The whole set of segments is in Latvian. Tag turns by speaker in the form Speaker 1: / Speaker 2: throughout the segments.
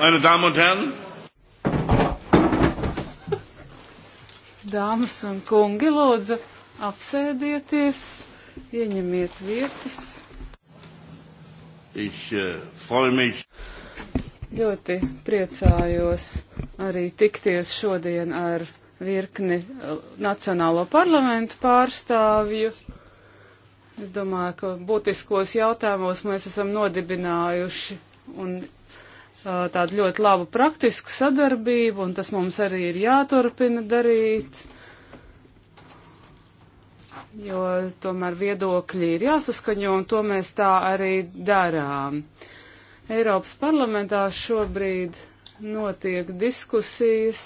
Speaker 1: Meine Damen und Herren.
Speaker 2: Dāmas un kungi, lūdzu, apsēdieties, ieņemiet vietas.
Speaker 1: Ich, uh, mich.
Speaker 2: Ļoti priecājos arī tikties šodien ar virkni eh, Nacionālo parlamentu pārstāvju Es domāju, ka būtiskos jautājumos mēs esam nodibinājuši un tādu ļoti labu praktisku sadarbību, un tas mums arī ir jāturpina darīt, jo tomēr viedokļi ir jāsaskaņo, un to mēs tā arī darām. Eiropas parlamentā šobrīd notiek diskusijas,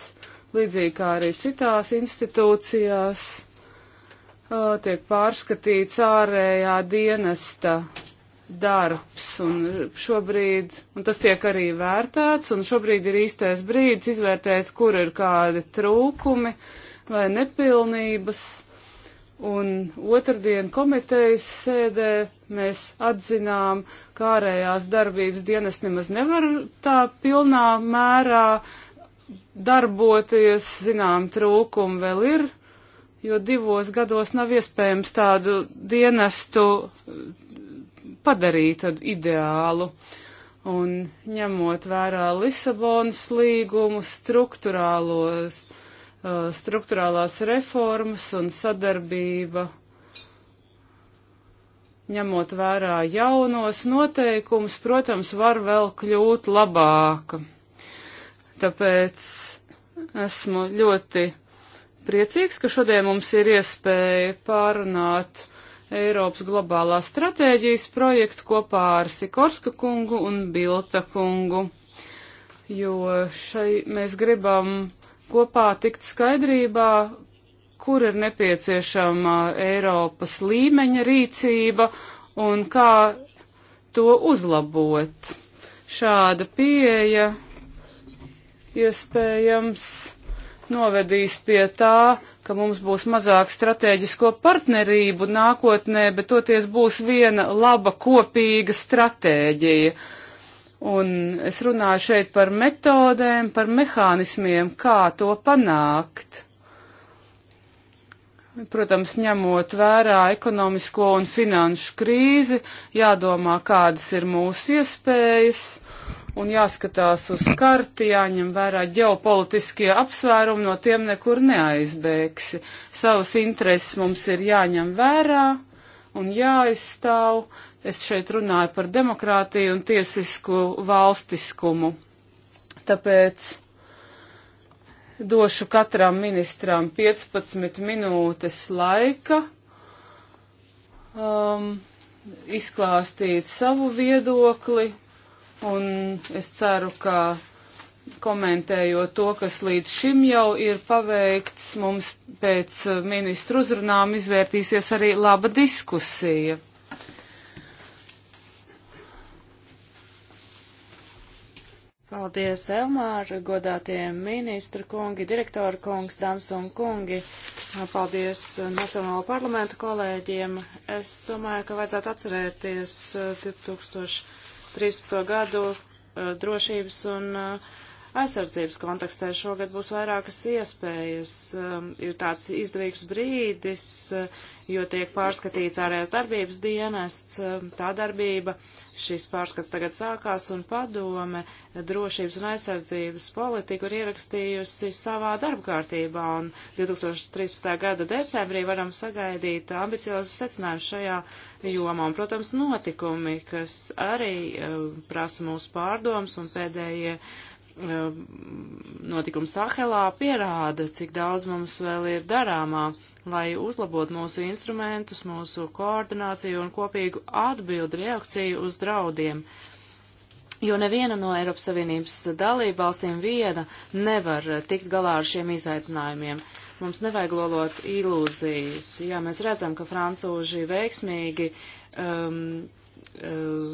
Speaker 2: līdzīgi kā arī citās institūcijās uh, tiek pārskatīts ārējā dienesta darbs, un šobrīd, un tas tiek arī vērtēts, un šobrīd ir īstais brīdis izvērtēt, kur ir kādi trūkumi vai nepilnības, un otrdien komitejas sēdē mēs atzinām, kā ārējās darbības dienas nemaz nevar tā pilnā mērā darboties, zinām, trūkumi vēl ir jo divos gados nav iespējams tādu dienestu padarīt tādu ideālu. Un ņemot vērā Lisabonas līgumu, struktūrālos, uh, struktūrālās reformas un sadarbība ņemot vērā jaunos noteikumus, protams, var vēl kļūt labāka. Tāpēc esmu ļoti priecīgs, ka šodien mums ir iespēja pārunāt Eiropas globālās stratēģijas projektu kopā ar Sikorska kungu un Bilta kungu, jo šai mēs gribam kopā tikt skaidrībā, kur ir nepieciešama Eiropas līmeņa rīcība un kā to uzlabot. Šāda pieeja iespējams novedīs pie tā, ka mums būs mazāk strateģisko partnerību nākotnē, bet toties būs viena laba kopīga stratēģija. Un es runāju šeit par metodēm, par mehānismiem, kā to panākt. Protams, ņemot vērā ekonomisko un finanšu krīzi, jādomā, kādas ir mūsu iespējas un jāskatās uz karti, jāņem vērā ģeopolitiskie apsvērumi, no tiem nekur neaizbēgsi. Savas intereses mums ir jāņem vērā un jāizstāv. Es šeit runāju par demokrātiju un tiesisku valstiskumu. Tāpēc došu katram ministram 15 minūtes laika um, izklāstīt savu viedokli un es ceru, ka komentējot to, kas līdz šim jau ir paveikts, mums pēc ministru uzrunām izvērtīsies arī laba diskusija.
Speaker 1: Paldies, Elmār, godātie ministra kungi, direktora kungs, dāmas un kungi. Paldies Nacionālo parlamentu kolēģiem. Es domāju, ka vajadzētu atcerēties 2000. Eh, 13. gadu eh, drošības un eh, aizsardzības kontekstē šogad būs vairākas iespējas. Ehm, ir tāds izdevīgs brīdis, eh, jo tiek pārskatīts ārējās darbības dienests, ehm, tā darbība. Šis pārskats tagad sākās un padome drošības un aizsardzības politiku ir ierakstījusi savā darba kārtībā. Un 2013. gada decembrī varam sagaidīt ambiciozu secinājumu šajā jomā. Un, protams, notikumi, kas arī eh, prasa mūsu pārdomas un pēdējie eh, notikumi Sahelā pierāda, cik daudz mums vēl ir darāmā, lai uzlabotu mūsu instrumentus, mūsu koordināciju un kopīgu atbildu reakciju uz draudiem. Uh, jo neviena no Eiropas Savienības dalība valstīm viena nevar tikt galā ar šiem izaicinājumiem. Mums nevajag lolot ilūzijas. Jā, mēs redzam, ka francūži veiksmīgi um, um,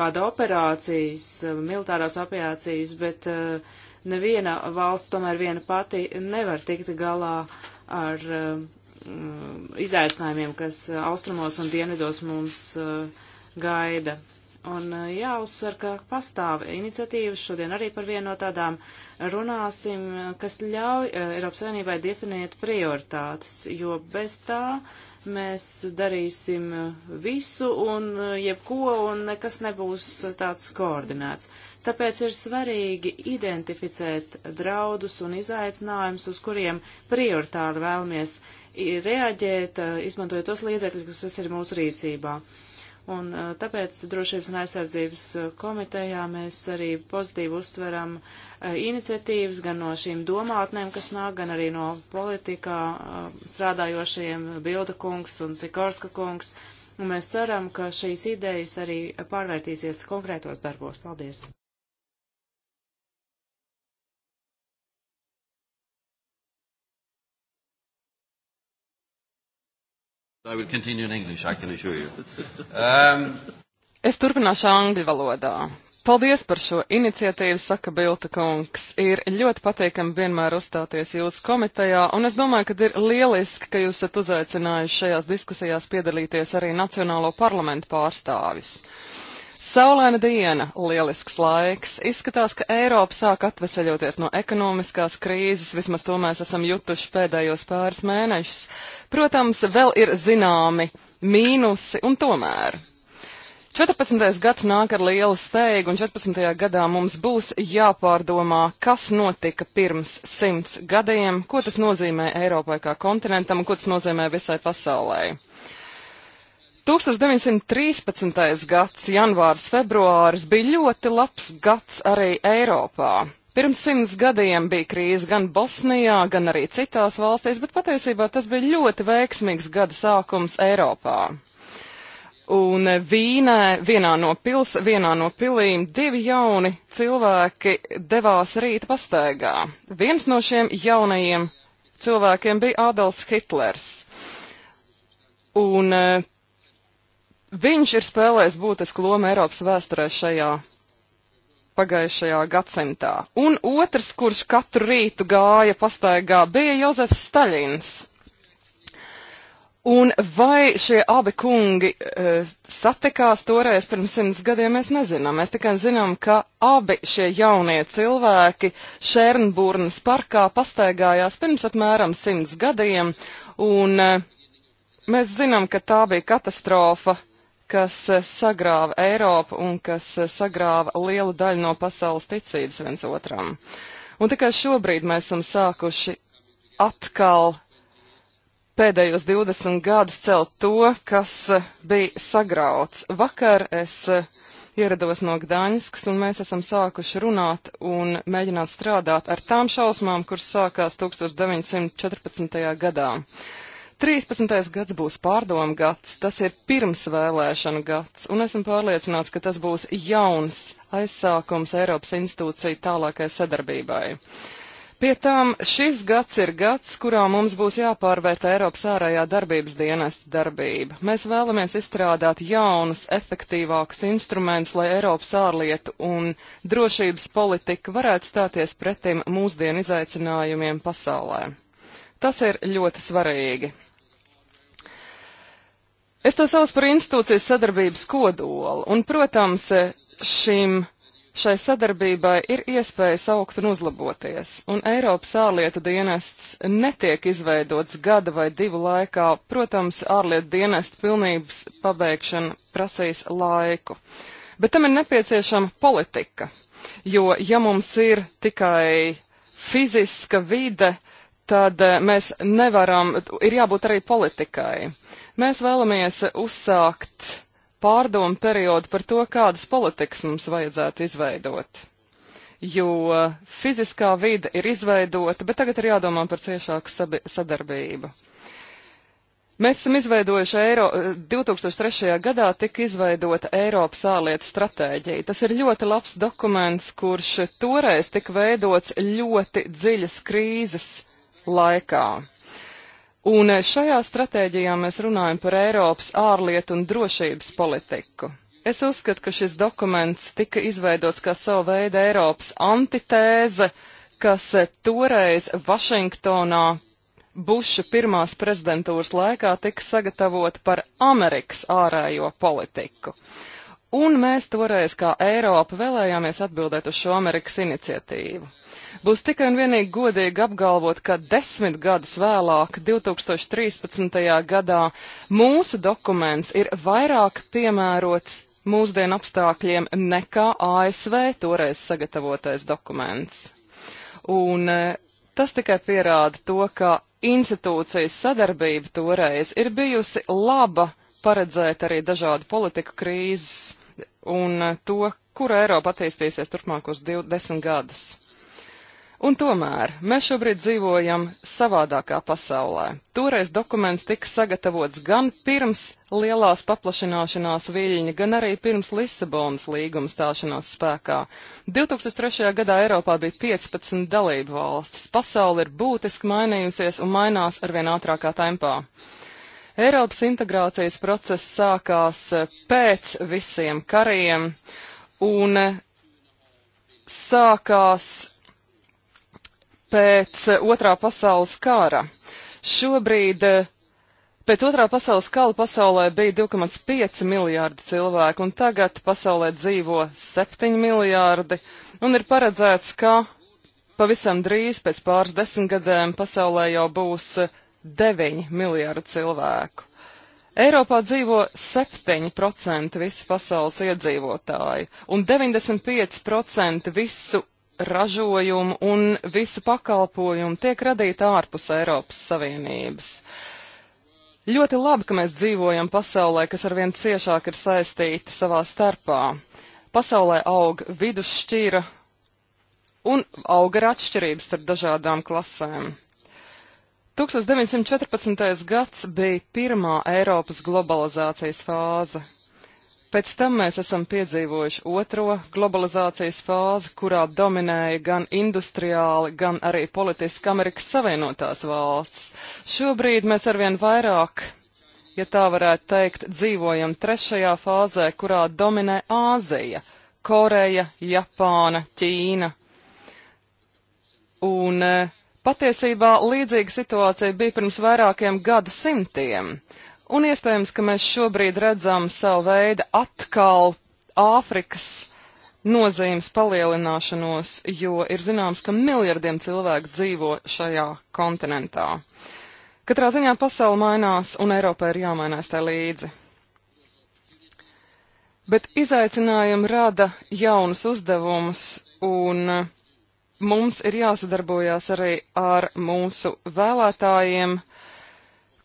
Speaker 1: vada operācijas, uh, militārās operācijas, bet uh, neviena valsts tomēr viena pati nevar tikt galā ar um, izaicinājumiem, kas austrumos un dienvidos mums uh, gaida. Un uh, jāuzsver, ka pastāv iniciatīvas, šodien arī par vienu no tādām runāsim, kas ļauj uh, Eiropas Savienībai definēt prioritātes, jo bez tā mēs darīsim uh, visu un jebko, un nekas nebūs tāds koordinēts. Tāpēc ir svarīgi identificēt draudus un izaicinājumus, uz kuriem prioritāri vēlamies reaģēt, izmantojot tos līdzekļus, kas ir mūsu rīcībā. Uh, Un tāpēc Drošības un aizsardzības komitejā mēs arī pozitīvi uztveram iniciatīvas gan no šīm domātnēm, kas nāk, gan arī no politikā strādājošajiem Bilda kungs un Sikorska kungs. Un mēs ceram, ka šīs idejas arī pārvērtīsies konkrētos darbos. Paldies! English, um...
Speaker 3: Es turpināšu angļu valodā. Paldies par šo iniciatīvu, saka Bilta kungs. Ir ļoti patīkami vienmēr uzstāties jūsu komitejā, un es domāju, ka ir lieliski, ka jūs esat uzaicinājuši šajās diskusijās piedalīties arī Nacionālo parlamentu pārstāvis. Uh, Saulaina diena, lielisks laiks. Izskatās, ka Eiropa sāk atveseļoties no ekonomiskās krīzes, vismaz to mēs esam jutuši pēdējos pāris mēnešus. Protams, vēl ir zināmi mīnusi un tomēr. 14. gads nāk ar lielu steigu, un 14. gadā mums būs jāpārdomā, kas notika pirms simts gadiem, ko tas nozīmē Eiropai kā kontinentam un ko tas nozīmē visai pasaulē. 1913. gads, janvārs, februāris bija ļoti labs gads arī Eiropā. Pirms simts gadiem bija krīze gan Bosnijā, gan arī citās valstīs, bet patiesībā tas bija ļoti veiksmīgs gada sākums Eiropā. Un Vīnē, vienā no, pils, vienā no pilīm, divi jauni cilvēki devās rīta pastaigā. Viens no šiem jaunajiem cilvēkiem bija Adolfs Hitlers. Un eh, Viņš ir spēlējis būtisku lomu Eiropas vēsturē šajā pagājušajā gadsimtā. Un otrs, kurš katru rītu gāja pastaigā, bija Jozefs Staļins. Un vai šie abi kungi e, satikās toreiz pirms simts gadiem, mēs nezinām. Mēs tikai zinām, ka abi šie jaunie cilvēki Šernburnas parkā pastaigājās pirms apmēram simts gadiem, un e, mēs zinām, ka tā bija katastrofa kas eh, sagrāva Eiropu un kas eh, sagrāva lielu daļu no pasaules ticības viens otram. Un tikai šobrīd mēs esam sākuši atkal pēdējos 20 gadus celt to, kas eh, bija sagrauts. Vakar es ierados no Gdaņskas, un mēs esam sākuši runāt un mēģināt strādāt ar tām šausmām, kuras sākās 1914. gadā. 13. gads būs pārdomu gads, tas ir pirmsvēlēšana gads, un esmu pārliecināts, ka tas būs jauns aizsākums Eiropas institūciju tālākai sadarbībai. Pie tām šis gads ir gads, kurā mums būs jāpārvērtē Eiropas ārējā darbības dienesta darbība. Mēs vēlamies izstrādāt jaunus, efektīvākus instrumentus, lai Eiropas ārlietu un drošības politika varētu stāties pretim mūsdienu izaicinājumiem pasaulē. Tas ir ļoti svarīgi. Es to saucu par institūcijas sadarbības kodolu, un, protams, šim, šai sadarbībai ir iespēja saukt un uzlaboties, un Eiropas ārlietu dienests netiek izveidots gada vai divu laikā, protams, ārlietu dienesta pilnības pabeigšana prasīs laiku. Bet tam ir nepieciešama politika, jo ja mums ir tikai fiziska vide, tad eh, mēs nevaram, ir jābūt arī politikai. Mēs vēlamies uzsākt pārdomu periodu par to, kādas politikas mums vajadzētu izveidot. Jo fiziskā vide ir izveidota, bet tagad ir jādomā par ciešāku sadarbību. Mēs esam izveidojuši Eiro, 2003. Eh, gadā tika izveidota Eiropas ārlietu stratēģija. Tas ir ļoti labs dokuments, kurš toreiz tika veidots ļoti dziļas krīzes laikā. Un eh, šajā stratēģijā mēs runājam par Eiropas ārlietu un drošības politiku. Es uzskatu, ka šis dokuments tika izveidots kā savu veidu Eiropas antitēze, kas eh, toreiz Vašingtonā Buša pirmās prezidentūras laikā tika sagatavota par Amerikas ārējo politiku. Un mēs toreiz kā Eiropa vēlējāmies atbildēt uz šo Amerikas iniciatīvu. Būs tikai un vienīgi godīgi apgalvot, ka desmit gadus vēlāk, 2013. gadā, mūsu dokuments ir vairāk piemērots mūsdienu apstākļiem nekā ASV toreiz sagatavotais dokuments. Un e, tas tikai pierāda to, ka institūcijas sadarbība toreiz ir bijusi laba paredzēt arī dažādu politiku krīzes un e, to, kura Eiropa attīstīsies turpmākos 20 gadus. Un tomēr mēs šobrīd dzīvojam savādākā pasaulē. Toreiz dokuments tika sagatavots gan pirms lielās paplašināšanās viļņa, gan arī pirms Lisabonas līguma stāšanās spēkā. 2003. gadā Eiropā bija 15 dalību valstis. Pasaule ir būtiski mainījusies un mainās arvien ātrākā tempā. Eiropas integrācijas process sākās eh, pēc visiem kariem un eh, sākās pēc otrā pasaules kara. Šobrīd eh, pēc otrā pasaules kara pasaulē bija 2,5 miljārdi cilvēku, un tagad pasaulē dzīvo 7 miljārdi, un ir paredzēts, ka pavisam drīz pēc pāris desmitgadēm pasaulē jau būs 9 eh, miljārdi cilvēku. Eiropā dzīvo 7% visu pasaules iedzīvotāju, un 95% visu ražojumu un visu pakalpojumu tiek radīta ārpus Eiropas Savienības. Ļoti labi, ka mēs dzīvojam pasaulē, kas arvien ciešāk ir saistīta savā starpā. Pasaulē aug vidusšķira un auga ir atšķirības starp dažādām klasēm. 1914. gads bija pirmā Eiropas globalizācijas fāze. Pēc tam mēs esam piedzīvojuši otro globalizācijas fāzi, kurā dominēja gan industriāli, gan arī politiski Amerikas Savienotās valstis. Šobrīd mēs arvien vairāk, ja tā varētu teikt, dzīvojam trešajā fāzē, kurā dominē Āzija - Koreja, Japāna, Ķīna. Un eh, patiesībā līdzīga situācija bija pirms vairākiem gadu simtiem. Un iespējams, ka mēs šobrīd redzam savu veidu atkal Āfrikas nozīmes palielināšanos, jo ir zināms, ka miljardiem cilvēku dzīvo šajā kontinentā. Katrā ziņā pasaule mainās, un Eiropai ir jāmainās tā līdzi. Bet izaicinājumi rada jaunus uzdevumus, un mums ir jāsadarbojās arī ar mūsu vēlētājiem, uh,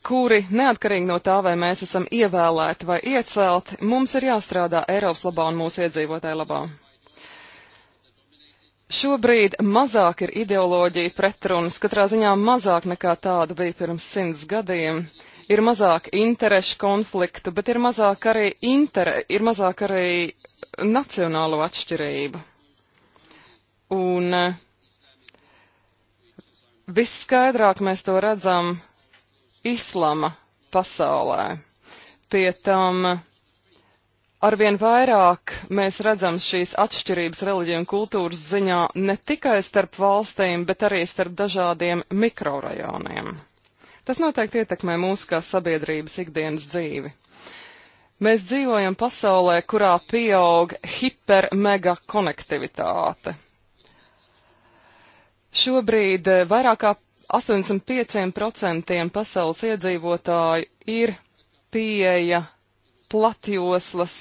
Speaker 3: kuri, neatkarīgi no tā, vai mēs esam ievēlēti vai iecelti, mums ir jāstrādā Eiropas labā un mūsu iedzīvotāju labā. Šobrīd mazāk ir ideoloģija pretrunas, katrā ziņā mazāk nekā tāda bija pirms simts gadiem. Ir mazāk interešu konfliktu, bet ir mazāk arī, intere, ir mazāk arī nacionālo atšķirību. Un eh, visskaidrāk mēs to redzam islama pasaulē. Pie tam arvien vairāk mēs redzam šīs atšķirības reliģiju un kultūras ziņā ne tikai starp valstīm, bet arī starp dažādiem mikrorajoniem. Tas noteikti ietekmē mūsu kā sabiedrības ikdienas dzīvi. Mēs dzīvojam pasaulē, kurā pieaug hipermega konektivitāte. Šobrīd vairāk kā 85% pasaules iedzīvotāju ir pieeja platjoslas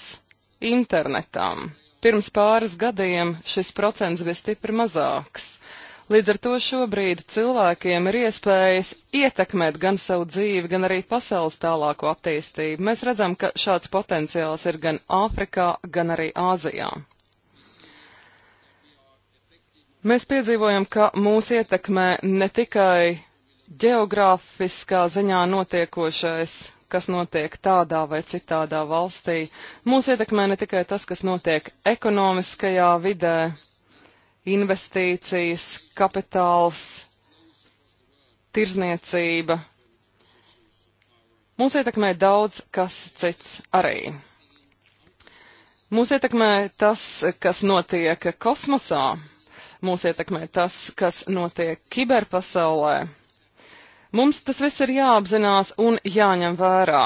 Speaker 3: internetam. Pirms pāris gadiem šis procents bija stipri mazāks. Līdz ar to šobrīd cilvēkiem ir iespējas ietekmēt gan savu dzīvi, gan arī pasaules tālāko attīstību. Mēs redzam, ka šāds potenciāls ir gan Āfrikā, gan arī Āzijā. Mēs piedzīvojam, ka mūs ietekmē ne tikai geogrāfiskā ziņā notiekošais, kas notiek tādā vai citādā valstī. Mūs ietekmē ne tikai tas, kas notiek ekonomiskajā vidē, investīcijas, kapitāls, tirzniecība. Mūs ietekmē daudz kas cits arī. Mūs ietekmē tas, kas notiek kosmosā, mūs ietekmē tas, kas notiek kiberpasaulē. Mums tas viss ir jāapzinās un jāņem vērā.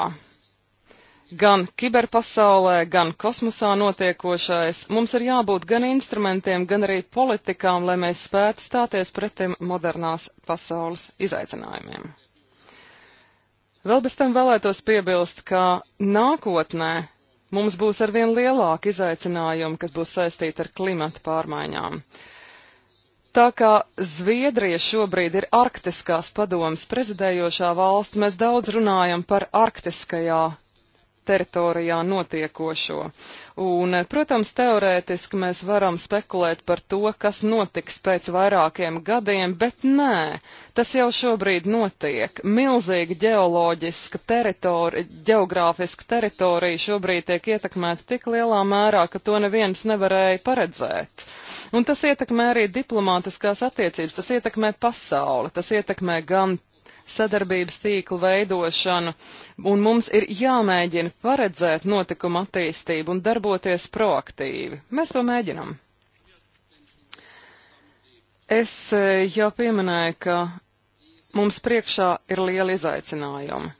Speaker 3: Gan kiberpasaulē, gan kosmosā notiekošais mums ir jābūt gan instrumentiem, gan arī politikām, lai mēs spētu stāties pretim modernās pasaules izaicinājumiem. Vēl bez tam vēlētos piebilst, ka nākotnē mums būs arvien lielāki izaicinājumi, kas būs saistīti ar klimata pārmaiņām. Tā kā Zviedrija šobrīd ir arktiskās padomas prezidējošā valsts, mēs daudz runājam par arktiskajā teritorijā notiekošo. Un, protams, teorētiski mēs varam spekulēt par to, kas notiks pēc vairākiem gadiem, bet nē, tas jau šobrīd notiek. Milzīga ģeoloģiska teritorija, geogrāfiska teritorija šobrīd tiek ietekmēta tik lielā mērā, ka to neviens nevarēja paredzēt. Un tas ietekmē arī diplomātiskās attiecības, tas ietekmē pasauli, tas ietekmē gan sadarbības tīklu veidošanu, un mums ir jāmēģina paredzēt notikumu attīstību un darboties proaktīvi. Mēs to mēģinam. Es eh, jau pieminēju, ka mums priekšā ir liela izaicinājuma.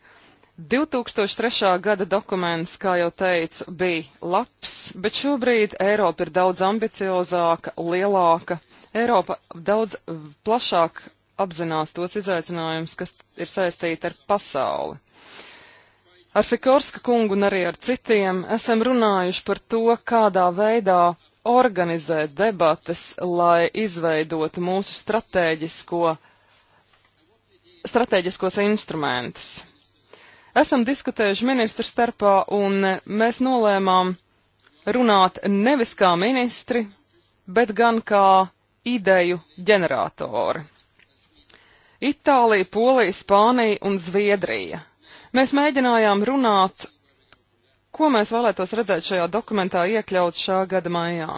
Speaker 3: 2003. gada dokuments, kā jau teicu, bija labs, bet šobrīd Eiropa ir daudz ambiciozāka, lielāka. Eiropa daudz plašāk apzinās tos izaicinājumus, kas ir saistīti ar pasauli. Ar Sikorska kungu un arī ar citiem esam runājuši par to, kādā veidā organizēt debates, lai izveidotu mūsu stratēģisko, stratēģiskos instrumentus. Esam diskutējuši ministru starpā un mēs nolēmām runāt nevis kā ministri, bet gan kā ideju ģeneratori. Itālija, Polija, Spānija un Zviedrija. Mēs mēģinājām runāt, ko mēs vēlētos redzēt šajā dokumentā iekļaut šā gada maijā.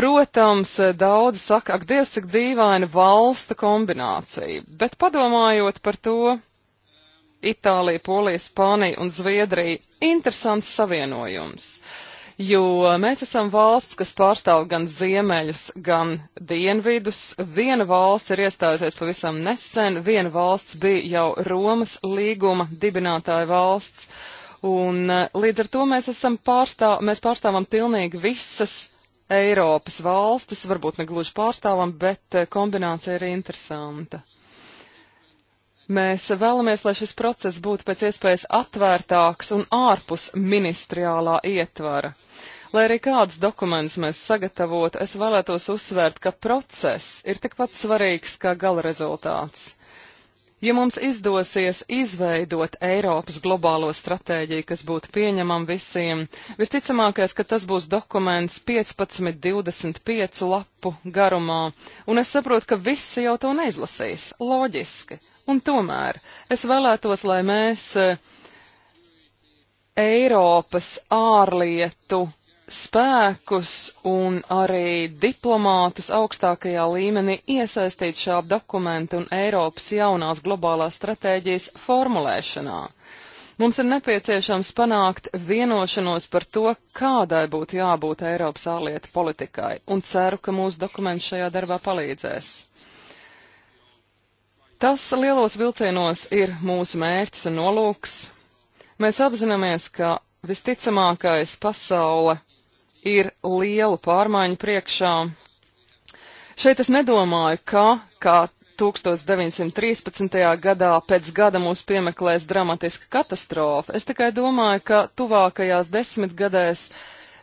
Speaker 3: Protams, daudzi saka, ak, Dievs, cik dīvaina valsta kombinācija, bet padomājot par to, Itālija, Polija, Spānija un Zviedrija. Interesants savienojums, jo mēs esam valsts, kas pārstāv gan ziemeļus, gan dienvidus. Viena valsts ir iestājusies pavisam nesen, viena valsts bija jau Romas līguma dibinātāja valsts, un eh, līdz ar to mēs, pārstāv, mēs pārstāvam pilnīgi visas Eiropas valstis, varbūt ne gluži pārstāvam, bet eh, kombinācija ir interesanta. Mēs vēlamies, lai šis process būtu pēc iespējas atvērtāks un ārpus ministriālā ietvara. Lai arī kādus dokumentus mēs sagatavotu, es vēlētos uzsvērt, ka process ir tikpat svarīgs kā gala rezultāts. Ja mums izdosies izveidot Eiropas globālo stratēģiju, kas būtu pieņemama visiem, visticamākais, ka tas būs dokuments 15-25 lapu garumā, un es saprotu, ka visi jau to neizlasīs. Loģiski. Un tomēr es vēlētos, lai mēs eh, Eiropas ārlietu spēkus un arī diplomātus augstākajā līmenī iesaistīt šā dokumenta un Eiropas jaunās globālās stratēģijas formulēšanā. Mums ir nepieciešams panākt vienošanos par to, kādai būtu jābūt Eiropas ārlietu politikai, un ceru, ka mūsu dokuments šajā darbā palīdzēs. Tas lielos vilcienos ir mūsu mērķis un nolūks. Mēs apzināmies, ka visticamākais pasaule ir lielu pārmaiņu priekšā. Šeit es nedomāju, ka, kā 1913. gadā pēc gada mūs piemeklēs dramatiska katastrofa. Es tikai domāju, ka tuvākajās desmitgadēs gadēs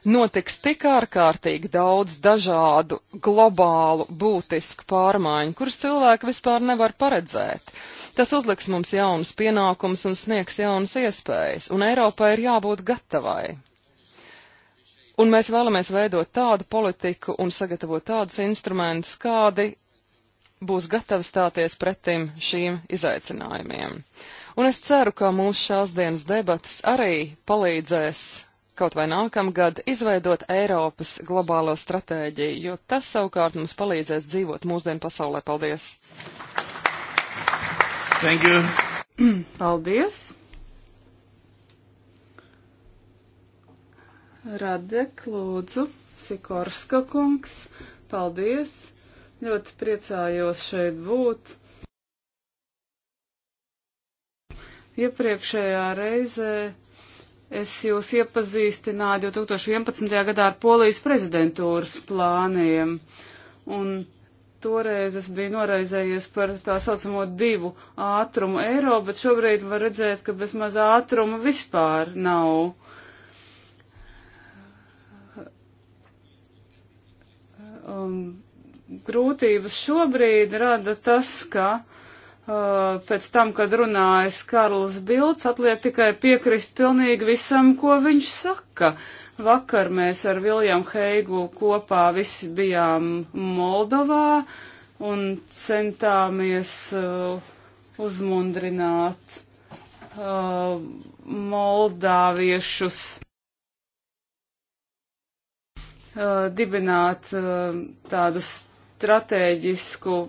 Speaker 3: notiks tik ārkārtīgi daudz dažādu globālu būtisku pārmaiņu, kuras cilvēki vispār nevar paredzēt. Tas uzliks mums jaunus pienākumus un sniegs jaunas iespējas, un Eiropai ir jābūt gatavai. Un mēs vēlamies veidot tādu politiku un sagatavot tādus instrumentus, kādi būs gatavi stāties pretim šīm izaicinājumiem. Un es ceru, ka mūsu šās dienas debatas arī palīdzēs kaut vai nākamgad, izveidot Eiropas globālo stratēģiju, jo tas savukārt mums palīdzēs dzīvot mūsdienu pasaulē. Paldies!
Speaker 2: Thank you! Paldies! Radek, lūdzu, Sikorska kungs, paldies! Ļoti priecājos šeit būt. Iepriekšējā reizē Es jūs iepazīstināju 2011. gadā ar Polijas prezidentūras plāniem, un toreiz es biju noraizējies par tā saucamo divu ātrumu eiro, bet šobrīd var redzēt, ka bez maz ātruma vispār nav. Um, grūtības šobrīd rada tas, ka uh, Uh, pēc tam, kad runājas Karls Bilds, atliek tikai piekrist pilnīgi visam, ko viņš saka. Vakar mēs ar Viljamu Heigu kopā visi bijām Moldovā un centāmies uh, uzmundrināt uh, moldāviešus uh, dibināt uh, tādu stratēģisku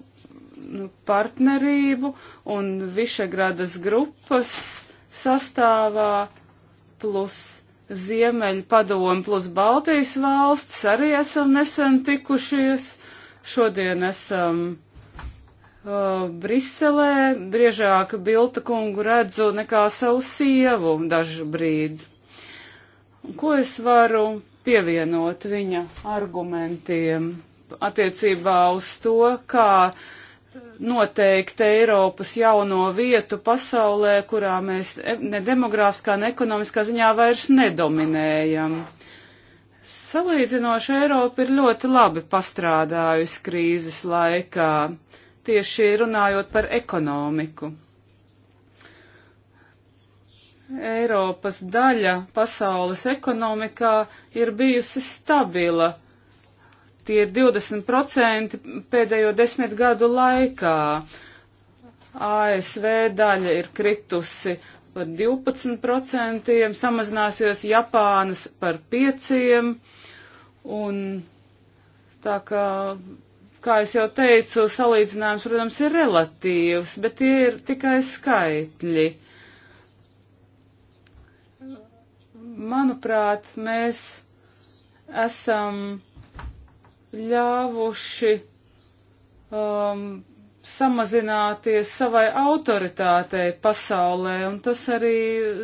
Speaker 2: Nu, partnerību un Višegradas grupas sastāvā plus Ziemeļu padomu plus Baltijas valsts arī esam nesen tikušies. Šodien esam uh, Briselē, biežāk Bilta kungu redzu nekā savu sievu dažu brīdi. Ko es varu pievienot viņa argumentiem attiecībā uz to, kā uh, noteikt Eiropas jauno vietu pasaulē, kurā mēs e, ne demogrāfiskā, ne ekonomiskā ziņā vairs nedominējam. Salīdzinoši Eiropa ir ļoti labi pastrādājusi krīzes laikā, tieši runājot par ekonomiku. Eiropas daļa pasaules ekonomikā ir bijusi stabila Tie ir 20% pēdējo desmit gadu laikā. ASV daļa ir kritusi par 12%, samazināsies Japānas par 5%, un tā kā, kā es jau teicu, salīdzinājums, protams, ir relatīvs, bet tie ir tikai skaitļi. Manuprāt, mēs esam ļāvuši um, samazināties savai autoritātei pasaulē, un tas arī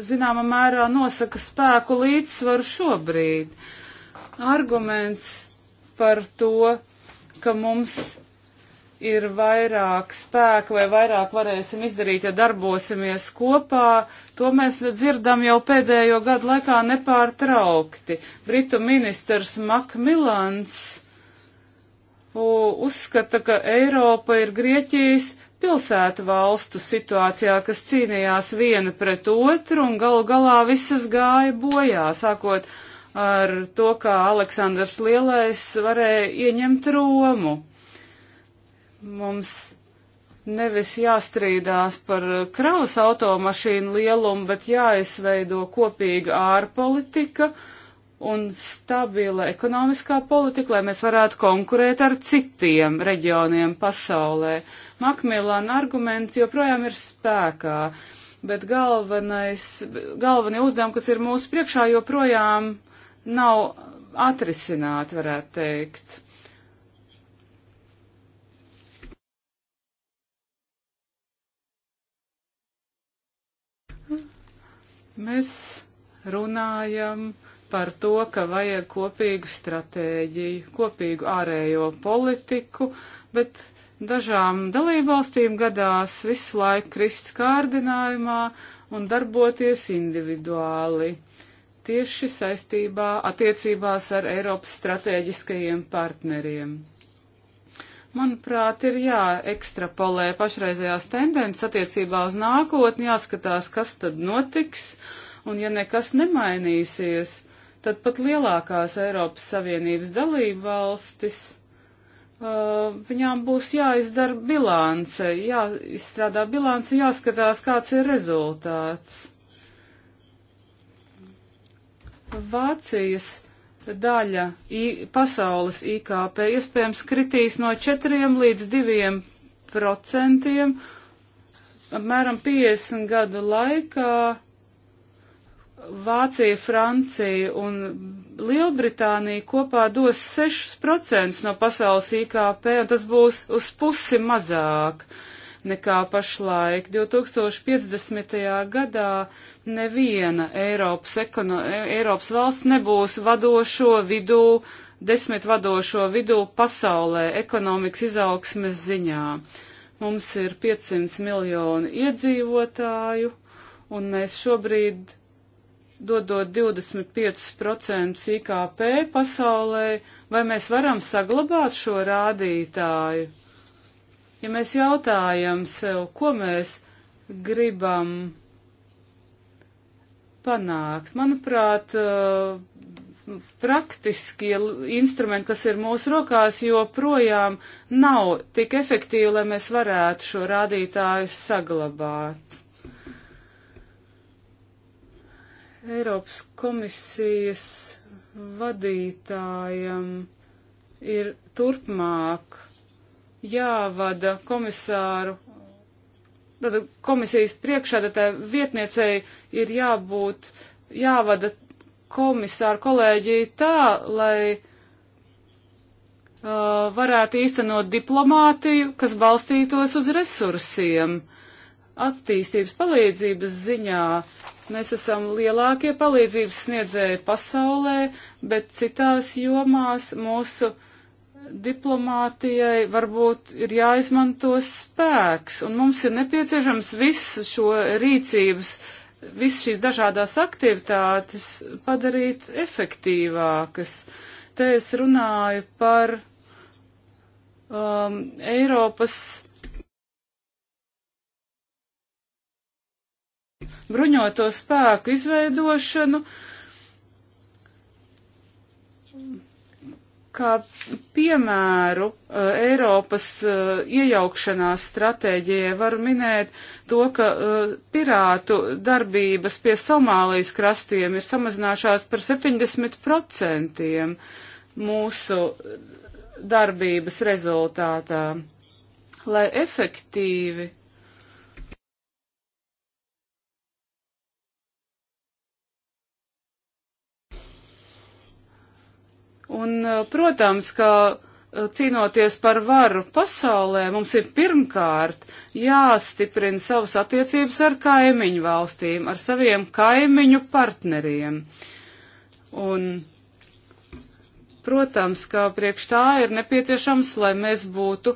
Speaker 2: zināmā mērā nosaka spēku līdzsvaru šobrīd. Arguments par to, ka mums ir vairāk spēka vai vairāk varēsim izdarīt, ja darbosimies kopā, to mēs dzirdam jau pēdējo gadu laikā nepārtraukti. Britu ministrs Makmilans uzskata, ka Eiropa ir Grieķijas pilsētu valstu situācijā, kas cīnījās viena pret otru un galu galā visas gāja bojā, sākot ar to, kā Aleksandrs Lielais varēja ieņemt Romu. Mums nevis jāstrīdās par kravas automašīnu lielumu, bet jāizveido kopīga ārpolitika. politika un stabila ekonomiskā politika, lai mēs varētu konkurēt ar citiem reģioniem pasaulē. Makmilāna arguments joprojām ir spēkā, bet galvenais, galvenie uzdevumi, kas ir mūsu priekšā, joprojām nav atrisināti, varētu teikt. Mēs runājam par to, ka vajag kopīgu stratēģiju, kopīgu ārējo politiku, bet dažām dalībvalstīm gadās visu laiku krist kārdinājumā un darboties individuāli. Tieši saistībā attiecībās ar Eiropas strateģiskajiem partneriem. Manuprāt, ir jāekstrapolē pašreizējās tendences attiecībā uz nākotni, jāskatās, kas tad notiks, un ja nekas nemainīsies, tad pat lielākās Eiropas Savienības dalība valstis, uh, viņām būs jāizdara bilance, jāizstrādā bilance un jāskatās, kāds ir rezultāts. Vācijas daļa I, pasaules IKP iespējams kritīs no 4 līdz 2 procentiem apmēram 50 gadu laikā Vācija, Francija un Lielbritānija kopā dos 6% no pasaules IKP, un tas būs uz pusi mazāk nekā pašlaik. 2050. gadā neviena Eiropas, ekono, Eiropas valsts nebūs vadošo vidū, desmit vadošo vidū pasaulē ekonomikas izaugsmes ziņā. Mums ir 500 miljoni iedzīvotāju, un mēs šobrīd dodot 25% IKP pasaulē, vai mēs varam saglabāt šo rādītāju? Ja mēs jautājam sev, ko mēs gribam panākt, manuprāt, uh, praktiskie instrumenti, kas ir mūsu rokās, joprojām nav tik efektīvi, lai mēs varētu šo rādītāju saglabāt. Eiropas komisijas vadītājam ir turpmāk jāvada komisāru, tad komisijas priekšādatāja vietniecei ir jābūt, jāvada komisāru kolēģiju tā, lai uh, varētu īstenot diplomātiju, kas balstītos uz resursiem. Attīstības palīdzības ziņā uh, Mēs esam lielākie palīdzības sniedzēji pasaulē, bet citās jomās mūsu diplomātijai varbūt ir jāizmanto spēks, un mums ir nepieciešams visu šo rīcības, visu šīs dažādās aktivitātes padarīt efektīvākas. Te es runāju par um, Eiropas bruņoto spēku izveidošanu, kā piemēru eh, Eiropas eh, iejaukšanās stratēģijai var minēt to, ka eh, pirātu darbības pie Somālijas krastiem ir samazinājušās par 70% mūsu darbības rezultātā. Lai efektīvi Un, eh, protams, ka eh, cīnoties par varu pasaulē, mums ir pirmkārt jāstiprina savas attiecības ar kaimiņu valstīm, ar saviem kaimiņu partneriem. Un Protams, ka priekš tā ir nepieciešams, lai mēs būtu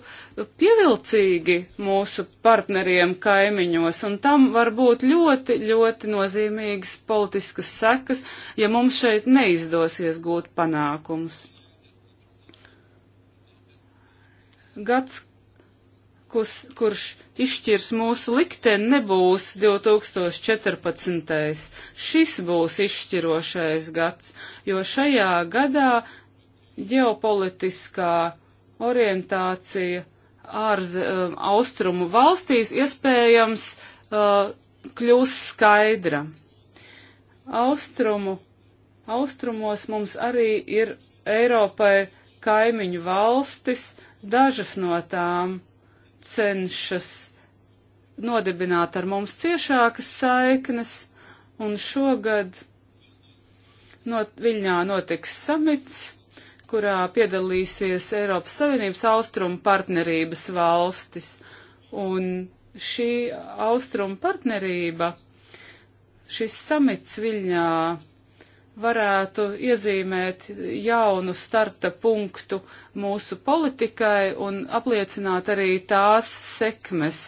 Speaker 2: pievilcīgi mūsu partneriem kaimiņos, un tam var būt ļoti, ļoti nozīmīgas politiskas sekas, ja mums šeit neizdosies gūt panākums. Gads, kus, kurš izšķirs mūsu likteni, nebūs 2014. Šis būs izšķirošais gads, jo šajā gadā ģeopolitiskā orientācija ārz, um, austrumu valstīs iespējams uh, kļūs skaidra. Austrumu, austrumos mums arī ir Eiropai kaimiņu valstis, dažas no tām cenšas nodibināt ar mums ciešākas saiknes, un šogad not, Viļņā notiks samits kurā piedalīsies Eiropas Savienības austrumu partnerības valstis. Un šī austrumu partnerība, šis samits Viļņā varētu iezīmēt jaunu starta punktu mūsu politikai un apliecināt arī tās sekmes.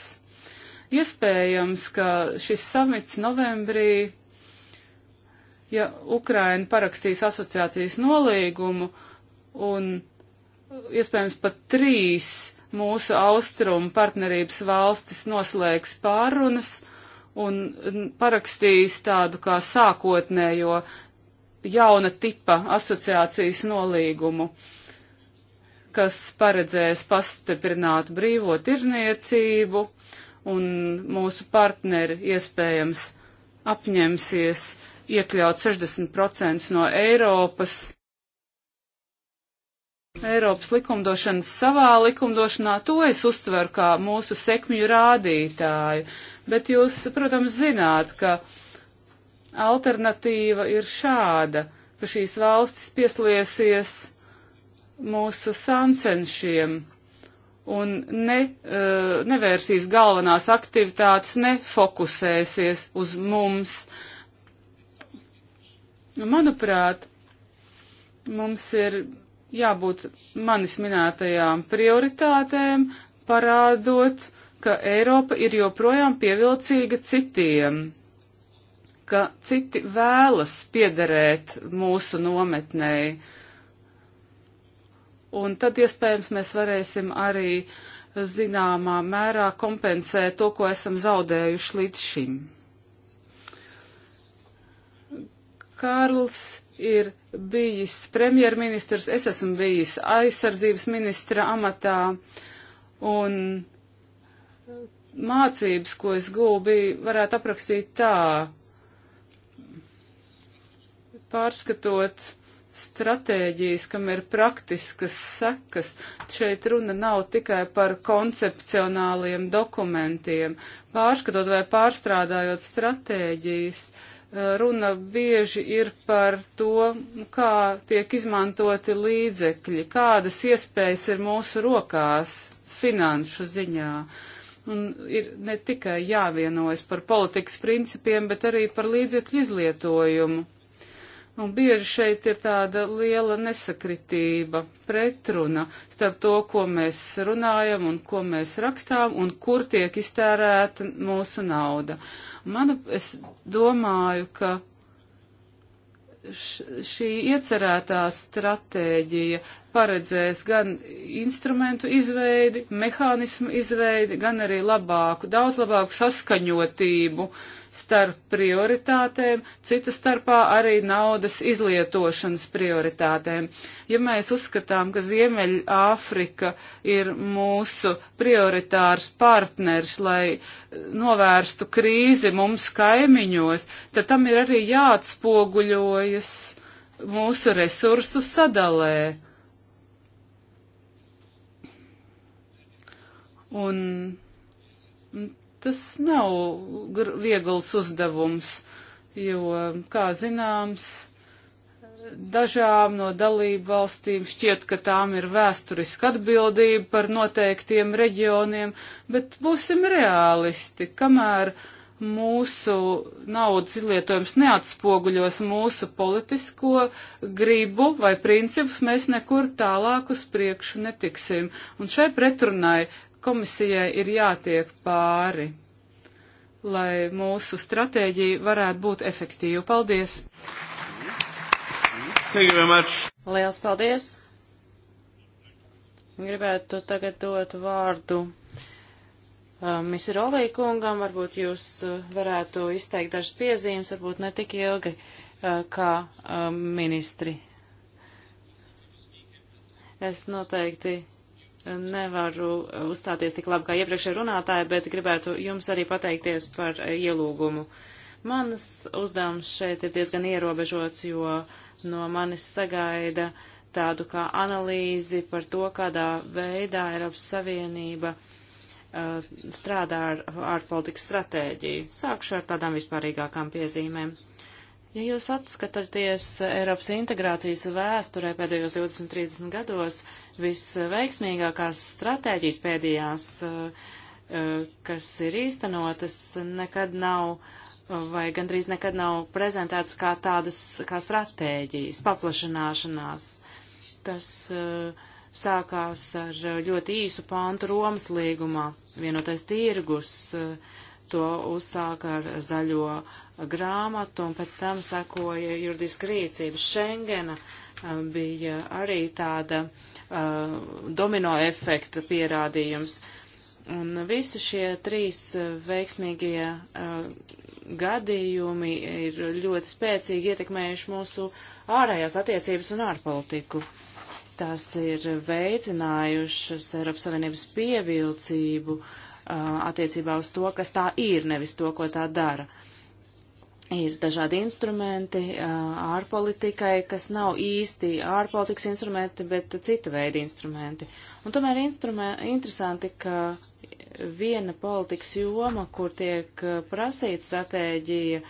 Speaker 2: Iespējams, ka šis samits novembrī, ja Ukraina parakstīs asociācijas nolīgumu, uh, un iespējams pat trīs mūsu austrumu partnerības valstis noslēgs pārunas un parakstīs tādu kā sākotnējo jauna tipa asociācijas nolīgumu, kas paredzēs pastiprināt brīvo tirzniecību un mūsu partneri iespējams apņemsies iekļaut 60% no Eiropas Eiropas likumdošanas savā likumdošanā, to es uztveru kā mūsu sekmju rādītāju. Bet jūs, protams, zināt, ka alternatīva ir šāda, ka šīs valstis pieslēsies mūsu sancenšiem un ne, eh, nevērsīs galvenās aktivitātes, nefokusēsies uz mums. Manuprāt, mums ir jābūt manis minētajām prioritātēm, parādot, ka Eiropa ir joprojām pievilcīga citiem, ka citi vēlas piederēt mūsu nometnei. Un tad iespējams mēs varēsim arī zināmā mērā kompensēt to, ko esam zaudējuši līdz šim. Kārls ir bijis premjerministrs, es esmu bijis aizsardzības ministra amatā, un mācības, ko es gūvu, bija, varētu aprakstīt tā, pārskatot stratēģijas, kam ir praktiskas sekas. Šeit runa nav tikai par koncepcionāliem dokumentiem. Pārskatot vai pārstrādājot stratēģijas, uh, runa bieži ir par to, kā tiek izmantoti līdzekļi, kādas iespējas ir mūsu rokās finanšu ziņā. Un ir ne tikai jāvienojas par politikas principiem, bet arī par līdzekļu izlietojumu. Un bieži šeit ir tāda liela nesakritība, pretruna starp to, ko mēs runājam un ko mēs rakstām un kur tiek iztērēta mūsu nauda. Manu, es domāju, ka š, šī iecerētā stratēģija paredzēs gan instrumentu izveidi, mehānismu izveidi, gan arī labāku, daudz labāku saskaņotību uh, starp prioritātēm, cita starpā arī naudas izlietošanas prioritātēm. Ja mēs uzskatām, ka Ziemeļa Āfrika ir mūsu prioritārs partners, lai novērstu krīzi mums kaimiņos, tad tam ir arī jāatspoguļojas mūsu resursu sadalē. Un, un Tas nav viegls uzdevums, jo, kā zināms, dažām no dalību valstīm šķiet, ka tām ir vēsturiska atbildība par noteiktiem reģioniem, bet būsim realisti, kamēr mūsu naudas izlietojums neatspoguļos mūsu politisko gribu vai principus, mēs nekur tālāk uz priekšu netiksim. Un šai pretrunai Komisijai ir jātiek pāri, lai mūsu stratēģija varētu būt efektīva. Paldies! Liels paldies! Gribētu tagad
Speaker 1: dot vārdu uh, Mr. Olī kungam, varbūt jūs uh, varētu izteikt dažas piezīmes, varbūt ne tik ilgi uh, kā ministri. Es noteikti nevaru uzstāties tik labi kā iepriekšējā runātāja, bet gribētu jums arī pateikties par eh, ielūgumu. Manas uzdevums šeit ir diezgan ierobežots, jo no manis sagaida tādu kā analīzi par to, kādā veidā Eiropas Savienība uh, strādā ar ārpolitikas stratēģiju. Sākšu ar tādām vispārīgākām piezīmēm. Uh, Ja jūs atskatāties Eiropas integrācijas vēsturē pēdējos 20-30 gados, visveiksmīgākās stratēģijas pēdējās, eh, eh, kas ir īstenotas, nekad nav, vai gandrīz nekad nav prezentētas kā tādas, kā stratēģijas, paplašanāšanās. Tas eh, sākās ar ļoti īsu pāntu Romas līgumā, vienotais tirgus, To uzsāka ar zaļo grāmatu un pēc tam sekoja juridiska rīcība. Šengena um, bija arī tāda uh, domino efekta pierādījums. Un visi šie trīs uh, veiksmīgie uh, gadījumi ir ļoti spēcīgi ietekmējuši mūsu ārējās attiecības un ārpolitiku. Tas ir veicinājušas Eiropas Savienības pievilcību uh, attiecībā uz to, kas tā ir, nevis to, ko tā dara. Ir dažādi instrumenti ārpolitikai, kas nav īsti ārpolitikas instrumenti, bet cita veida instrumenti. Un tomēr interesanti, ka viena politikas joma, kur tiek prasīta stratēģija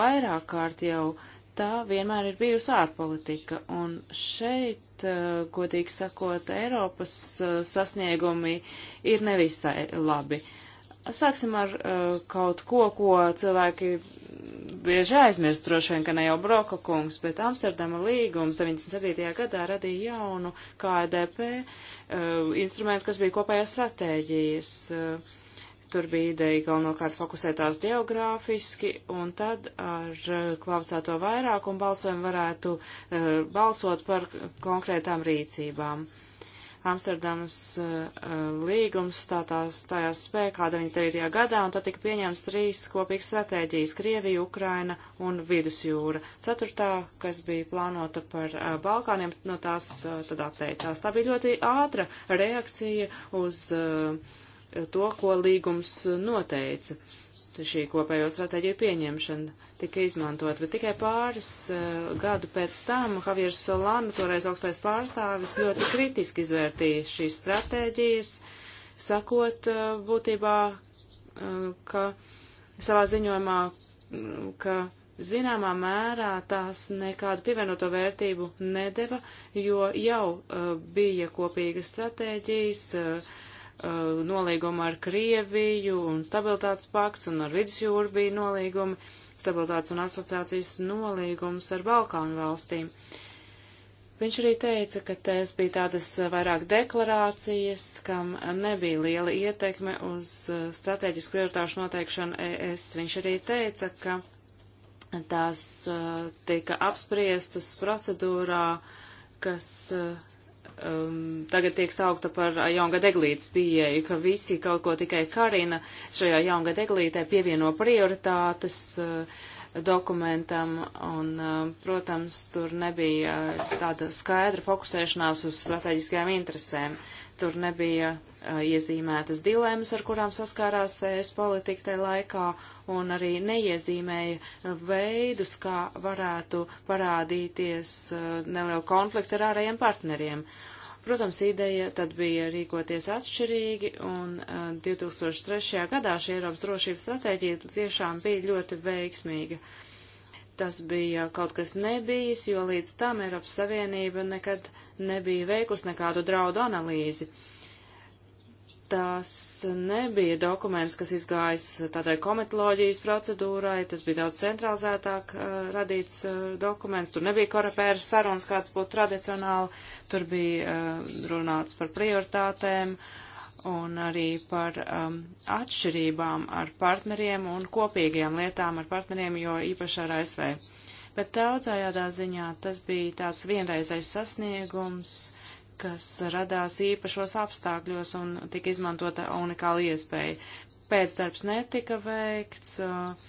Speaker 1: vairāk kārt jau, tā vienmēr ir bijusi ārpolitika. Un šeit bet, eh, godīgi sakot, Eiropas eh, sasniegumi ir nevisai labi. Sāksim ar eh, kaut ko, ko cilvēki bieži aizmirst, droši vien, ka ne jau Broka kungs, bet Amsterdama līgums 97. gadā radīja jaunu KDP instrumentu, kas bija kopējās stratēģijas. Uh, Tur bija ideja galvenokārt fokusētās geogrāfiski, un tad ar eh, kvalificēto vairākumu balsojumu varētu uh, balsot par konkrētām rīcībām. Amsterdamas uh, līgums stātās tajās spēkā 99. gadā, un tad tika pieņemts trīs kopīgas stratēģijas - Krievija, Ukraina un Vidusjūra. Ceturtā, kas bija plānota par uh, Balkāniem, no tās uh, tad atteicās. Tā bija ļoti ātra reakcija uz. Uh, to, ko līgums noteica. Šī kopējo stratēģiju pieņemšana tika izmantot, bet tikai pāris uh, gadu pēc tam Javiers Solana, toreiz augstais pārstāvis, ļoti kritiski izvērtīja šīs stratēģijas, sakot uh, būtībā, uh, ka savā ziņojumā, mm, ka zināmā mērā tās nekādu pievienoto vērtību nedeva, jo jau uh, bija kopīgas stratēģijas, uh, Uh, nolīguma ar Krieviju un stabilitātes pakts un ar vidusjūru bija nolīgumi, stabilitātes un asociācijas nolīgums ar Balkānu valstīm. Viņš arī teica, ka tās bija tādas uh, vairāk deklarācijas, kam nebija liela ietekme uz uh, strateģisku prioritāšu noteikšanu ES. Viņš arī teica, ka tās tika apspriestas procedūrā, kas uh, um, tagad tiek saukta par jaungada eglītes pieeju, ka visi kaut ko tikai karina šajā jaungada eglītē pievieno prioritātes uh, dokumentam, un, uh, protams, tur nebija uh, tāda skaidra fokusēšanās uz strateģiskajām interesēm. Tur nebija uh, iezīmētas dilemmas, ar kurām saskārās ES politika tajā laikā, un arī neiezīmēja veidus, kā varētu parādīties neliela konflikta ar ārējiem partneriem. Protams, ideja tad bija rīkoties atšķirīgi, un 2003. gadā šī Eiropas drošības stratēģija tiešām bija ļoti veiksmīga tas bija kaut kas nebijis, jo līdz tam Eiropas Savienība nekad nebija veikusi nekādu draudu analīzi tas nebija dokuments, kas izgājis tādai komitoloģijas procedūrai, tas bija daudz centralizētāk uh, radīts uh, dokuments, tur nebija korepēra sarunas, kāds būtu tradicionāli, tur bija uh, runāts par prioritātēm un arī par um, atšķirībām ar partneriem un kopīgajām lietām ar partneriem, jo īpaši ar ASV. Bet daudzējādā ziņā tas bija tāds vienreizais sasniegums, kas radās īpašos apstākļos un tika izmantota unikāla iespēja. Pēcdarbs netika veikts uh,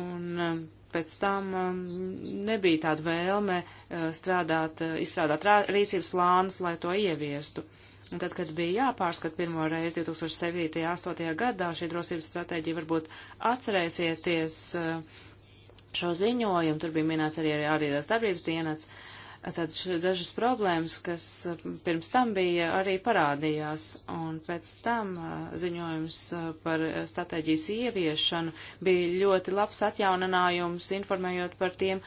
Speaker 1: un uh, pēc tam um, nebija tāda vēlme uh, strādāt, izstrādāt rīcības plānus, lai to ieviestu. Un tad, kad bija jāpārskat pirmo reizi 2007. un 2008. gadā šī drosības stratēģija, varbūt atcerēsieties šo ziņojumu, tur bija minēts arī arī darbības dienas, uh, Tad dažas problēmas, kas pirms tam bija, arī parādījās, un pēc tam ziņojums par stratēģijas ieviešanu bija ļoti labs atjauninājums, informējot par tiem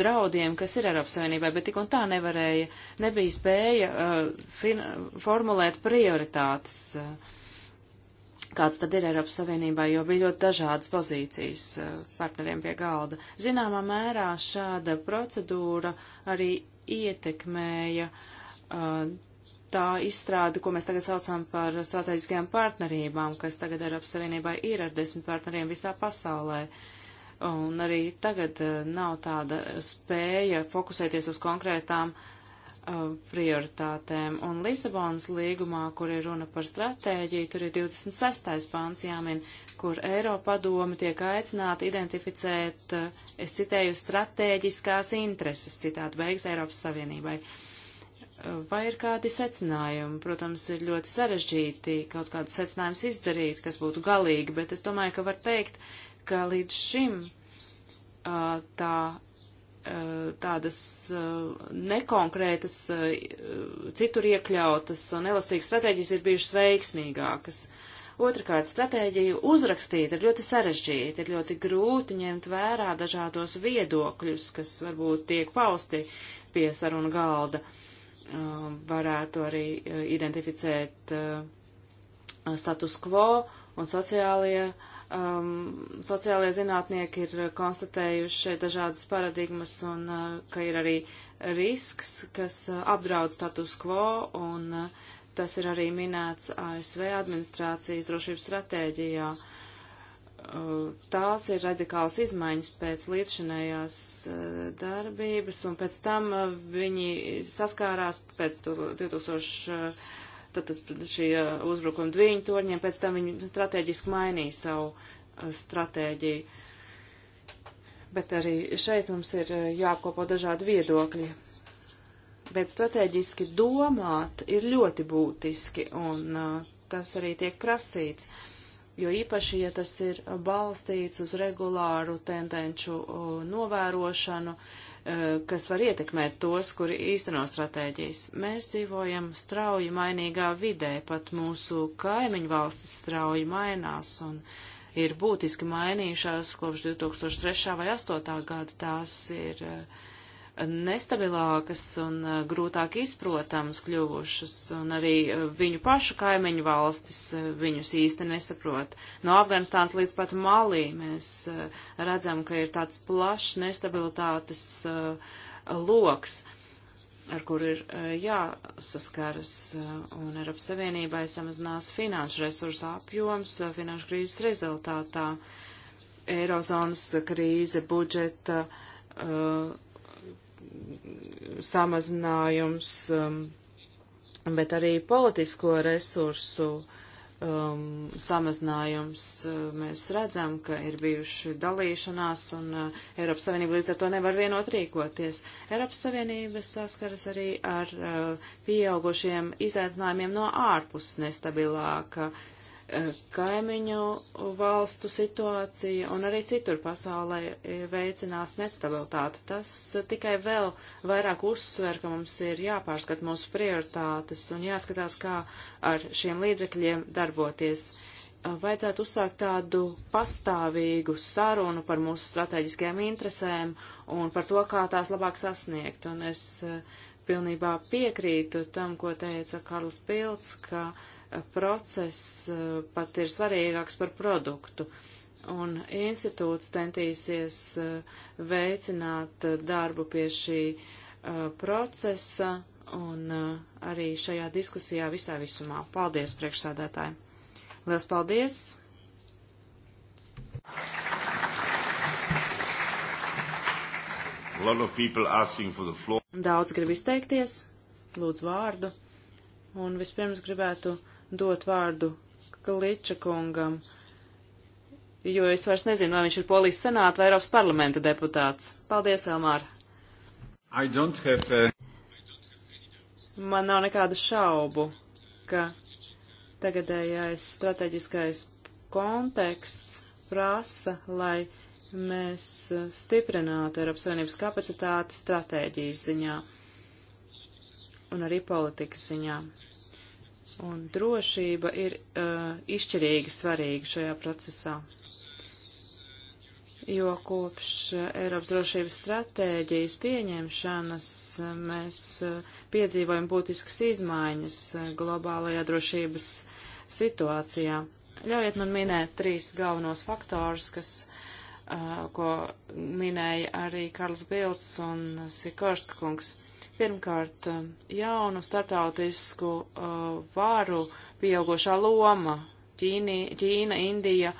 Speaker 1: draudiem, kas ir Eiropas Savienībai, bet tik un tā nevarēja, nebija spēja fin formulēt prioritātes kāds tad ir Eiropas Savienībā, jo bija ļoti dažādas pozīcijas partneriem pie galda. Zināmā mērā šāda procedūra arī ietekmēja uh, tā izstrāde, ko mēs tagad saucam par strateģiskajām partnerībām, kas tagad Eiropas Savienībai ir ar desmit partneriem visā pasaulē. Un arī tagad uh, nav tāda spēja fokusēties uz konkrētām uh, Uh, prioritātēm. Un Lisabonas līgumā, kur ir runa par stratēģiju, tur ir 26. pāns jāmin, kur Eiropadome tiek aicināta identificēt, uh, es citēju, stratēģiskās intereses, citādi beigas Eiropas Savienībai. Uh, vai ir kādi secinājumi? Protams, ir ļoti sarežģīti kaut kādus secinājumus izdarīt, kas būtu galīgi, bet es domāju, ka var teikt, ka līdz šim tā Eh, tādas eh, nekonkrētas, eh, citur iekļautas un elastīgas stratēģijas ir bijušas veiksmīgākas. Otrakārt, stratēģiju uzrakstīt ir ļoti sarežģīti, ir ļoti grūti ņemt vērā dažādos viedokļus, kas varbūt tiek pausti pie saruna galda. Varētu arī identificēt status quo un sociālie uh, um, sociālajie zinātnieki ir uh, konstatējuši šeit dažādas paradigmas un uh, ka ir arī risks, kas uh, apdraud status quo un uh, tas ir arī minēts ASV administrācijas drošības stratēģijā. Uh, tās ir radikāls izmaiņas pēc līdzšanējās uh, darbības, un pēc tam uh, viņi saskārās pēc 2000 tad, tad šie uzbrukumi dviņu torņiem, pēc tam viņi strateģiski mainīja savu uh, stratēģiju. Bet arī šeit mums ir uh, jāapkopo dažādi viedokļi. Bet strateģiski domāt ir ļoti būtiski, un uh, tas arī tiek prasīts, jo īpaši, ja tas ir balstīts uz regulāru tendenču uh, novērošanu, uh, Eh, kas var ietekmēt tos, kuri īsteno stratēģijas. Mēs dzīvojam strauji mainīgā vidē, pat mūsu kaimiņu valstis strauji mainās un ir būtiski mainījušās kopš 2003. vai 2008. gada. Tās ir uh, nestabilākas un eh, grūtāk izprotams kļuvušas, un arī eh, viņu pašu kaimiņu valstis eh, viņus īsti nesaprot. No Afganistānas līdz pat Malī mēs redzam, ka ir tāds plašs nestabilitātes loks ar kur ir jāsaskaras, un Eiropas Savienībai samazinās finanšu resursu apjoms finanšu krīzes rezultātā. Eirozonas krīze, budžeta uh, samazinājums, um, bet arī politisko resursu um, samazinājums. Uh, mēs redzam, ka ir bijuši dalīšanās, un uh, Eiropas Savienība līdz ar to nevar vienot rīkoties. Eiropas Savienība saskaras arī ar uh, pieaugušiem izaicinājumiem no ārpus nestabilāka. Uh, kaimiņu valstu situācija un arī citur pasaulē veicinās nestabilitāti. Tas tikai vēl vairāk uzsver, ka mums ir jāpārskat mūsu prioritātes un jāskatās, kā ar šiem līdzekļiem darboties. Vajadzētu uzsākt tādu pastāvīgu sarunu par mūsu strateģiskajām interesēm un par to, kā tās labāk sasniegt. Un es eh, pilnībā piekrītu tam, ko teica Karls Pilts, ka uh, process eh, pat ir svarīgāks par produktu. Un institūts centīsies eh, veicināt eh, darbu pie šī procesa un arī šajā diskusijā visā visumā. Paldies, priekšsādātāji! Lielas paldies! Daudz grib izteikties, lūdzu vārdu, un vispirms gribētu dot vārdu Kliča kungam, jo es vairs nezinu, vai viņš ir Polijas senāta vai Eiropas parlamenta deputāts. Paldies, Elmār!
Speaker 2: Have, uh...
Speaker 1: Man nav nekādu šaubu, ka tagadējais strateģiskais konteksts prasa, lai mēs stiprinātu Eiropas Savienības kapacitāti stratēģijas ziņā un arī politikas ziņā un drošība ir uh, izšķirīgi svarīga šajā procesā. Jo kopš uh, Eiropas drošības stratēģijas pieņemšanas uh, mēs uh, piedzīvojam būtiskas izmaiņas globālajā drošības situācijā. Ļaujiet man minēt trīs galvenos faktorus, kas, uh, ko minēja arī Karls Bilds un Sikorska kungs. Uh, Pirmkārt, eh, jaunu startautisku uh, varu pieaugušā loma Ķīni, Ķīna, Indija,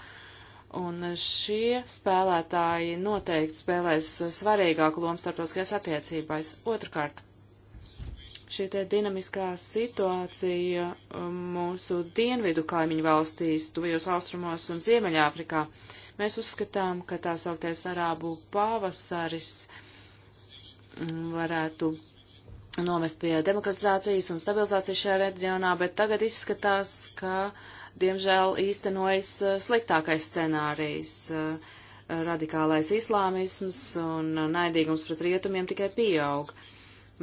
Speaker 1: un šie spēlētāji noteikti spēlēs svarīgāku lomu starptautiskajās attiecībās. Otrkārt, šī te dinamiskā situācija eh, mūsu dienvidu kaimiņu valstīs, tuvajos austrumos un Ziemeļāfrikā. Mēs uzskatām, ka tā sauktais arābu pavasaris varētu novest pie demokratizācijas un stabilizācijas šajā reģionā, bet tagad izskatās, ka, diemžēl, īstenojas uh, sliktākais scenārijs. Uh, radikālais islāmisms un naidīgums pret rietumiem tikai pieaug.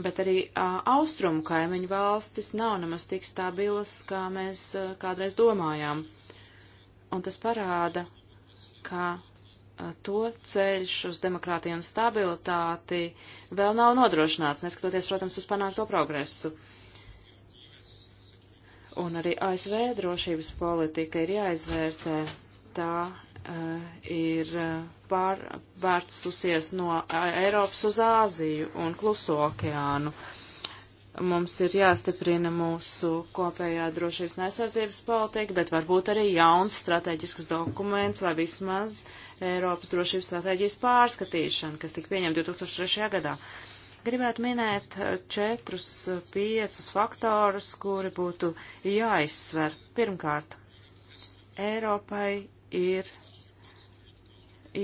Speaker 1: Bet arī uh, austrumu kaimiņu valstis nav nemaz tik stabilas, kā mēs kādreiz domājām. Un tas parāda, ka to ceļš uz demokrātiju un stabilitāti vēl nav nodrošināts, neskatoties, protams, uz panākto progresu. Un arī ASV drošības politika ir jāizvērtē. Tā uh, ir eh, pārvērtusies no Eiropas uz Āziju un Kluso okeānu. Mums ir jāstiprina mūsu kopējā drošības un aizsardzības politika, bet varbūt arī jauns strateģisks dokuments vai vismaz uh, Eiropas drošības stratēģijas pārskatīšana, kas tika pieņemta 2003. gadā. Gribētu minēt eh, četrus, eh, piecus faktorus, kuri būtu jāizsver. Pirmkārt, Eiropai ir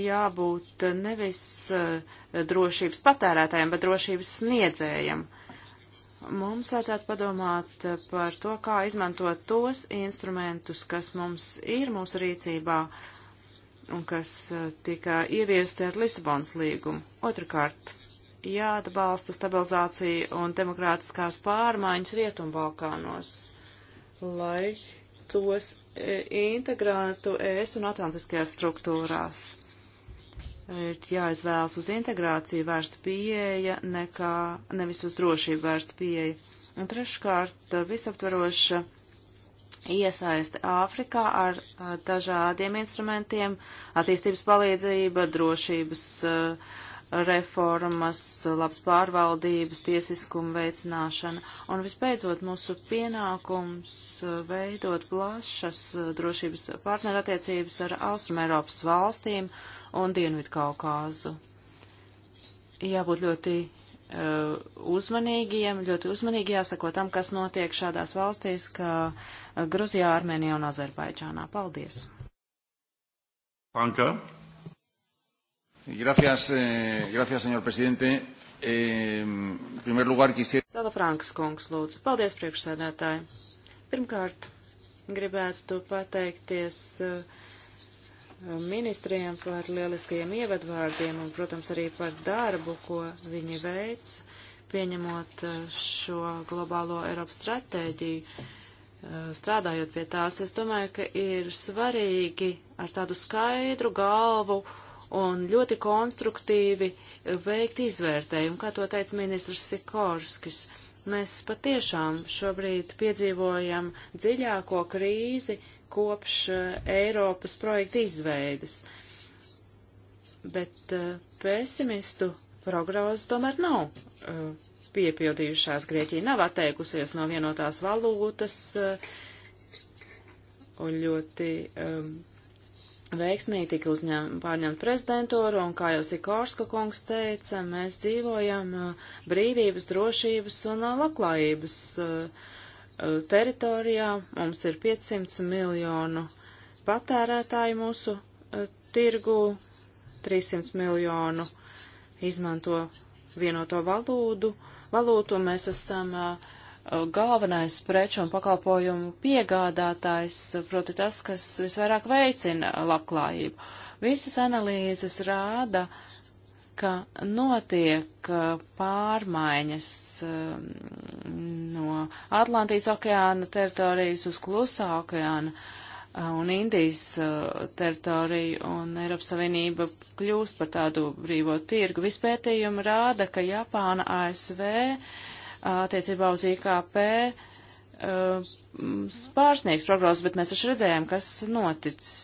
Speaker 1: jābūt eh, nevis drošības patērētājiem, bet drošības sniedzējiem. Mums vajadzētu padomāt par to, kā izmantot tos instrumentus, kas mums ir mūsu rīcībā, un kas eh, tika ieviesti ar Lisabonas līgumu. Otrakārt, jāatbalsta stabilizācija un demokrātiskās pārmaiņas Rietumbalkānos, lai tos eh, integrētu ES un Atlantiskajās struktūrās ir jāizvēlas uz integrāciju vērsta pieeja, nekā nevis uz drošību vērsta pieeja. Un treškārt, eh, visaptvaroša iesaisti Āfrikā ar, ar dažādiem instrumentiem, attīstības palīdzība, drošības uh, reformas, labs pārvaldības, tiesiskuma veicināšana. Un visbeidzot, mūsu pienākums eh, veidot plašas eh, drošības partnerattiecības ar Austrum Eiropas valstīm un Dienvidu Kaukāzu. Jābūt ļoti uh, uzmanīgiem, ļoti uzmanīgi jāsako tam, kas notiek šādās valstīs, ka uh, Gruzijā, Armēnijā un Azerbaidžānā. Paldies! Panka. Gracias, eh, gracias, señor presidente. Eh, primer lugar, quisiera... Sala Frankas kungs, lūdzu. Paldies, priekšsēdētāji. Pirmkārt, gribētu pateikties eh, ministriem par lieliskajiem ievadvārdiem un, protams, arī par darbu, ko viņi veic, pieņemot eh, šo globālo Eiropas stratēģiju. Eh, strādājot pie tās, es domāju, ka ir svarīgi ar tādu skaidru galvu un ļoti konstruktīvi veikt izvērtējumu, kā to teica ministrs Sikorskis. Mēs patiešām šobrīd piedzīvojam dziļāko krīzi kopš eh, Eiropas projekta izveidas, bet eh, pesimistu prognozes tomēr nav piepildījušās. Grieķija nav atteikusies no vienotās valūtas eh, un ļoti um, veiksmīgi tika uzņem, pārņemt prezidentūru, un, kā jau Sikorska kungs teica, mēs dzīvojam uh, brīvības, drošības un uh, labklājības uh, teritorijā. Mums ir 500 miljonu patērētāju mūsu tirgu, 300 miljonu izmanto vienoto valūdu, valūtu, un mēs esam uh, galvenais preču un pakalpojumu piegādātājs, proti tas, kas visvairāk veicina labklājību. Visas analīzes rāda, ka notiek pārmaiņas no Atlantijas okeāna teritorijas uz klusā okeāna Uh, un Indijas uh, teritoriju, un Eiropas Savienība kļūst par tādu brīvo tirgu. Vispētījumi rāda, ka Japāna, ASV uh, attiecībā uz IKP pārsniegs prognozes, bet mēs taču redzējām, kas noticis,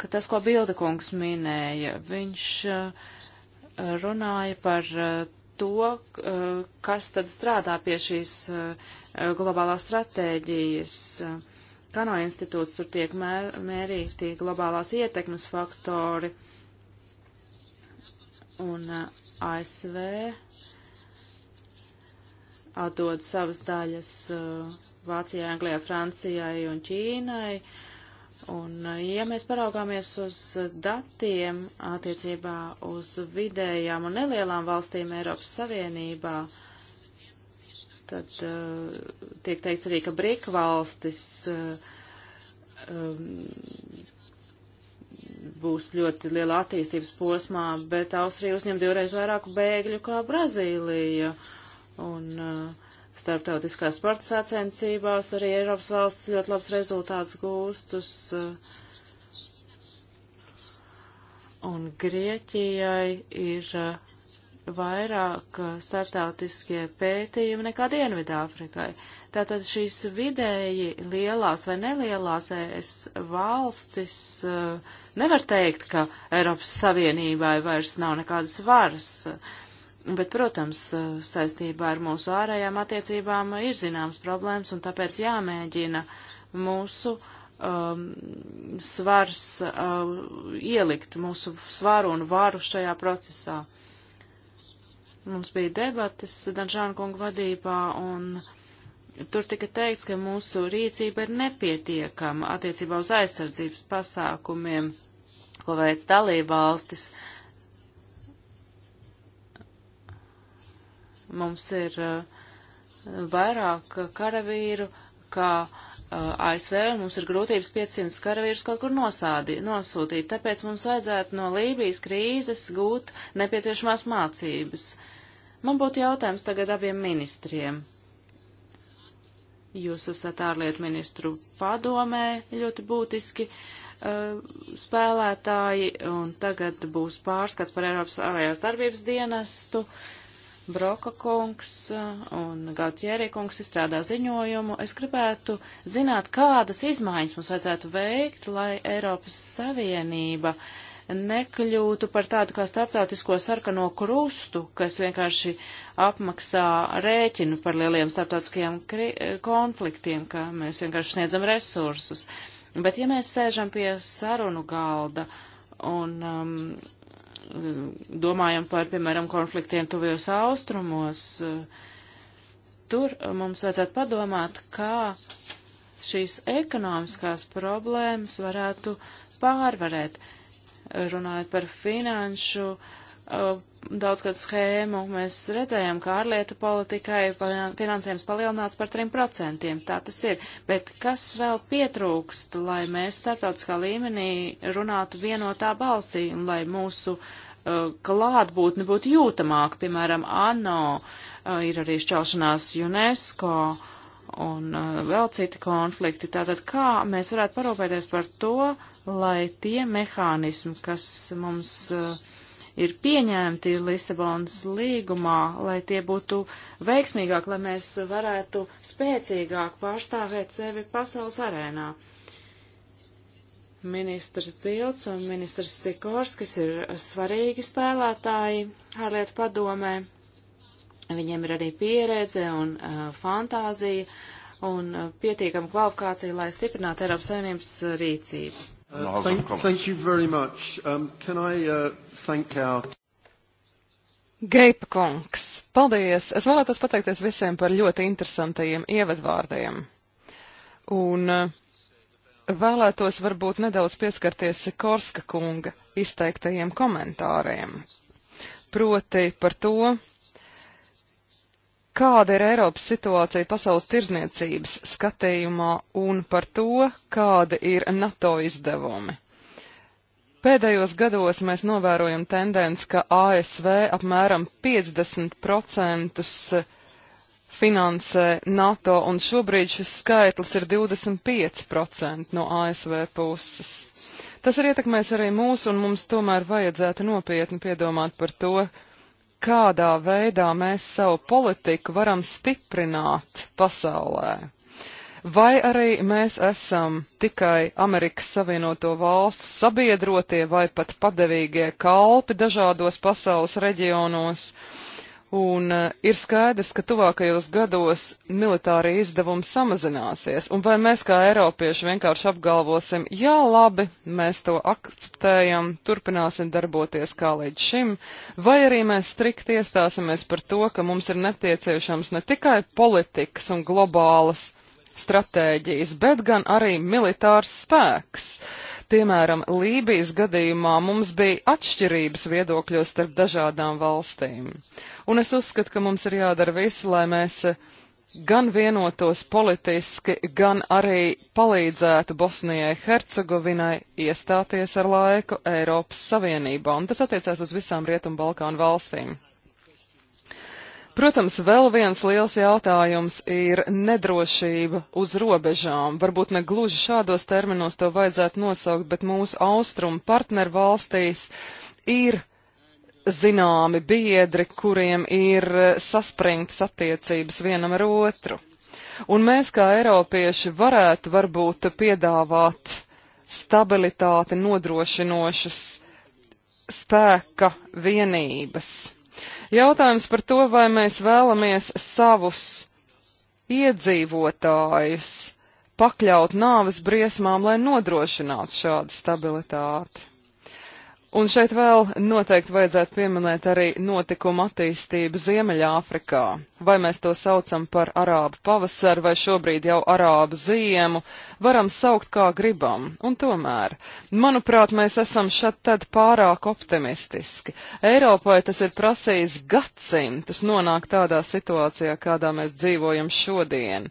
Speaker 1: ka tas, ko Bilda kungs minēja, viņš runāja par to, kas tad strādā pie šīs globālās stratēģijas Kano institūts, tur tiek mēr, mērīti globālās ietekmes faktori. Un uh, ASV atdod savas daļas uh, Vācijai, Anglijai, Francijai un Ķīnai. Un, uh, ja mēs paraugāmies uz datiem attiecībā uz vidējām un nelielām valstīm Eiropas Savienībā, uh, Tad uh, tiek teikts arī, ka brīk valstis uh, um, būs ļoti liela attīstības posmā, bet Austrija uzņem divreiz vairāk bēgļu kā Brazīlija. Un, uh, starptautiskās sporta sacensībās arī Eiropas valsts ļoti labs rezultāts gūstus. Un Grieķijai ir vairāk eh, startautiskie pētījumi nekā Dienvidāfrikai. Tātad šīs vidēji lielās vai nelielās ES valstis eh, nevar teikt, ka Eiropas Savienībai vairs nav nekādas varas, bet, protams, eh, saistībā ar mūsu ārējām attiecībām ir zināmas problēmas un tāpēc jāmēģina mūsu um, svars uh, ielikt mūsu svaru un varu šajā procesā. Mums bija debatas Danžāna kunga vadībā, un tur tika teikts, ka mūsu rīcība ir nepietiekama attiecībā uz aizsardzības pasākumiem, ko veids dalībvalstis. Mums ir uh, vairāk karavīru, kā uh, ASV, un mums ir grūtības 500 karavīrus kaut kur nosādi, nosūtīt. Tāpēc mums vajadzētu no Lībijas krīzes gūt nepieciešamās mācības. Man būtu jautājums tagad abiem ministriem. Jūs esat ārlietu ministru padomē ļoti būtiski uh, spēlētāji, un tagad būs pārskats par Eiropas ārējās darbības dienestu. Broka kungs uh, un Gautieri kungs izstrādā ziņojumu. Es gribētu zināt, kādas izmaiņas mums vajadzētu veikt, lai Eiropas Savienība uh, nekļūtu par tādu kā starptautisko sarkano krustu, kas vienkārši apmaksā rēķinu par lieliem starptautiskajiem konfliktiem, ka mēs vienkārši sniedzam resursus. Bet ja mēs sēžam pie sarunu galda un um, domājam par, piemēram, konfliktiem tuvijos austrumos, tur mums vajadzētu padomāt, kā šīs ekonomiskās problēmas varētu pārvarēt runājot par finanšu uh, daudzgad schēmu, mēs redzējām, ka ārlietu politikai finansējums palielināts par 3%. Tā tas ir. Bet kas vēl pietrūkst, lai mēs starptautiskā līmenī runātu vienotā balsī un lai mūsu uh, klātbūtne būtu jūtamāka? Piemēram, ANO uh, ir arī šķelšanās UNESCO. Uh, un uh, vēl citi konflikti. Tātad, kā mēs varētu parūpēties par to, lai tie mehānismi, kas mums uh, ir pieņemti Lisabonas līgumā, lai tie būtu veiksmīgāk, lai mēs varētu spēcīgāk pārstāvēt sevi pasaules arēnā. Ministrs Bilds un ministrs Sikorskis ir svarīgi spēlētāji ārlietu padomē, Viņiem ir arī pieredze un uh, fantāzija un uh, pietiekama kvalifikācija, lai stiprinātu Eiropas Savienības
Speaker 3: uh, rīcību. Uh, thank, thank
Speaker 1: you very much. Um, can I uh, thank our...
Speaker 3: Geipa kungs, paldies! Es vēlētos pateikties visiem par ļoti interesantajiem ievadvārdiem. Un uh, vēlētos varbūt nedaudz pieskarties Korska kunga izteiktajiem komentāriem. Proti par to, kāda ir Eiropas situācija pasaules tirzniecības skatījumā un par to, kāda ir NATO izdevumi. Pēdējos gados mēs novērojam tendenci, ka ASV apmēram 50% finansē NATO, un šobrīd šis skaitlis ir 25% no ASV puses. Tas ir ietekmēs arī mūsu, un mums tomēr vajadzētu nopietni piedomāt par to, kādā veidā mēs savu politiku varam stiprināt pasaulē. Vai arī mēs esam tikai Amerikas Savienoto Valstu sabiedrotie vai pat padevīgie kalpi dažādos pasaules reģionos? Uh, Un uh, ir skaidrs, ka tuvākajos gados militārie izdevumi samazināsies, un vai mēs kā Eiropieši vienkārši apgalvosim, jā, labi, mēs to akceptējam, turpināsim darboties kā līdz šim, vai arī mēs strikt iestāsimies par to, ka mums ir nepieciešams ne tikai politikas un globālas stratēģijas, bet gan arī militārs spēks. Piemēram, Lībijas gadījumā mums bija atšķirības viedokļos starp dažādām valstīm. Un es uzskatu, ka mums ir jādara viss, lai mēs eh, gan vienotos politiski, gan arī palīdzētu Bosnijai Hercegovinai iestāties ar laiku Eiropas Savienībā, un tas attiecās uz visām Rietumbalkānu valstīm. Protams, vēl viens liels jautājums ir nedrošība uz robežām. Varbūt ne gluži šādos terminos to vajadzētu nosaukt, bet mūsu austrumu partneru valstīs ir zināmi biedri, kuriem ir saspringtas attiecības vienam ar otru. Un mēs kā eiropieši varētu varbūt piedāvāt stabilitāti nodrošinošas spēka vienības Jautājums par to, vai mēs vēlamies savus iedzīvotājus pakļaut nāves briesmām, lai nodrošinātu šādu stabilitāti. Un šeit vēl noteikti vajadzētu pieminēt arī notikumu attīstību Ziemeļāfrikā. Vai mēs to saucam par arābu pavasaru vai šobrīd jau arābu ziemu, uh, varam saukt kā gribam. Un tomēr, manuprāt, mēs esam šad tad pārāk optimistiski. Eiropai tas ir prasījis gadsimtus nonākt tādā situācijā, kādā mēs dzīvojam šodien.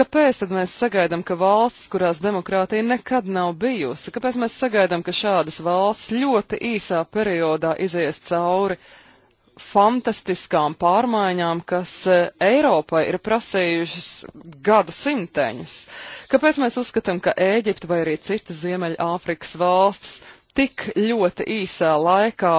Speaker 3: Kāpēc tad mēs sagaidām, ka valsts, kurās demokrātija nekad nav bijusi, kāpēc mēs sagaidām, ka šādas valsts ļoti īsā periodā izies cauri fantastiskām pārmaiņām, kas e, Eiropai ir prasījušas gadu simteņus. Kāpēc mēs uzskatām, ka Ēģipte vai arī citas Ziemeļāfrikas valstis tik ļoti īsā laikā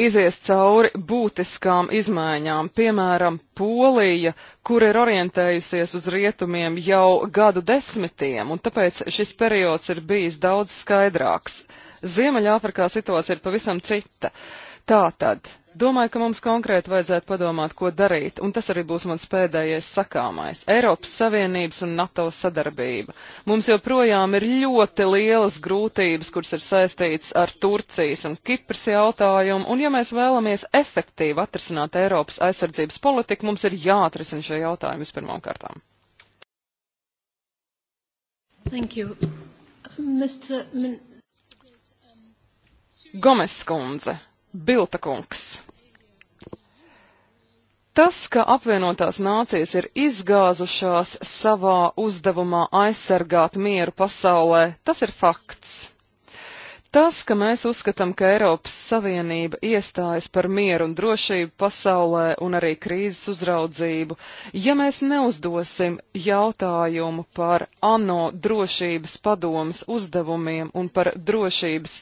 Speaker 3: izies cauri būtiskām izmaiņām, piemēram, Polija, kur ir orientējusies uz rietumiem jau gadu desmitiem, un tāpēc šis periods ir bijis daudz skaidrāks. Ziemeļāfrikā situācija ir pavisam cita. Uh, Tātad, domāju, ka mums konkrēti vajadzētu padomāt, ko darīt, un tas arī būs mans pēdējais sakāmais - Eiropas Savienības un NATO sadarbība. Mums joprojām ir ļoti lielas grūtības, kuras ir saistītas ar Turcijas un Kipras jautājumu, un ja mēs vēlamies efektīvi atrisināt Eiropas aizsardzības politiku, mums ir jāatrisina šie jautājumi vispirmām kārtām.
Speaker 2: Thank
Speaker 1: you. Mr. Min
Speaker 3: Gomes skundze. Biltakungs. Tas, ka apvienotās nācijas ir izgāzušās savā uzdevumā aizsargāt mieru pasaulē, tas ir fakts. Tas, ka mēs uzskatām, ka Eiropas Savienība iestājas par mieru un drošību pasaulē un arī krīzes uzraudzību, ja mēs neuzdosim jautājumu par ANO drošības padomas uzdevumiem un par drošības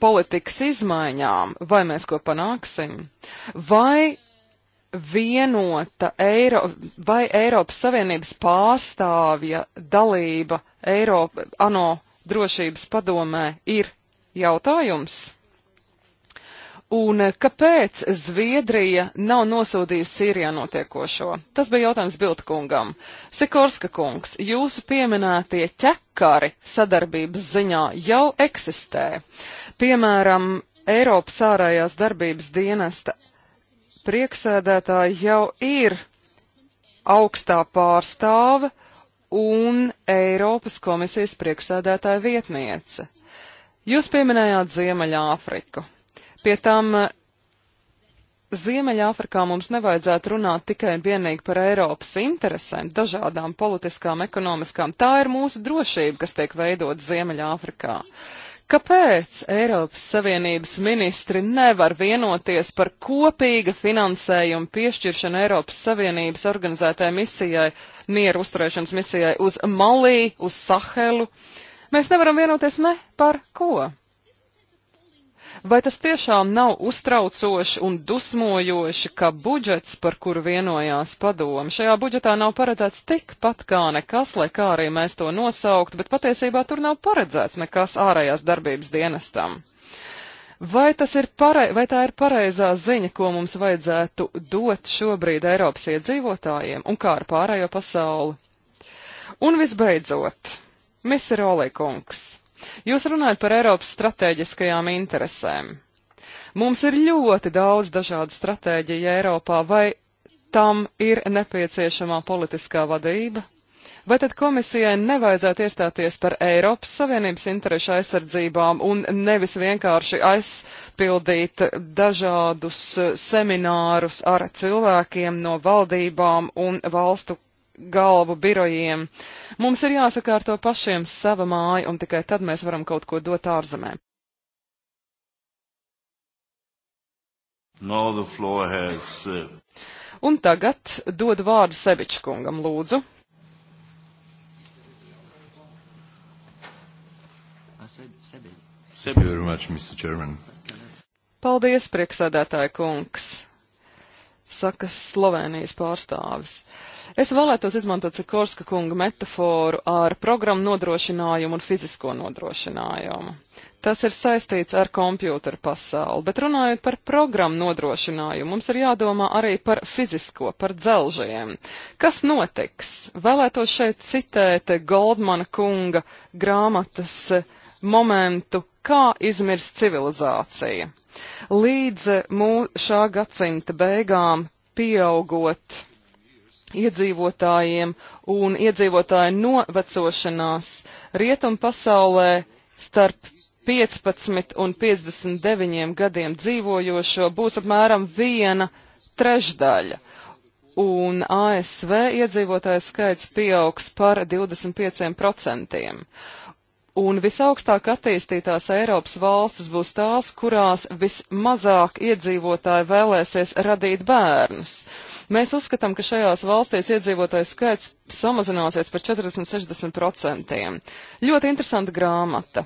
Speaker 3: politikas izmaiņām, vai mēs ko panāksim, vai vienota Eiro, vai Eiropas Savienības pārstāvja dalība Eiropa, ANO drošības padomē ir jautājums? Un kāpēc Zviedrija nav nosūdījusi Sīrijā notiekošo? Tas bija jautājums Biltkungam. Sikorska kungs, jūsu pieminētie ķekari sadarbības ziņā jau eksistē. Piemēram, Eiropas ārējās darbības dienesta prieksēdētāji jau ir augstā pārstāve un Eiropas komisijas prieksēdētāja vietniece. Jūs pieminējāt Ziemeļāfriku. Pie tam eh, Ziemeļāfrikā mums nevajadzētu runāt tikai un vienīgi par Eiropas interesēm, dažādām politiskām, ekonomiskām. Tā ir mūsu drošība, kas tiek veidot Ziemeļāfrikā. Kāpēc Eiropas Savienības ministri nevar vienoties par kopīga finansējuma piešķiršanu Eiropas Savienības organizētai misijai, mieru uzturēšanas misijai uz Malī, uz Sahelu? Mēs nevaram vienoties ne par ko. Vai tas tiešām nav uztraucoši un dusmojoši, ka budžets, par kuru vienojās padomu, šajā budžetā nav paredzēts tikpat kā nekas, lai kā arī mēs to nosauktu, bet patiesībā tur nav paredzēts nekas ārējās darbības dienestam? Vai, ir parei, vai tā ir pareizā ziņa, ko mums vajadzētu dot šobrīd Eiropas iedzīvotājiem un kā ar pārējo pasauli? Un visbeidzot, Mr. Olikungs, Jūs runājat par Eiropas stratēģiskajām interesēm. Mums ir ļoti daudz dažādu stratēģiju Eiropā, vai tam ir nepieciešamā politiskā vadība? Vai tad komisijai nevajadzētu iestāties par Eiropas Savienības interešu aizsardzībām un nevis vienkārši aizpildīt dažādus seminārus ar cilvēkiem no valdībām un valstu galvu birojiem. Mums ir jāsakārto pašiem sava māja, un tikai tad mēs varam kaut ko dot ārzemē.
Speaker 1: No, has, uh...
Speaker 3: Un tagad dod vārdu Sevičkungam, lūdzu.
Speaker 1: Much,
Speaker 3: Paldies, prieksēdētāja kungs, saka Slovenijas pārstāvis. Uh, Es vēlētos izmantot Sikorska kunga metaforu ar programmu nodrošinājumu un fizisko nodrošinājumu. Tas ir saistīts ar kompjūteru pasauli, bet runājot par programmu nodrošinājumu, mums ir jādomā arī par fizisko, par dzelžiem. Kas notiks? Vēlētos šeit citēt Goldmana kunga grāmatas momentu Kā izmirst civilizācija? Līdz mū, šā gadsimta beigām pieaugot iedzīvotājiem un iedzīvotāju novecošanās rietumu pasaulē starp 15 un 59 gadiem dzīvojošo būs apmēram viena trešdaļa. Un ASV iedzīvotāju skaits pieaugs par 25% un visaugstāk attīstītās Eiropas valstis būs tās, kurās vismazāk iedzīvotāji vēlēsies radīt bērnus. Mēs uzskatām, ka šajās valstīs iedzīvotāju skaits samazināsies par 40-60%. Ļoti interesanta grāmata.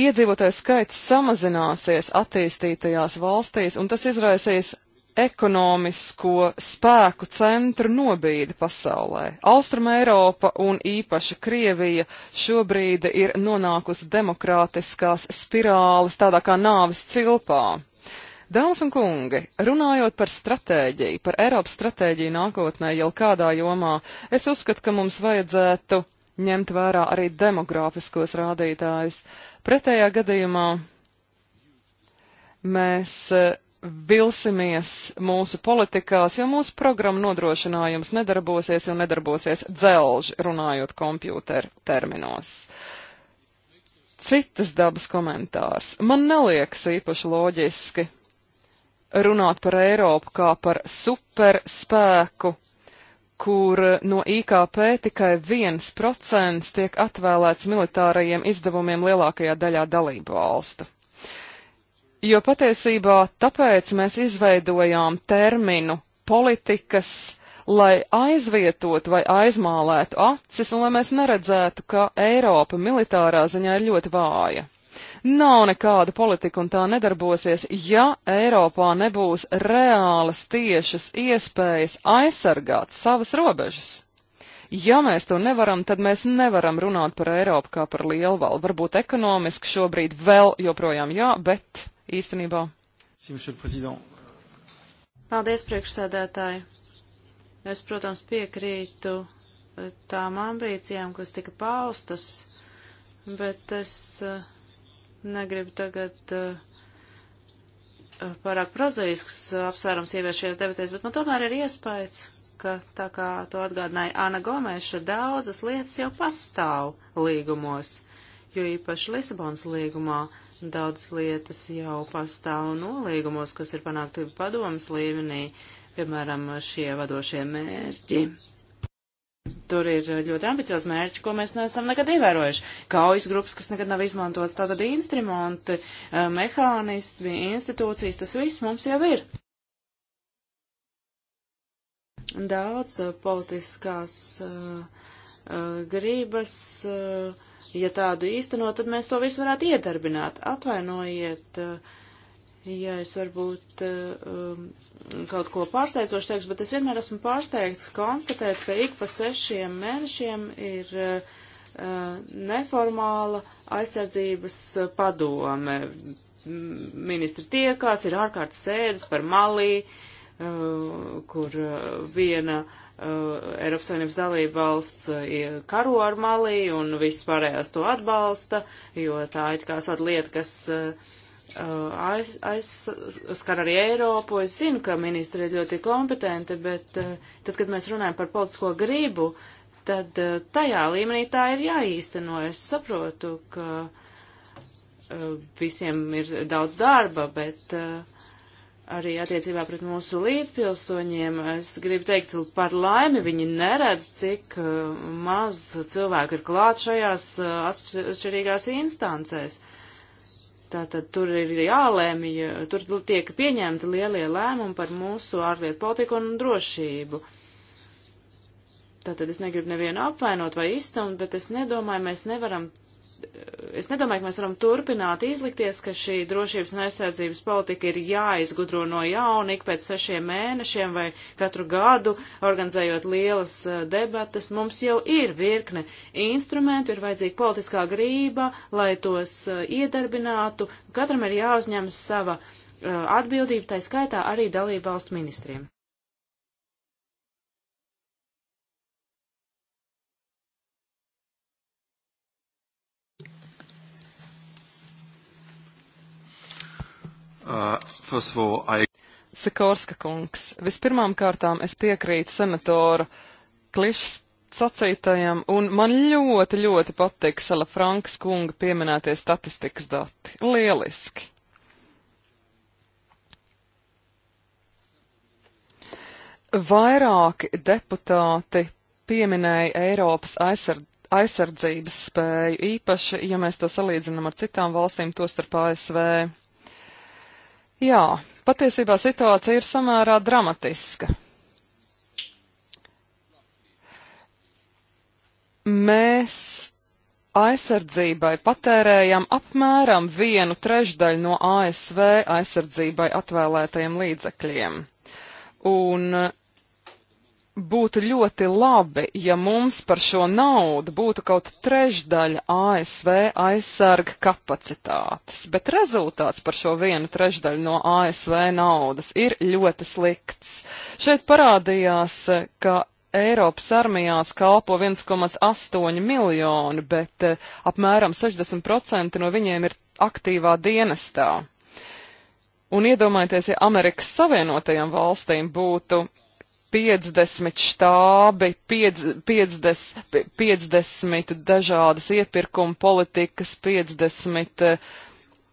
Speaker 3: Iedzīvotāju skaits samazināsies attīstītajās valstīs, un tas izraisīs ekonomisko spēku centru nobīde pasaulē. Austrum Eiropa un īpaši Krievija šobrīd ir nonākusi demokrātiskās spirāles tādā kā nāves cilpā. Dāmas un kungi, runājot par stratēģiju, par Eiropas stratēģiju nākotnē jau kādā jomā, es uzskatu, ka mums vajadzētu ņemt vērā arī demogrāfiskos rādītājus. Pretējā gadījumā mēs vilsimies mūsu politikās, jo mūsu programma nodrošinājums nedarbosies un nedarbosies dzelži, runājot kompjūteru terminos. Citas dabas komentārs. Man neliekas īpaši loģiski runāt par Eiropu kā par superspēku, kur no IKP tikai viens procents tiek atvēlēts militārajiem izdevumiem lielākajā daļā dalību valstu jo patiesībā tāpēc mēs izveidojām terminu politikas, lai aizvietotu vai aizmālētu acis un lai mēs neredzētu, ka Eiropa militārā ziņā ir ļoti vāja. Nav nekāda politika un tā nedarbosies, ja Eiropā nebūs reālas tiešas iespējas aizsargāt savas robežas. Ja mēs to nevaram, tad mēs nevaram runāt par Eiropu kā par lielvalu. Varbūt ekonomiski šobrīd vēl joprojām jā, bet īstenībā.
Speaker 1: Paldies, priekšsēdētāji. Es, protams, piekrītu eh, tām ambīcijām, kas tika paustas, bet es eh, negribu tagad eh, pārāk prozaisks apsvērums ievies šajās debatēs, bet man tomēr ir iespējas, ka tā kā to atgādināja Ana Gomeša, daudzas lietas jau pastāv līgumos, jo īpaši Lisabonas līgumā Daudz lietas jau pastāv nolīgumos, kas ir panākti padomas līmenī, piemēram, šie vadošie mērķi. Tur ir ļoti ambiciozi mērķi, ko mēs neesam nekad ievērojuši. Kaujas grupas, kas nekad nav izmantotas, tātad instrumenti, eh, mehānismi, institūcijas, tas viss mums jau ir. Daudz eh, politiskās uh, Eh, gribas, eh, ja tādu īstenot, tad mēs to visu varētu iedarbināt. Atvainojiet, eh, ja es varbūt um, kaut ko pārsteidzošu teikšu, bet es vienmēr esmu pārsteigts konstatēt, ka ik pa sešiem mēnešiem ir neformāla aizsardzības padome. Ministri tiekās, ir ārkārtas sēdes par malī, kur viena uh, Uh, Eiropas Savienības dalība valsts uh, karo ar Malī un viss pārējās to atbalsta, jo tā it kā sot lieta, kas uh, aiz, aizskar arī Eiropu. Es zinu, ka ministri ir ļoti kompetenti, bet tad, kad mēs runājam par politisko gribu, tad tajā līmenī tā ir jāīsteno. Es saprotu, ka visiem ir daudz darba, bet uh, arī attiecībā pret mūsu līdzpilsoņiem. Es gribu teikt, par laimi viņi neredz, cik uh, maz cilvēku ir klāt šajās uh, atšķirīgās instancēs. Tātad tur ir jālēmj, tur tiek pieņemti lielie lēmumi par mūsu ārlietu politiku un drošību. Tātad es negribu nevienu apvainot vai izstumt, bet es nedomāju, mēs nevaram es nedomāju, ka mēs varam turpināt izlikties, ka šī drošības un aizsardzības politika ir jāizgudro no jauna ik pēc sešiem mēnešiem vai katru gadu, organizējot lielas eh, debatas. Mums jau ir virkne instrumentu, ir vajadzīga politiskā grība, lai tos eh, iedarbinātu. Katram ir jāuzņemas sava eh, atbildība, tai skaitā arī dalību valstu ministriem.
Speaker 3: Uh, all, I... Sikorska kungs, vispirmām kārtām es piekrītu senatora Klišs sacītajam, un man ļoti, ļoti patīk Sala Frankas kunga pieminētie statistikas dati. Lieliski! Vairāki deputāti pieminēja Eiropas aizsardz, aizsardzības spēju, īpaši, ja mēs to salīdzinām ar citām valstīm, tostarp ASV. Jā, patiesībā situācija ir samērā dramatiska. Mēs aizsardzībai patērējam apmēram vienu trešdaļu no ASV aizsardzībai atvēlētajiem līdzekļiem. Un būtu ļoti labi, ja mums par šo naudu būtu kaut trešdaļa ASV aizsarga kapacitātes, bet rezultāts par šo vienu trešdaļu no ASV naudas ir ļoti slikts. Šeit parādījās, ka Eiropas armijās kalpo 1,8 miljoni, bet eh, apmēram 60% no viņiem ir aktīvā dienestā. Un iedomājieties, ja Amerikas Savienotajām valstīm būtu 50 štābi, 50, 50 dažādas iepirkuma politikas, 50 eh,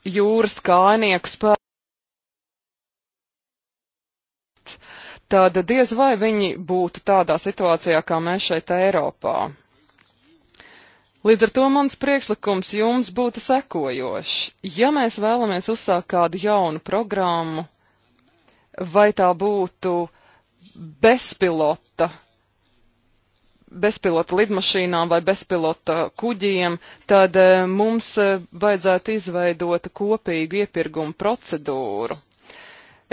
Speaker 3: jūras kājnieku spēku. Tad diez vai viņi būtu tādā situācijā, kā mēs šeit Eiropā. Līdz ar to mans priekšlikums jums būtu sekojošs. Ja mēs vēlamies uzsākt kādu jaunu programmu, vai tā būtu bezpilota, bezpilota lidmašīnām vai bezpilota kuģiem, tad eh, mums eh, vajadzētu izveidot kopīgu iepirkumu procedūru.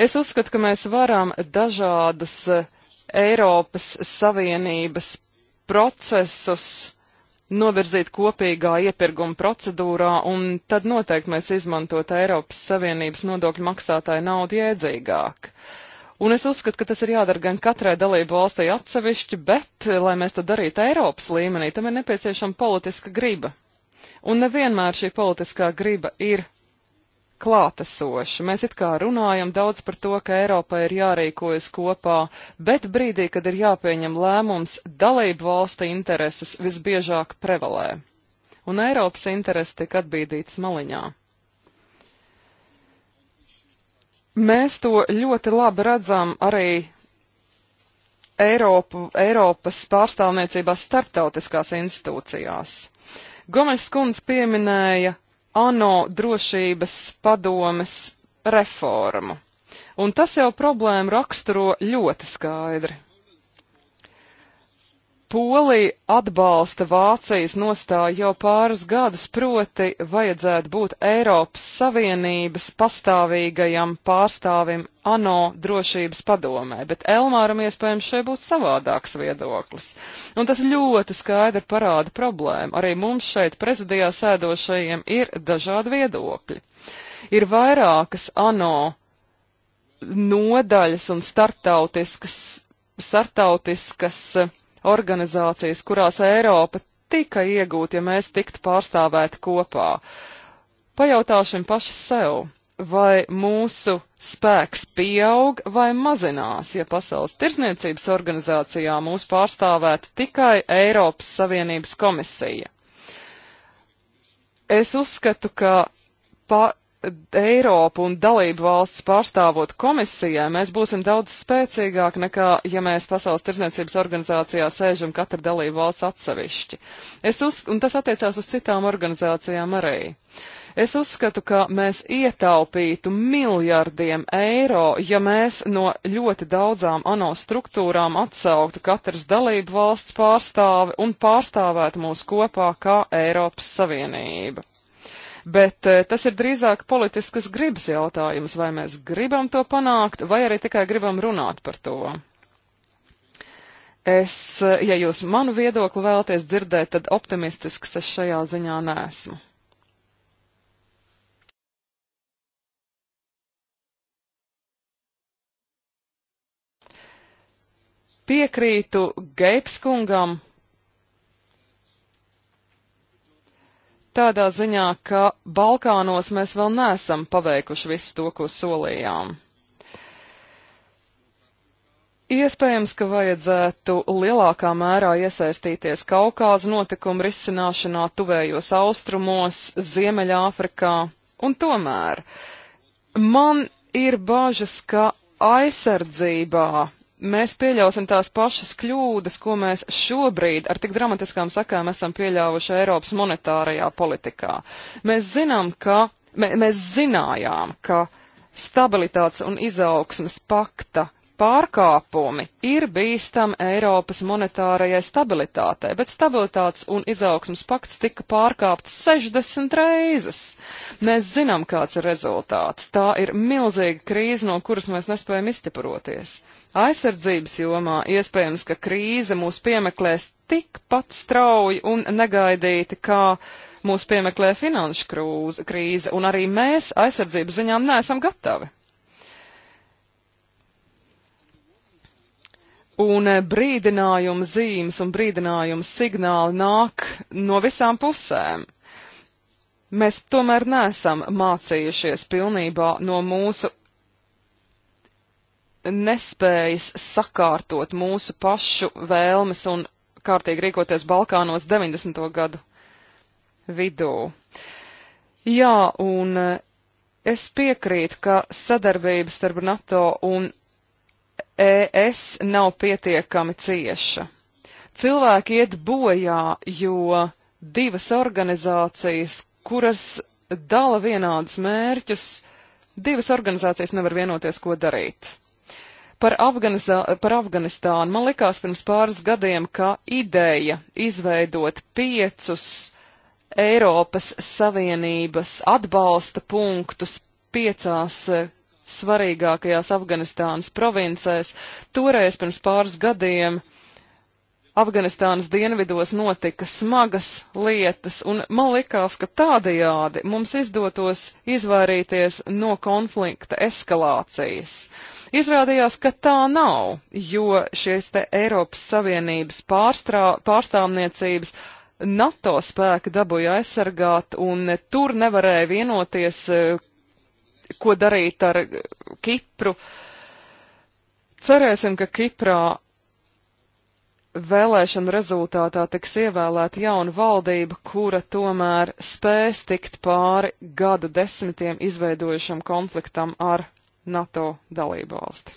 Speaker 3: Es uzskatu, ka mēs varam dažādas eh, Eiropas Savienības procesus novirzīt kopīgā iepirkuma procedūrā, un tad noteikti mēs izmantot Eiropas Savienības nodokļu maksātāju naudu jēdzīgāk. Uh, Un es uzskatu, ka tas ir jādara gan katrai dalību valstī atsevišķi, bet, eh, lai mēs to darītu Eiropas līmenī, tam ir nepieciešama politiska griba. Un nevienmēr šī politiskā griba ir klātesoša. Mēs it kā runājam daudz par to, ka Eiropai ir jārīkojas kopā, bet brīdī, kad ir jāpieņem lēmums, dalību valsti intereses visbiežāk prevalē. Un Eiropas intereses tiek atbīdītas maliņā. Mēs to ļoti labi redzam arī Eiropu, Eiropas pārstāvniecībās starptautiskās institūcijās. Gomes kundze pieminēja ANO drošības padomes reformu, un tas jau problēmu raksturo ļoti skaidri. Polija atbalsta Vācijas nostāju jau pāris gadus, proti vajadzētu būt Eiropas Savienības pastāvīgajam pārstāvim ANO drošības padomē, bet Elmāram iespējams šeit būtu savādāks viedoklis. Un tas ļoti skaidri parāda problēmu. Arī mums šeit prezidijā sēdošajiem ir dažādi viedokļi. Ir vairākas ANO nodaļas un startautiskas, startautiskas organizācijas, kurās Eiropa tika iegūt, ja mēs tiktu pārstāvēti kopā. Pajautāšim paši sev, vai mūsu spēks pieaug vai mazinās, ja Pasaules tirsniecības organizācijā mūs pārstāvētu tikai Eiropas Savienības komisija. Es uzskatu, ka pa Eiropu un dalību valsts pārstāvot komisijai, mēs būsim daudz spēcīgāk nekā, ja mēs Pasaules tirsniecības organizācijā sēžam katra dalību valsts atsevišķi. Es uz, un tas attiecās uz citām organizācijām arī. Es uzskatu, ka mēs ietaupītu miljardiem eiro, ja mēs no ļoti daudzām ANO struktūrām atsauktu katras dalību valsts pārstāvi un pārstāvētu mūs kopā kā Eiropas Savienība bet eh, tas ir drīzāk politiskas gribas jautājums, vai mēs gribam to panākt, vai arī tikai gribam runāt par to. Es, eh, ja jūs manu viedokli vēlaties dzirdēt, tad optimistisks es šajā ziņā nesmu. Piekrītu Geipskungam tādā ziņā, ka Balkānos mēs vēl neesam paveikuši visu to, ko solījām. Iespējams, ka vajadzētu lielākā mērā iesaistīties Kaukāza notikumu risināšanā tuvējos austrumos, Ziemeļāfrikā, un tomēr man ir bažas, ka aizsardzībā mēs pieļausim tās pašas kļūdas, ko mēs šobrīd ar tik dramatiskām sakām esam pieļāvuši Eiropas monetārajā politikā. Mēs zinām, ka, mē, mēs zinājām, ka stabilitātes un izaugsmes pakta pārkāpumi ir bīstam Eiropas monetārajai stabilitātei, bet stabilitātes un izaugsmas pakts tika pārkāpts 60 reizes. Mēs zinām, kāds ir rezultāts. Tā ir milzīga krīze, no kuras mēs nespējam izķeproties. Aizsardzības jomā iespējams, ka krīze mūs piemeklēs tikpat strauji un negaidīti, kā mūs piemeklē finanšu krūze, krīze, un arī mēs aizsardzības ziņām neesam gatavi. Un eh, brīdinājuma zīmes un brīdinājuma signāli nāk no visām pusēm. Mēs tomēr nesam mācījušies pilnībā no mūsu nespējas sakārtot mūsu pašu vēlmes un kārtīgi rīkoties Balkānos 90. gadu vidū. Jā, un eh, es piekrītu, ka sadarbības starp NATO un ES nav pietiekami cieša. Cilvēki iet bojā, jo divas organizācijas, kuras dala vienādus mērķus, divas organizācijas nevar vienoties, ko darīt. Par, Afganizā, par Afganistānu man likās pirms pāris gadiem, ka ideja izveidot piecus Eiropas Savienības atbalsta punktus piecās svarīgākajās Afganistānas provincēs. Toreiz pirms pāris gadiem Afganistānas dienvidos notika smagas lietas, un man likās, ka tādajādi mums izdotos izvairīties no konflikta eskalācijas. Izrādījās, ka tā nav, jo šies te Eiropas Savienības pārstrā, pārstāvniecības NATO spēki dabūja aizsargāt, un tur nevarēja vienoties, ko darīt ar Kipru. Cerēsim, ka Kiprā vēlēšanu rezultātā tiks ievēlēta jauna valdība, kura tomēr spēs tikt pāri gadu desmitiem izveidojušam konfliktam ar NATO dalību valsti.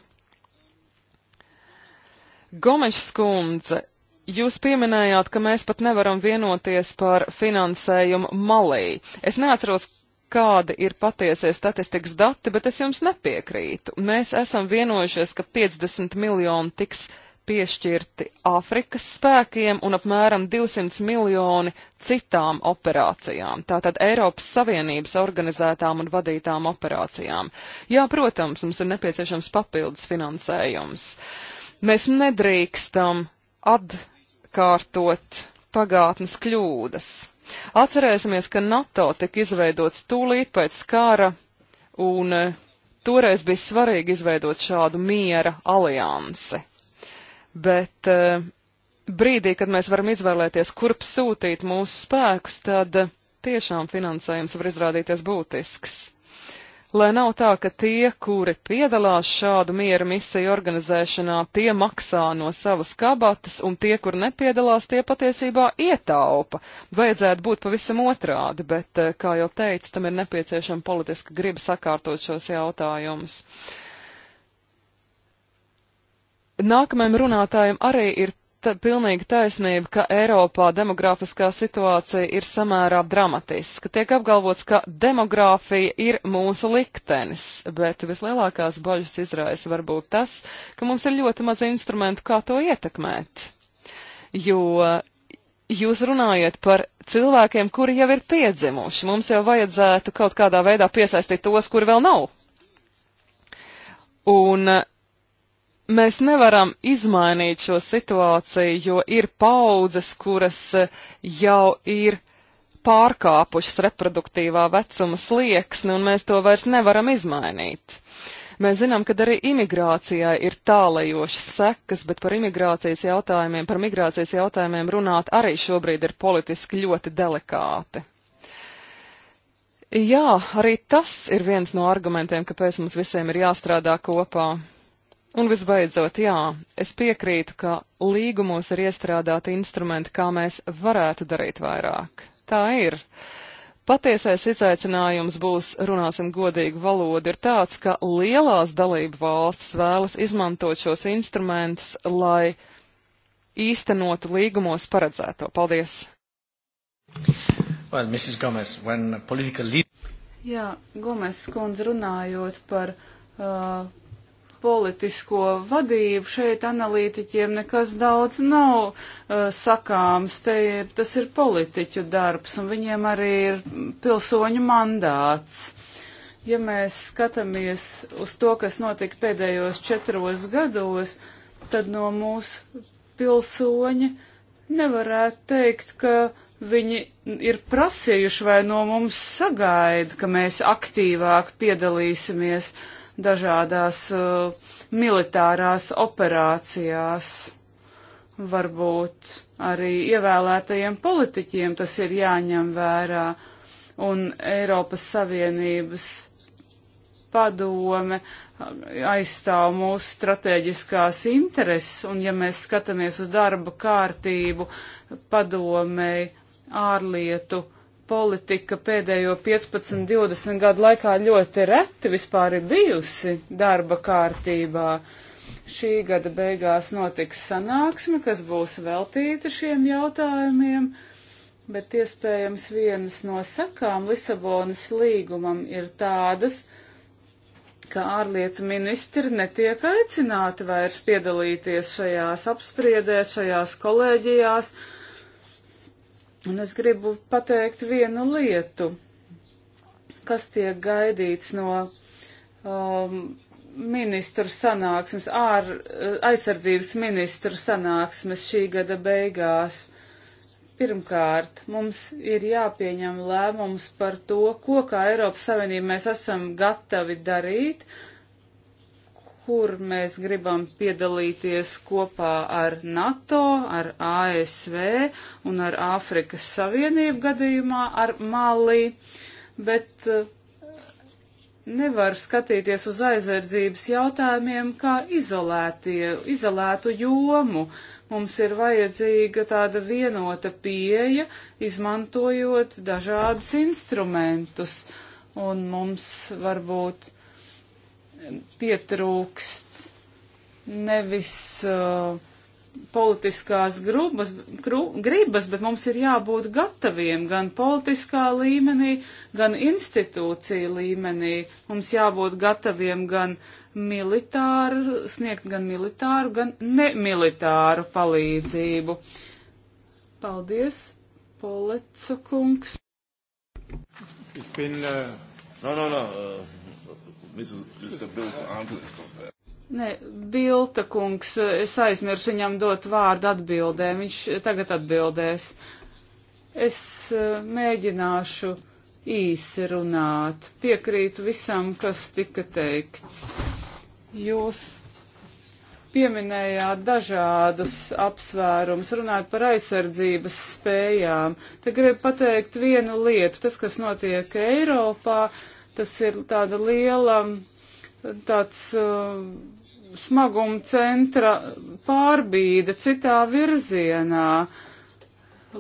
Speaker 3: Gomešs kundze, jūs pieminējāt, ka mēs pat nevaram vienoties par finansējumu malī. Es neatceros, kādi ir patiesie statistikas dati, bet es jums nepiekrītu. Mēs esam vienojušies, ka 50 miljoni tiks piešķirti Āfrikas spēkiem un apmēram 200 miljoni citām operācijām, tātad Eiropas Savienības organizētām un vadītām operācijām. Jā, protams, mums ir nepieciešams papildus finansējums. Mēs nedrīkstam atkārtot pagātnes kļūdas. Atcerēsimies, ka NATO tika izveidots tūlīt pēc kara, un e, toreiz bija svarīgi izveidot šādu miera aliansi. Bet e, brīdī, kad mēs varam izvēlēties, kurp sūtīt mūsu spēkus, tad e, tiešām finansējums var izrādīties būtisks lai nav tā, ka tie, kuri piedalās šādu miera misiju organizēšanā, tie maksā no savas kabatas, un tie, kur nepiedalās, tie patiesībā ietaupa. Vajadzētu būt pavisam otrādi, bet, eh, kā jau teicu, tam ir nepieciešama politiska griba sakārtot šos jautājumus. Nākamajam runātājam arī ir ta, pilnīgi taisnība, ka Eiropā demografiskā situācija ir samērā dramatiska. Tiek apgalvots, ka demografija ir mūsu liktenis, bet vislielākās bažas izraisa varbūt tas, ka mums ir ļoti maz instrumentu, kā to ietekmēt. Jo jūs runājat par cilvēkiem, kuri jau ir piedzimuši. Mums jau vajadzētu kaut kādā veidā piesaistīt tos, kuri vēl nav. Un mēs nevaram izmainīt šo situāciju, jo ir paudzes, kuras eh, jau ir pārkāpušas reproduktīvā vecuma slieksni, un mēs to vairs nevaram izmainīt. Mēs zinām, ka arī imigrācijai ir tālajošas sekas, bet par imigrācijas jautājumiem, par migrācijas jautājumiem runāt arī šobrīd ir politiski ļoti delikāti. Jā, arī tas ir viens no argumentiem, kāpēc mums visiem ir jāstrādā kopā. Un visbeidzot, jā, es piekrītu, ka līgumos ir iestrādāti instrumenti, kā mēs varētu darīt vairāk. Tā ir. Patiesais izaicinājums būs, runāsim godīgi, valoda ir tāds, ka lielās dalību valstis vēlas izmantot šos instrumentus, lai īstenotu līgumos paredzēto. Paldies!
Speaker 1: Well, Mrs. Gomez, when political lead...
Speaker 2: Jā, Gomes kundze runājot par uh, politisko vadību šeit analītiķiem nekas daudz nav uh, sakāms. Te ir, tas ir politiķu darbs un viņiem arī ir pilsoņu mandāts. Ja mēs skatāmies uz to, kas notika pēdējos četros gados, tad no mūsu pilsoņi nevarētu teikt, ka viņi ir prasījuši vai no mums sagaida, ka mēs aktīvāk piedalīsimies uh, dažādās uh, militārās operācijās. Varbūt arī ievēlētajiem politiķiem tas ir jāņem vērā un Eiropas Savienības padome uh, aizstāv mūsu strateģiskās intereses, un ja mēs skatāmies uz darba kārtību padomei ārlietu politika pēdējo 15-20 gadu laikā ļoti reti vispār ir bijusi darba kārtībā. Šī gada beigās notiks sanāksme, kas būs veltīta šiem jautājumiem, bet iespējams vienas no sakām Lisabonas līgumam ir tādas, ka ārlietu ministri netiek aicināti vairs piedalīties šajās apspriedēs, šajās kolēģijās, uh, Un es gribu pateikt vienu lietu, kas tiek gaidīts no um, ministru sanāksmes, ār, aizsardzības ministru sanāksmes šī gada beigās. Pirmkārt, mums ir jāpieņem lēmums par to, ko kā Eiropas Savienība mēs esam gatavi darīt, uh, kur mēs gribam piedalīties kopā ar NATO, ar ASV un ar Āfrikas Savienību gadījumā ar Malī, bet eh, nevar skatīties uz aizverdzības jautājumiem kā izolētie, izolētu jomu. Mums ir vajadzīga tāda vienota pieeja, izmantojot dažādus instrumentus. Un mums varbūt pietrūkst nevis uh, politiskās grubas, gru, gribas, bet mums ir jābūt gataviem gan politiskā līmenī, gan institūcija līmenī. Mums jābūt gataviem gan militāru, sniegt gan militāru, gan nemilitāru palīdzību. Paldies, Poleca kungs.
Speaker 1: Ich bin, äh, no, no, no, äh, Mr. Bills answer is not there.
Speaker 2: Nē, Bilta kungs, es aizmirsu viņam dot vārdu atbildē, viņš tagad atbildēs. Es eh, mēģināšu īsi runāt, piekrītu visam, kas tika teikts. Jūs pieminējāt dažādus apsvērumus, runājot par aizsardzības spējām. Te gribu pateikt vienu lietu. Tas, kas notiek Eiropā, uh, Tas ir tāda liela, tāds uh, smaguma centra pārbīde citā virzienā.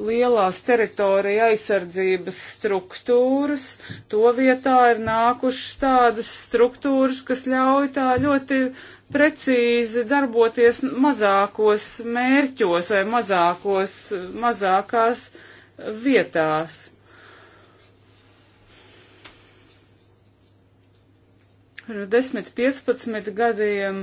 Speaker 2: Lielās teritorija aizsardzības struktūras, to vietā ir nākušas tādas struktūras, kas ļauj tā ļoti precīzi darboties mazākos mērķos vai mazākos, mazākās vietās. pirms 10-15 gadiem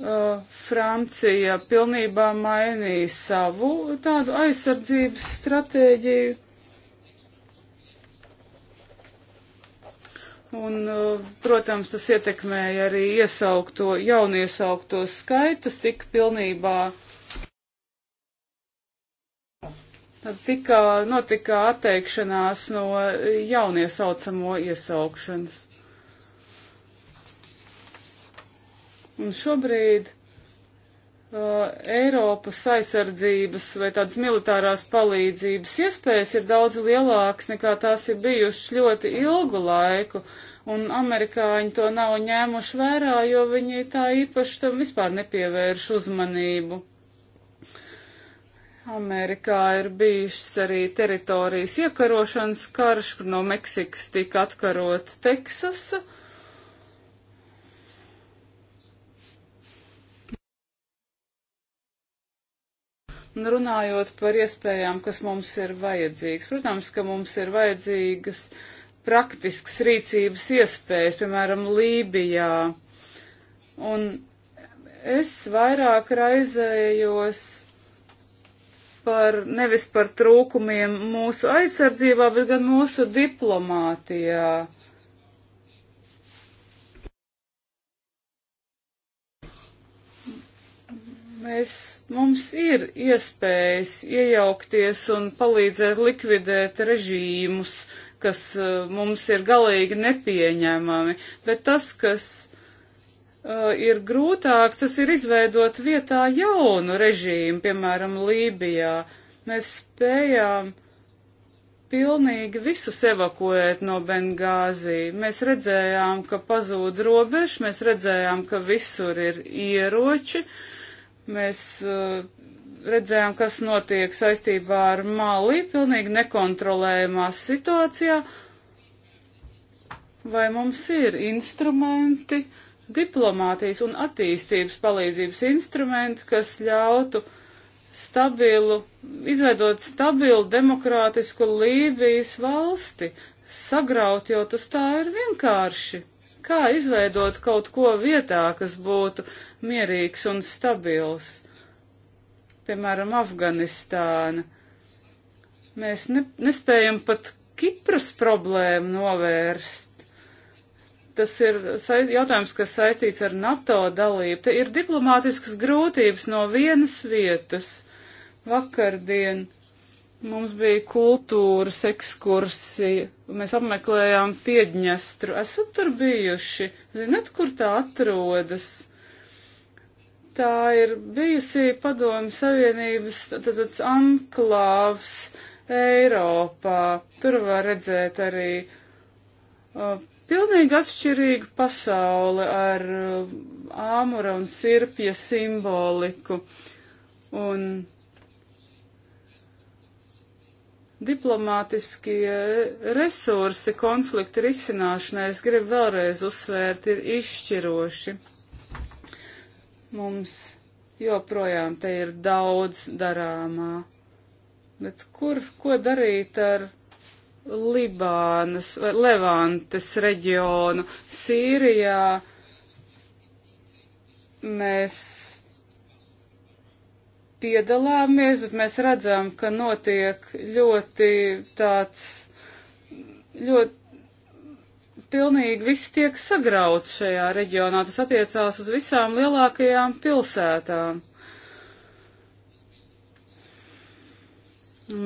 Speaker 2: uh, Francija pilnībā mainīja savu tādu aizsardzības stratēģiju. Un, uh, protams, tas ietekmēja arī iesaukto, jauniesaukto skaitus, tika pilnībā Tad tika, notika atteikšanās no jaunie saucamo iesaukšanas. Un šobrīd uh, Eiropas aizsardzības vai tādas militārās palīdzības iespējas ir daudz lielākas nekā tās ir bijušas ļoti ilgu laiku, un amerikāņi to nav ņēmuši vērā, jo viņi tā īpaši tam vispār nepievērš uzmanību. Amerikā ir bijušas arī teritorijas iekarošanas karš, kur no Meksikas tika atkarot Teksasa. Uh, Un runājot par iespējām, kas mums ir vajadzīgas, protams, ka mums ir vajadzīgas praktiskas rīcības iespējas, piemēram, Lībijā. Un es vairāk raizējos par nevis par trūkumiem mūsu aizsardzībā, bet gan mūsu diplomātijā. Mēs, mums ir iespējas iejaukties un palīdzēt likvidēt režīmus, kas uh, mums ir galīgi nepieņēmami, bet tas, kas uh, ir grūtāks, tas ir izveidot vietā jaunu režīmu, piemēram, Lībijā. Mēs spējām pilnīgi visus evakuēt no Bengāzī. Mēs redzējām, ka pazūd robežs, mēs redzējām, ka visur ir ieroči. Uh, Mēs uh, redzējām, kas notiek saistībā ar Mali, pilnīgi nekontrolējumā situācijā. Vai mums ir instrumenti, diplomātijas un attīstības palīdzības instrumenti, kas ļautu stabilu, izveidot stabilu demokrātisku Lībijas valsti? Sagraut jau tas tā ir vienkārši. Kā izveidot kaut ko vietā, kas būtu mierīgs un stabils? Piemēram, Afganistāna. Mēs ne, nespējam pat Kipras problēmu novērst. Tas ir jautājums, kas saistīts ar NATO dalību. Te ir diplomātiskas grūtības no vienas vietas. Vakardien Mums bija kultūras ekskursija, mēs apmeklējām Piedņestru. Esat tur bijuši? Zinat, kur tā atrodas? Tā ir bijusī padomu savienības tāds anklāvs Eiropā. Tur var redzēt arī uh, pilnīgi atšķirīgu pasauli ar uh, āmura un sirpja simboliku. Un Diplomātiskie resursi konflikta risināšanai, es gribu vēlreiz uzsvērt, ir izšķiroši. Mums joprojām te ir daudz darāmā. Bet kur, ko darīt ar Libānas vai Levantes reģionu? Sīrijā mēs piedalāmies, bet mēs redzam, ka notiek ļoti tāds, ļoti pilnīgi viss tiek sagrauts šajā reģionā. Tas attiecās uz visām lielākajām pilsētām.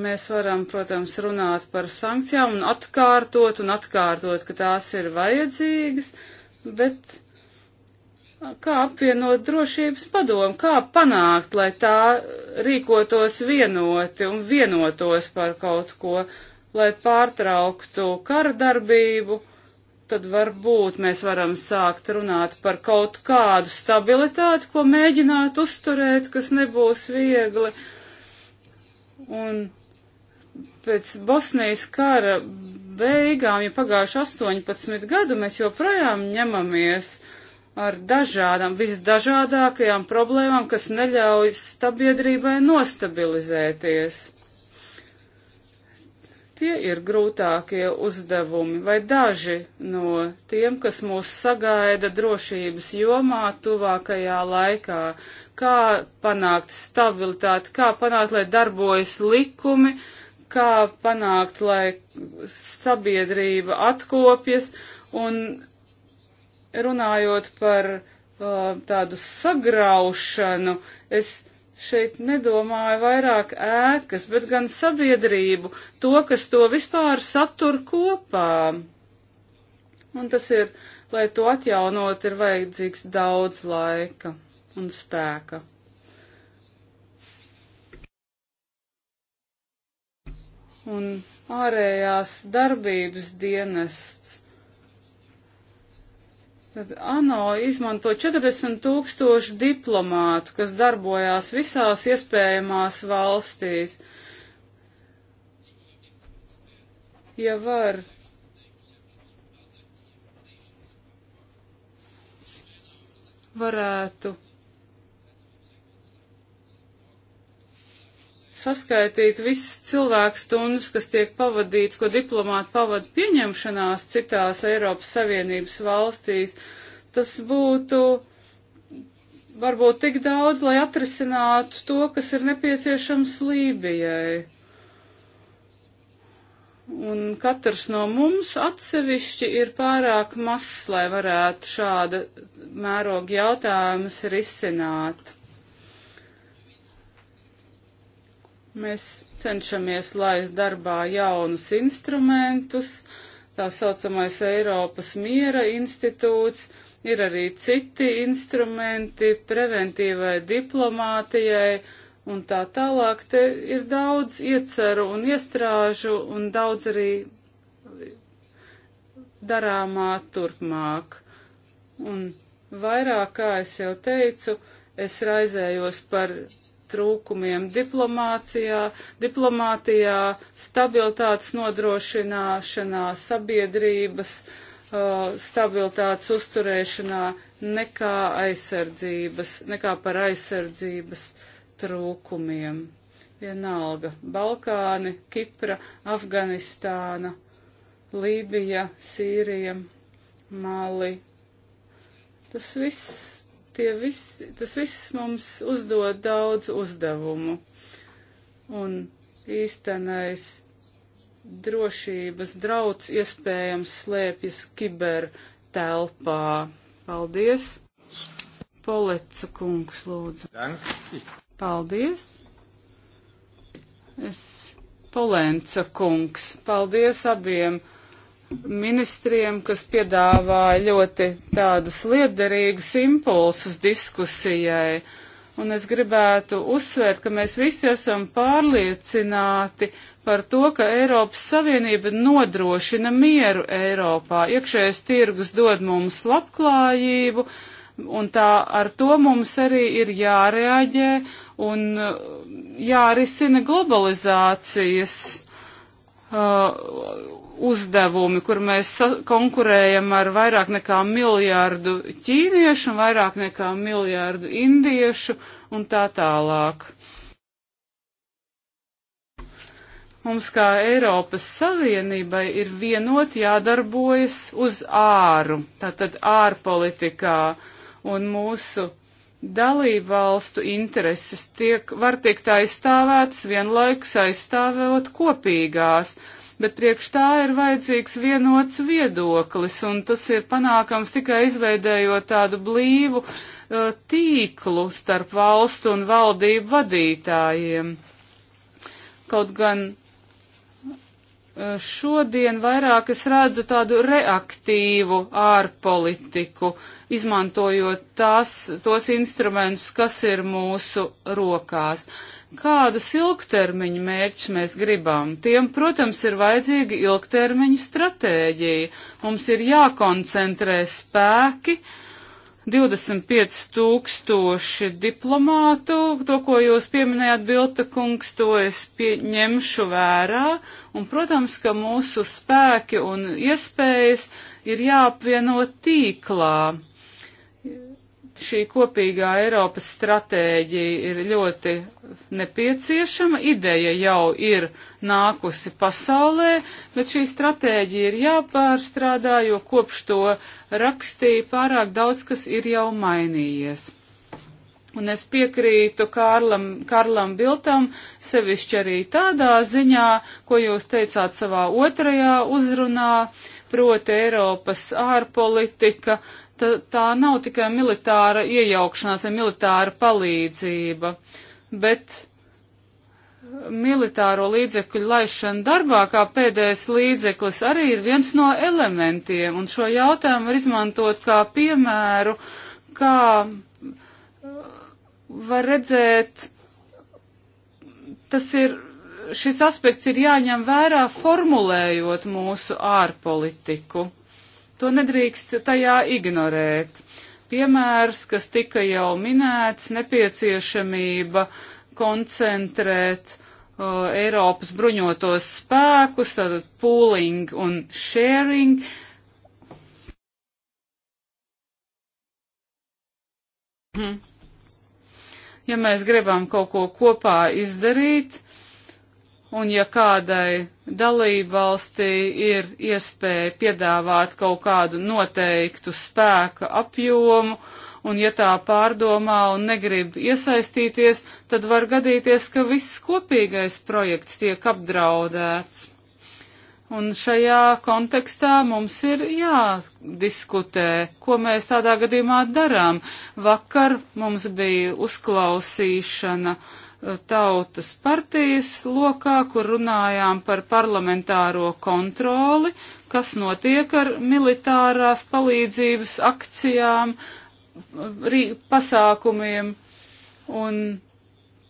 Speaker 2: Mēs varam, protams, runāt par sankcijām un atkārtot un atkārtot, ka tās ir vajadzīgas, bet kā apvienot drošības padomu, kā panākt, lai tā rīkotos vienoti un vienotos par kaut ko, lai pārtrauktu kardarbību, tad varbūt mēs varam sākt runāt par kaut kādu stabilitāti, ko mēģināt uzturēt, kas nebūs viegli. Un pēc Bosnijas kara beigām, ja pagājuši 18 gadu, mēs joprojām ņemamies ar dažādām, visdažādākajām problēmām, kas neļauj sabiedrībai nostabilizēties. Tie ir grūtākie uzdevumi, vai daži no tiem, kas mūs sagaida drošības jomā tuvākajā laikā. Kā panākt stabilitāti, kā panākt, lai darbojas likumi, kā panākt, lai sabiedrība atkopjas un runājot par uh, tādu sagraušanu, es šeit nedomāju vairāk ēkas, bet gan sabiedrību, to, kas to vispār satur kopā. Un tas ir, lai to atjaunot, ir vajadzīgs daudz laika un spēka. Un ārējās darbības dienests Tad ANO izmanto 40 tūkstošu diplomātu, kas darbojās visās iespējamās valstīs. Ja var. Varētu saskaitīt visas cilvēku stundas, kas tiek pavadīts, ko diplomāti pavada pieņemšanās citās Eiropas Savienības valstīs, tas būtu varbūt tik daudz, lai atrisinātu to, kas ir nepieciešams Lībijai. Un katrs no mums atsevišķi ir pārāk mazs, lai varētu šāda mēroga jautājumus risināt. Mēs cenšamies laist darbā jaunus instrumentus, tā saucamais Eiropas miera institūts, ir arī citi instrumenti preventīvai diplomātijai un tā tālāk. Te ir daudz ieceru un iestrāžu un daudz arī darāmā turpmāk. Un vairāk, kā es jau teicu, es raizējos par trūkumiem diplomācijā, diplomātijā, stabilitātes nodrošināšanā, sabiedrības uh, stabilitātes uzturēšanā, nekā aizsardzības, nekā par aizsardzības trūkumiem. Vienalga - Balkāni, Kipra, Afganistāna, Lībija, Sīrija, Mali. Tas viss Tie visi, tas viss mums uzdod daudz uzdevumu. Un īstenais drošības drauds iespējams slēpjas kiber telpā. Paldies! Poleca kungs, lūdzu. Paldies! Es Polenca kungs, paldies abiem! ministriem, kas piedāvā ļoti tādus liederīgus impulsus diskusijai. Un es gribētu uzsvērt, ka mēs visi esam pārliecināti par to, ka Eiropas Savienība nodrošina mieru Eiropā. Iekšējais tirgus dod mums labklājību, un tā ar to mums arī ir jārēģē un uh, jārisina globalizācijas. Uh, uzdevumi, kur mēs konkurējam ar vairāk nekā miljārdu ķīniešu un vairāk nekā miljārdu indiešu un tā tālāk. Mums kā Eiropas Savienībai ir vienot jādarbojas uz āru, tātad ārpolitikā, un mūsu dalībvalstu intereses tiek, var tikt aizstāvētas vienlaikus aizstāvot kopīgās. Uh, bet priekš tā ir vajadzīgs vienots viedoklis, un tas ir panākams tikai izveidējot tādu blīvu uh, tīklu starp valstu un valdību vadītājiem. Kaut gan uh, šodien vairāk es redzu tādu reaktīvu ārpolitiku. Uh, izmantojot tās, tos instrumentus, kas ir mūsu rokās. Kādus ilgtermiņu mērķus mēs gribam? Tiem, protams, ir vajadzīga ilgtermiņa stratēģija. Mums ir jākoncentrē spēki. 25 tūkstoši diplomātu, to, ko jūs pieminējāt, Bilta kungs, to es ņemšu vērā. Un, protams, ka mūsu spēki un iespējas ir jāapvieno tīklā šī kopīgā Eiropas stratēģija ir ļoti nepieciešama. Ideja jau ir nākusi pasaulē, bet šī stratēģija ir jāpārstrādā, jo kopš to rakstīja pārāk daudz, kas ir jau mainījies. Un es piekrītu Kārlam, Kārlam Biltam, sevišķi arī tādā ziņā, ko jūs teicāt savā otrajā uzrunā, proti Eiropas ārpolitika tā nav tikai militāra iejaukšanās vai militāra palīdzība, bet militāro līdzekļu laišana darbā kā pēdējais līdzeklis arī ir viens no elementiem, un šo jautājumu var izmantot kā piemēru, kā uh, var redzēt, tas ir, šis aspekts ir jāņem vērā formulējot mūsu ārpolitiku. To nedrīkst tajā ignorēt. Piemērs, kas tika jau minēts, nepieciešamība koncentrēt uh, Eiropas bruņotos spēkus, tātad pooling un sharing, mhm. Ja mēs gribam kaut ko kopā izdarīt, un ja kādai dalībvalstī ir iespēja piedāvāt kaut kādu noteiktu spēka apjomu, un ja tā pārdomā un negrib iesaistīties, tad var gadīties, ka viss kopīgais projekts tiek apdraudēts. Un šajā kontekstā mums ir jādiskutē, ko mēs tādā gadījumā darām. Vakar mums bija uzklausīšana uh, tautas partijas lokā, kur runājām par parlamentāro kontroli, kas notiek ar militārās palīdzības akcijām, rī, pasākumiem un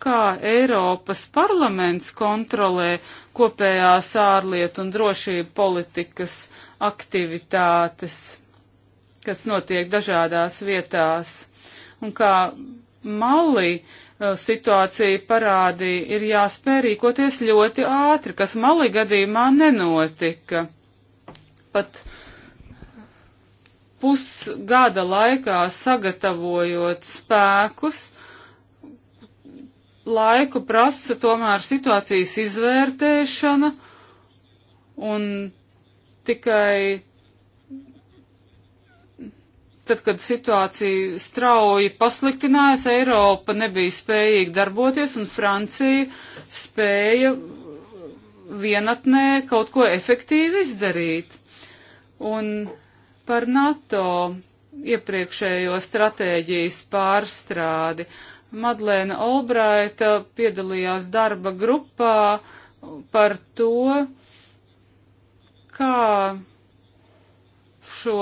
Speaker 2: kā Eiropas parlaments kontrolē kopējās ārlietu un drošību politikas aktivitātes, kas notiek dažādās vietās. Un kā Mali uh, Uh, situācija parādīja, ir jāspēj rīkoties ļoti ātri, kas mali gadījumā nenotika. Pat pusgada laikā sagatavojot spēkus, laiku prasa tomēr situācijas izvērtēšana un tikai tad, kad situācija strauji pasliktinājās, Eiropa nebija spējīga darboties un Francija spēja vienatnē kaut ko efektīvi izdarīt. Un par NATO iepriekšējo stratēģijas pārstrādi. Madlēna Olbraita piedalījās darba grupā par to, kā šo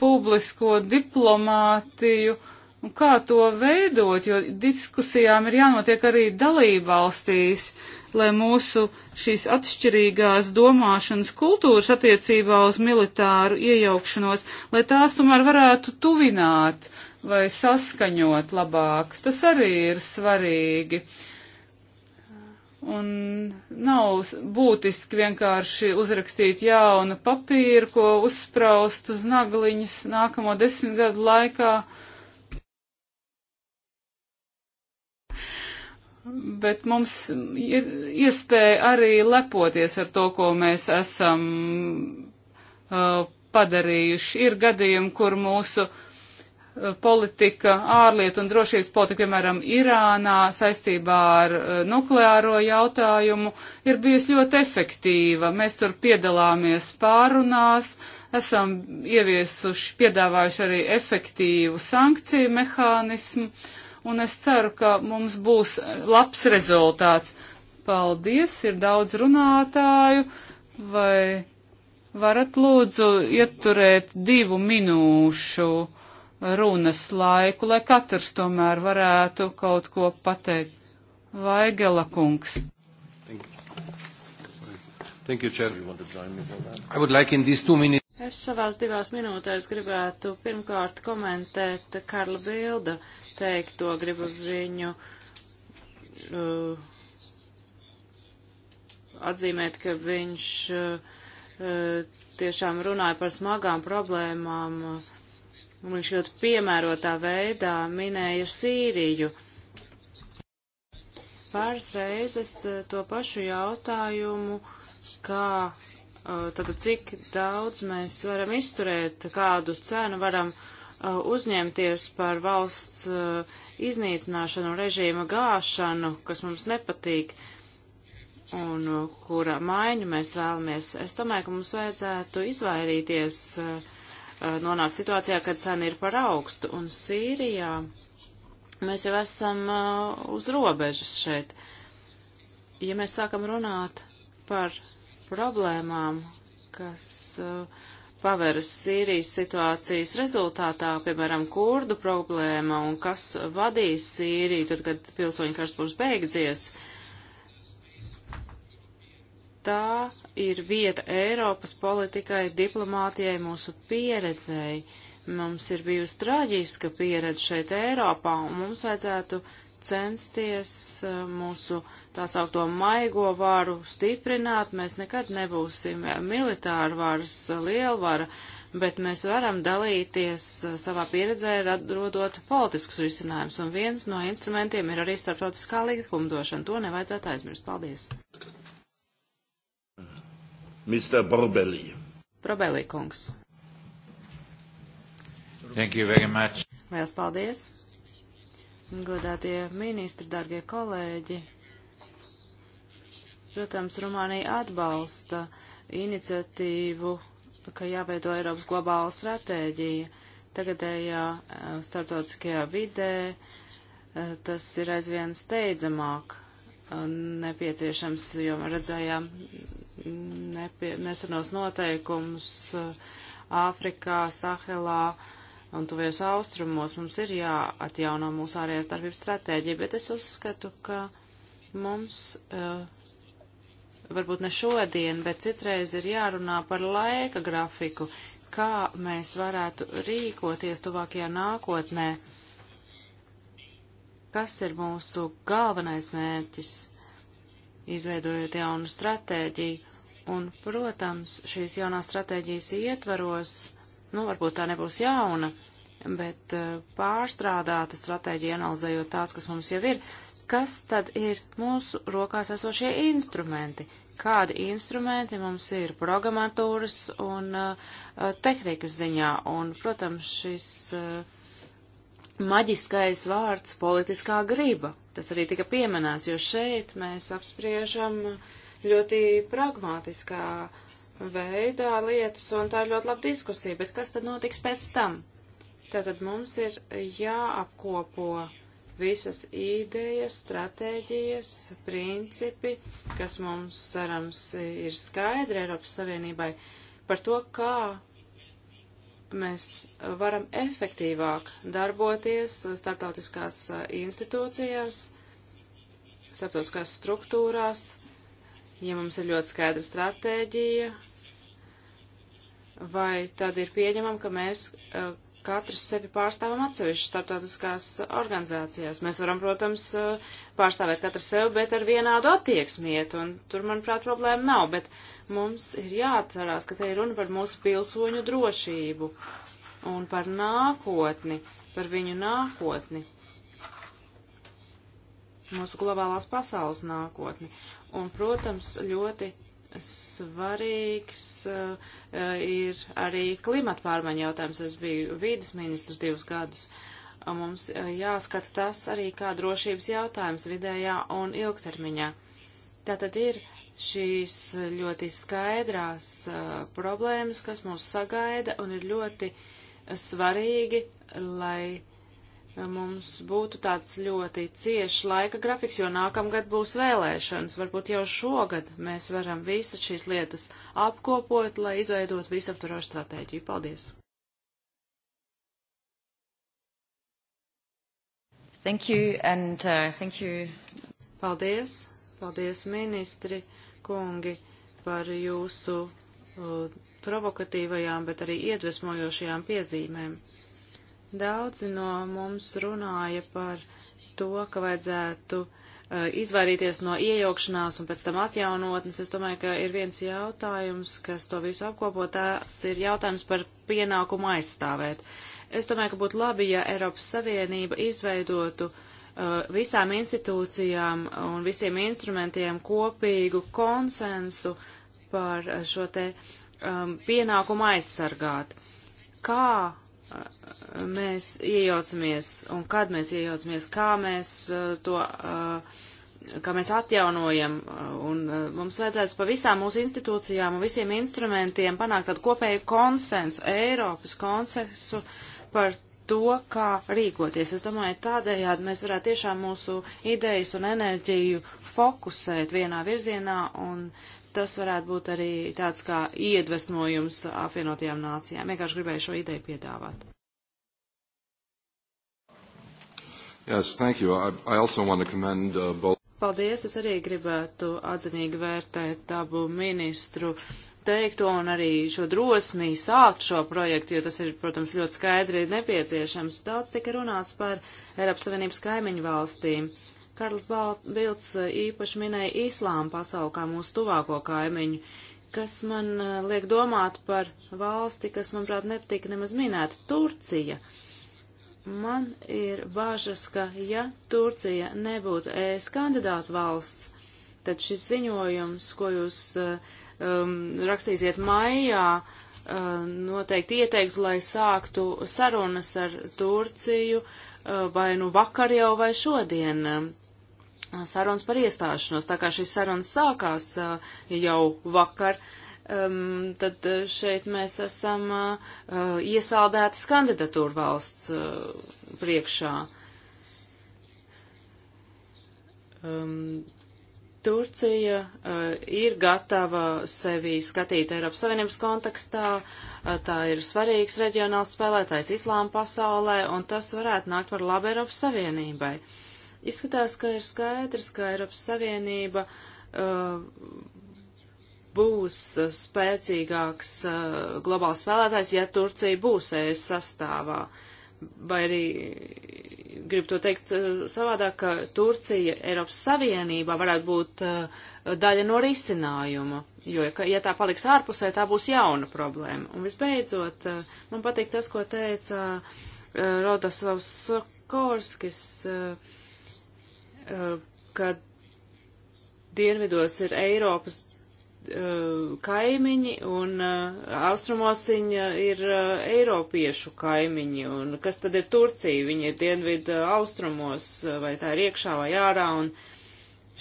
Speaker 2: publisko diplomātiju un kā to veidot, jo diskusijām ir jānotiek arī dalībvalstīs, lai mūsu šīs atšķirīgās domāšanas kultūras attiecībā uz militāru iejaukšanos, lai tās tomēr varētu tuvināt vai saskaņot labāk. Tas arī ir svarīgi. Uh, Un nav būtiski vienkārši uzrakstīt jaunu papīru, ko uzspraust uz nagliņas nākamo desmit gadu laikā. Bet mums ir iespēja arī lepoties ar to, ko mēs esam uh, padarījuši. Ir gadījumi, kur mūsu uh, politika, ārlietu un drošības politika, piemēram, Irānā saistībā ar eh, nukleāro jautājumu, ir bijusi ļoti efektīva. Mēs tur piedalāmies pārunās, esam ieviesuši, piedāvājuši arī efektīvu sankciju mehānismu, un es ceru, ka mums būs labs rezultāts. Paldies, ir daudz runātāju, vai varat lūdzu ieturēt divu minūšu? runas laiku, lai katrs tomēr varētu kaut ko pateikt. Vai Gela kungs? Thank you, Thank you Chair.
Speaker 3: I would like in these two minutes.
Speaker 1: Es savās divās minūtēs gribētu pirmkārt komentēt Karla Bilda teikto, gribu viņu uh, atzīmēt, ka viņš uh, uh tiešām runāja par smagām problēmām uh, un viņš ļoti piemērotā veidā minēja Sīriju. Pāris reizes eh, to pašu jautājumu, kā, eh, tad cik daudz mēs varam izturēt, kādu cenu varam eh, uzņemties par valsts iznīcināšanu, režīma gāšanu, kas mums nepatīk un kura maiņu mēs vēlamies. Es domāju, ka mums vajadzētu izvairīties uh, Uh, nonākt situācijā, kad cena ir par augstu. Un Sīrijā mēs jau esam uh, uz robežas šeit. Ja mēs sākam runāt par problēmām, kas uh, paveras Sīrijas situācijas rezultātā, piemēram, kurdu problēma un kas vadīs Sīriju, tad, kad pilsoņu karš būs beigdzies, uh, tā ir vieta Eiropas politikai, diplomātijai, mūsu pieredzēji. Mums ir bijusi traģiska pieredze šeit Eiropā, un mums vajadzētu censties uh, mūsu tā saukto maigo varu stiprināt. Mēs nekad nebūsim uh, militāra varas uh, lielvara, bet mēs varam dalīties savā pieredzē, radot politiskus risinājumus, un viens no instrumentiem ir arī starptautiskā likumdošana. To nevajadzētu aizmirst. Paldies! Mr. Borbelī. Borbelī kungs. Thank you very much. Liels paldies. Godātie ministri, dargie kolēģi. Protams, Rumānija atbalsta iniciatīvu, ka jāveido Eiropas globāla stratēģija. Tagadējā eh, starptautiskajā vidē eh, tas ir aizvien steidzamāk eh, nepieciešams, jo redzējām nepie, nesenos noteikumus eh, Āfrikā, Sahelā un tuvies austrumos. Mums ir jāatjauno mūsu ārējās darbības stratēģija, bet es uzskatu, ka mums eh, varbūt ne šodien, bet citreiz ir jārunā par laika grafiku, kā mēs varētu rīkoties tuvākajā nākotnē. Kas ir mūsu galvenais mērķis? izveidojot jaunu stratēģiju. Un, protams, šīs jaunās stratēģijas ietvaros, nu, varbūt tā nebūs jauna, bet eh, pārstrādāta stratēģija, analizējot tās, kas mums jau ir, kas tad ir mūsu rokās esošie instrumenti, kādi instrumenti mums ir programmatūras un uh, tehnikas ziņā. Un, protams, šis uh, maģiskais vārds politiskā griba. Tas arī tika pieminēts, jo šeit mēs apspriežam ļoti pragmātiskā veidā lietas, un tā ir ļoti laba diskusija, bet kas tad notiks pēc tam? Tātad mums ir jāapkopo visas idejas, stratēģijas, principi, kas mums, cerams, ir skaidri Eiropas Savienībai par to, kā mēs varam efektīvāk darboties starptautiskās institūcijās, starptautiskās struktūrās, ja mums ir ļoti skaidra stratēģija, vai tad ir pieņemam, ka mēs katrs sevi pārstāvam atsevišķi starptautiskās organizācijās. Mēs varam, protams, pārstāvēt katru sevi, bet ar vienādu attieksmi iet, un tur, manuprāt, problēma nav, bet uh, Mums ir jāatcerās, ka te ir runa par mūsu pilsoņu drošību un par nākotni, par viņu nākotni, mūsu globālās pasaules nākotni. Un, protams, ļoti svarīgs uh, ir arī klimata pārmaiņa jautājums. Es biju vīdes ministrs divus gadus. Mums eh, jāskata tas arī kā drošības jautājums vidējā un ilgtermiņā. Tātad ir šīs ļoti skaidrās uh, problēmas, kas mūs sagaida, un ir ļoti svarīgi, lai uh, mums būtu tāds ļoti ciešs laika grafiks, jo nākamgad būs vēlēšanas. Varbūt jau šogad mēs varam visas šīs lietas apkopot, lai izveidot visaptvarošu stratēģiju. Paldies! Thank you and uh, thank you. Paldies, paldies ministri kungi, par jūsu uh, provokatīvajām, bet arī iedvesmojošajām piezīmēm. Daudzi no mums runāja par to, ka vajadzētu uh, izvairīties no iejaukšanās un pēc tam atjaunotnes. Es domāju, ka ir viens jautājums, kas to visu apkopo, tās ir jautājums par pienākumu aizstāvēt. Es domāju, ka būtu labi, ja Eiropas Savienība izveidotu uh, Uh, visām institūcijām un visiem instrumentiem kopīgu konsensu par uh, šo te um, pienākumu aizsargāt. Kā uh, mēs iejaucamies un kad mēs iejaucamies, kā mēs uh, to, uh, kā mēs atjaunojam un uh, mums vajadzētu pa visām mūsu institūcijām un visiem instrumentiem panākt tādu kopēju konsensu, Eiropas konsensu par to, kā rīkoties. Es domāju, tādējādi mēs varētu tiešām mūsu idejas un enerģiju fokusēt vienā virzienā un tas varētu būt arī tāds kā iedvesmojums apvienotajām nācijām. Vienkārši gribēju šo ideju piedāvāt. Yes, thank you. I, I also want to commend uh, both. Paldies, es arī gribētu atzinīgi vērtēt abu ministru teikto un arī šo drosmi sākt šo projektu, jo tas ir, protams, ļoti skaidri nepieciešams. Daudz tika runāts par Eiropas Savienības kaimiņu valstīm. Karls Bilds īpaši minēja Īslāmu pasauli kā mūsu tuvāko kaimiņu, kas man eh, liek domāt par valsti, kas, manuprāt, nepatika nemaz minēta - Turcija. Man ir bažas, ka ja Turcija nebūtu ES kandidātu valsts, tad šis ziņojums, ko jūs uh, um, rakstīsiet maijā, uh, noteikti ieteiktu, lai sāktu sarunas ar Turciju uh, vai nu vakar jau vai šodien. Uh, sarunas par iestāšanos, tā kā šīs sarunas sākās jau vakar, um, tad šeit mēs esam iesaldētas kandidatūra valsts priekšā. Um, Turcija uh, ir gatava sevi skatīt Eiropas Savienības kontekstā, uh, tā ir svarīgs reģionāls spēlētājs islāma pasaulē, un tas varētu nākt par labu Eiropas Savienībai. Izskatās, ka ir skaidrs, ka Eiropas Savienība uh, būs spēcīgāks uh, globāls spēlētājs, ja Turcija būs ES sastāvā. Uh, vai arī gribu to teikt eh, savādāk, ka Turcija Eiropas Savienībā varētu būt eh, daļa no risinājuma, jo, ja tā paliks ārpusē, tā būs jauna problēma. Un visbeidzot, eh, man patīk tas, ko teica Rodoslavs Korskis, ka dienvidos ir Eiropas Uh, kaimiņi, un uh, austrumosiņa ir uh, eiropiešu kaimiņi, un kas tad ir Turcija? Viņi ir dienvidu austrumos, vai tā ir iekšā vai ārā, un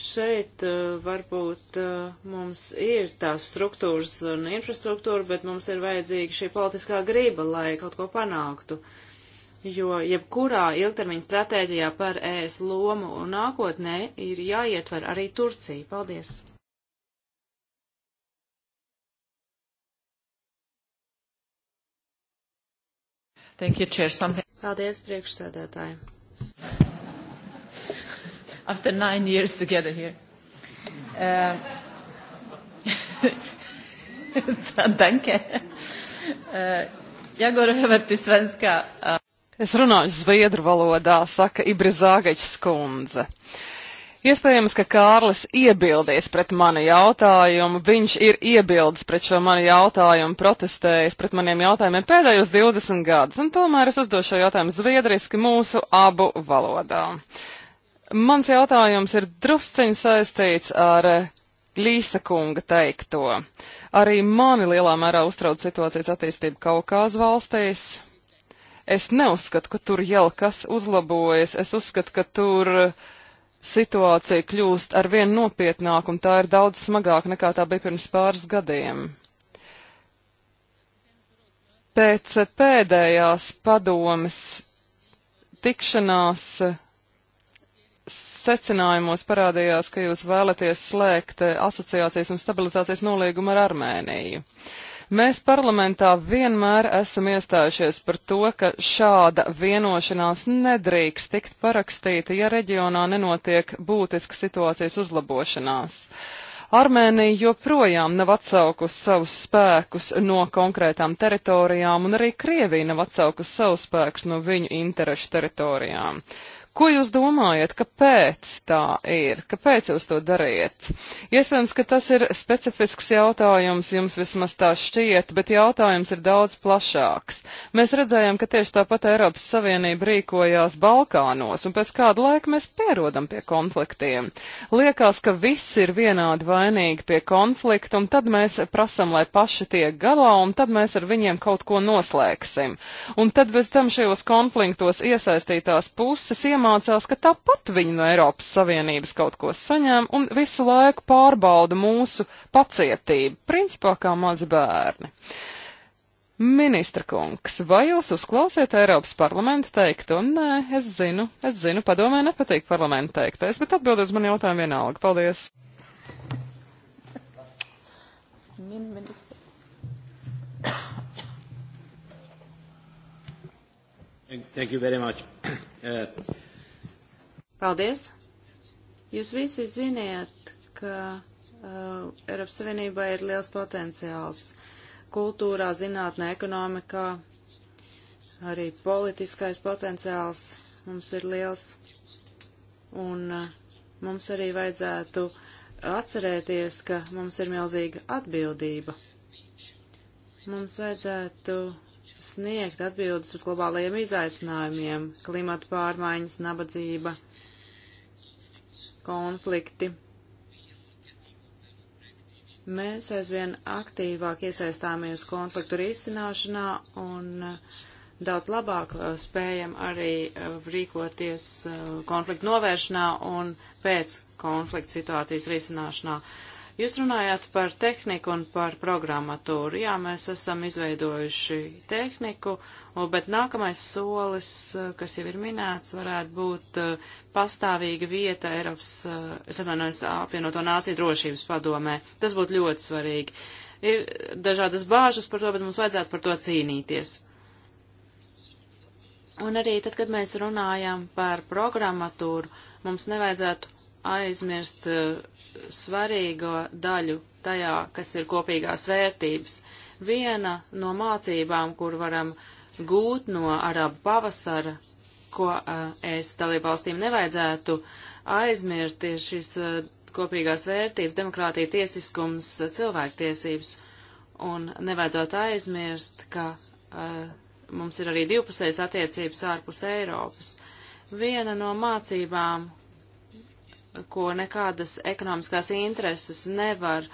Speaker 1: šeit varbūt mums ir tās struktūras un infrastruktūra, bet mums ir vajadzīga šī politiskā grība, lai kaut ko panāktu. Jo jebkurā ilgtermiņa stratēģijā par ES lomu un nākotnē ir jāietver arī Turcija. Paldies!
Speaker 2: Thank you, Chair. Something...
Speaker 1: Paldies, priekšsēdētāji. After nine years together here. Uh, Danke.
Speaker 3: Uh, jag går över till svenska. Uh. Es runāju zviedru valodā, saka Ibrizāgeķis kundze. Uh, Iespējams, ka Kārlis iebildies pret manu jautājumu, viņš ir iebildis pret šo manu jautājumu, protestējis pret maniem jautājumiem pēdējos 20 gadus, un tomēr es uzdošu šo jautājumu zviedriski mūsu abu valodā. Mans jautājums ir drusciņ saistīts ar Līsa kunga teikto. Arī mani lielā mērā uztrauc situācijas attīstība Kaukās valstīs. Es neuzskatu, ka tur jau kas uzlabojas, es uzskatu, ka tur uh, situācija kļūst ar vien nopietnāk, un tā ir daudz smagāka nekā tā bija pirms pāris gadiem. Pēc pēdējās padomes tikšanās eh, secinājumos parādījās, ka jūs vēlaties slēgt eh, asociācijas un stabilizācijas nolīgumu ar Armēniju. Uh, Mēs parlamentā vienmēr esam iestājušies par to, ka šāda vienošanās nedrīkst tikt parakstīta, ja reģionā nenotiek būtiska situācijas uzlabošanās. Armēnija joprojām nav atsaukusi savus spēkus no konkrētām teritorijām, un arī Krievija nav atsaukusi savus spēkus no viņu interešu teritorijām. Uh, Ko jūs domājat, kāpēc tā ir? Kāpēc jūs to dariet? Iespējams, ka tas ir specifisks jautājums, jums vismaz tā šķiet, bet jautājums ir daudz plašāks. Mēs redzējām, ka tieši tāpat Eiropas Savienība rīkojās Balkānos, un pēc kāda laika mēs pierodam pie konfliktiem. Liekās, ka visi ir vienādi vainīgi pie konflikta, un tad mēs prasam, lai paši tiek galā, un tad mēs ar viņiem kaut ko noslēgsim. Un tad bez tam šajos konfliktos iesaistītās puses iemācīsies, iemācās, ka tāpat viņi no Eiropas Savienības kaut ko saņem un visu laiku pārbauda mūsu pacietību, principā kā mazi bērni. Ministra kungs, vai jūs uzklausiet Eiropas parlamentu teikto? Nē, es zinu, es zinu, padomē nepatīk parlamentu teiktais, bet atbild uz mani jautājumu vienalga. Paldies!
Speaker 2: Min ministra.
Speaker 3: Thank
Speaker 1: you very much. Uh, Paldies! Jūs visi ziniet, ka uh, Eiropas Savienībā ir liels potenciāls kultūrā, zinātnē, ekonomikā, arī politiskais potenciāls mums ir liels. Un uh, mums arī vajadzētu atcerēties, ka mums ir milzīga atbildība. Mums vajadzētu sniegt atbildes uz globālajiem izaicinājumiem - klimata pārmaiņas, nabadzība konflikti. Mēs aizvien aktīvāk iesaistāmies konfliktu risināšanā un uh, daudz labāk uh, spējam arī uh, rīkoties konfliktu novēršanā un pēc konflikta situācijas risināšanā. Uh, Jūs runājāt par tehniku un par programmatūru. Jā, mēs esam izveidojuši tehniku, bet nākamais solis, eh, kas jau ir minēts, varētu būt eh, pastāvīga vieta Eiropas, eh, es atvainojos, apvienoto nāciju drošības padomē. Tas būtu ļoti svarīgi. Ir dažādas bāžas par to, bet mums vajadzētu par to cīnīties. Un arī tad, kad mēs runājam par programmatūru, mums nevajadzētu aizmirst eh, svarīgo daļu tajā, kas ir kopīgās vērtības. Viena no mācībām, kur varam gūt no arabu pavasara, ko eh, es dalībvalstīm nevajadzētu aizmirst, ir šis eh, kopīgās vērtības, demokrātija, tiesiskums, cilvēktiesības. Un nevajadzētu aizmirst, ka mums ir arī divpusējas attiecības ārpus Eiropas. Viena no mācībām, ko nekādas ekonomiskās intereses nevar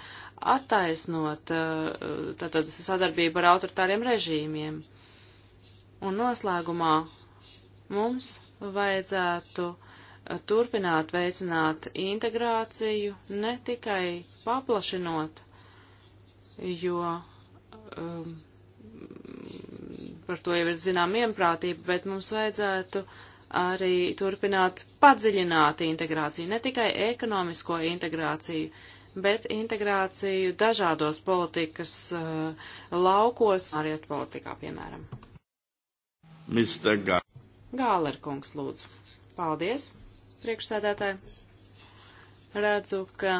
Speaker 1: attaisnot eh, tātad sadarbību ar autoritāriem režīmiem. Un noslēgumā mums vajadzētu eh, turpināt veicināt integrāciju, ne tikai paplašinot, jo um, par to jau ir zinām iemprātība, bet mums vajadzētu uh, arī turpināt padziļināt integrāciju, ne tikai ekonomisko integrāciju, bet integrāciju dažādos politikas uh, laukos, arī politikā, piemēram. Mr. Gā. Gāler kungs, lūdzu. Paldies, priekšsēdētāji. Redzu, ka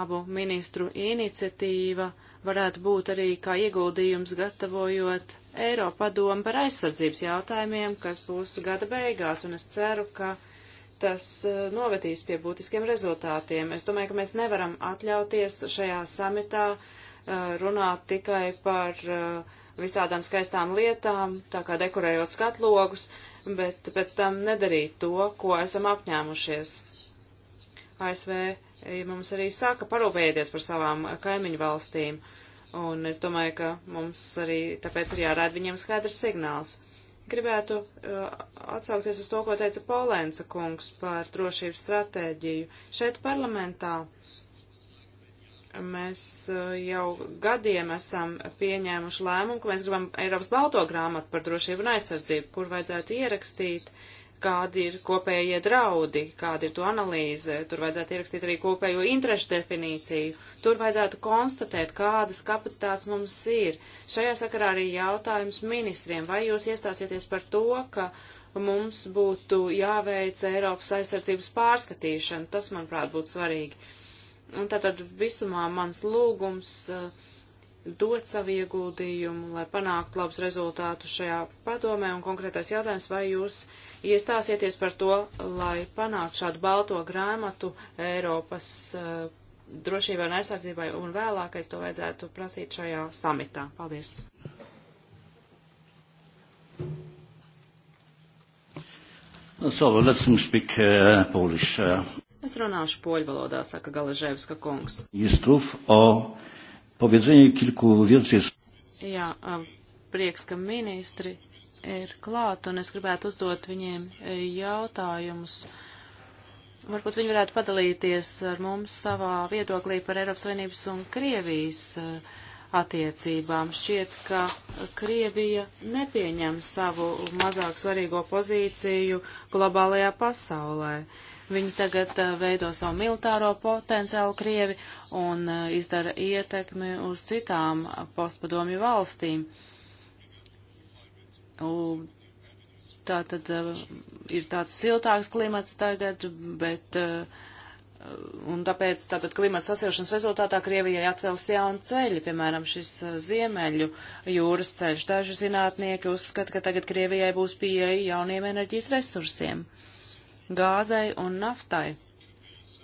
Speaker 1: abu ministru iniciatīva varētu būt arī kā ieguldījums gatavojot Eiropa doma par aizsardzības jautājumiem, kas būs gada beigās, un es ceru, ka tas eh, novedīs pie būtiskiem rezultātiem. Es domāju, ka mēs nevaram atļauties šajā samitā eh, runāt tikai par eh, visādām skaistām lietām, tā kā dekorējot skatlogus, bet pēc tam nedarīt to, ko esam apņēmušies. ASV mums arī saka parūpējieties par savām kaimiņu valstīm. Uh, Un es domāju, ka mums arī tāpēc ir jārāda viņiem skaidrs signāls. Gribētu uh, atsaukties uz to, ko teica Polēnca kungs par drošības stratēģiju. Šeit parlamentā mēs uh, jau gadiem esam pieņēmuši lēmumu, ka mēs gribam Eiropas balto grāmatu par drošību un aizsardzību, kur vajadzētu ierakstīt uh, kādi ir kopējie draudi, kāda ir to analīze. Tur vajadzētu ierakstīt arī kopējo interešu definīciju. Tur vajadzētu konstatēt, kādas kapacitātes mums ir. Šajā sakarā arī jautājums ministriem. Vai jūs iestāsieties par to, ka mums būtu jāveic Eiropas aizsardzības pārskatīšana? Tas, manuprāt, būtu svarīgi. Un tātad visumā mans lūgums. Uh, dot savu ieguldījumu, lai panāktu labus rezultātus šajā padomē. Un konkrētais jautājums, vai jūs iestāsieties par to, lai panāktu šādu balto grāmatu Eiropas uh, drošībai un aizsardzībai, un vēlākais to vajadzētu prasīt šajā samitā. Paldies!
Speaker 2: So, let's speak uh, Polish. Uh...
Speaker 1: Es runāšu poļu valodā, saka Galežēvska kungs.
Speaker 2: Jūs truf o powiedzenie kilku więcej
Speaker 1: Jā, prieks, ka ministri ir klāt, un es gribētu uzdot viņiem e, jautājumus. Varbūt viņi varētu padalīties ar mums savā viedoklī par Eiropas Savienības un Krievijas e, attiecībām. Šķiet, ka Krievija nepieņem savu mazāk svarīgo pozīciju globālajā pasaulē. Uh, Viņi tagad uh, veido savu militāro potenciālu Krievi un uh, izdara ietekmi uz citām postpadomju valstīm. U, tā tad uh, ir tāds siltāks klimats tagad, bet. Uh, Un tāpēc tātad klimata sasilšanas rezultātā Krievijai atvēls jauni ceļi, piemēram, šis ziemeļu jūras ceļš. Daži zinātnieki uzskata, ka tagad Krievijai būs pieeja jauniem enerģijas resursiem. Uh, gāzei un naftai.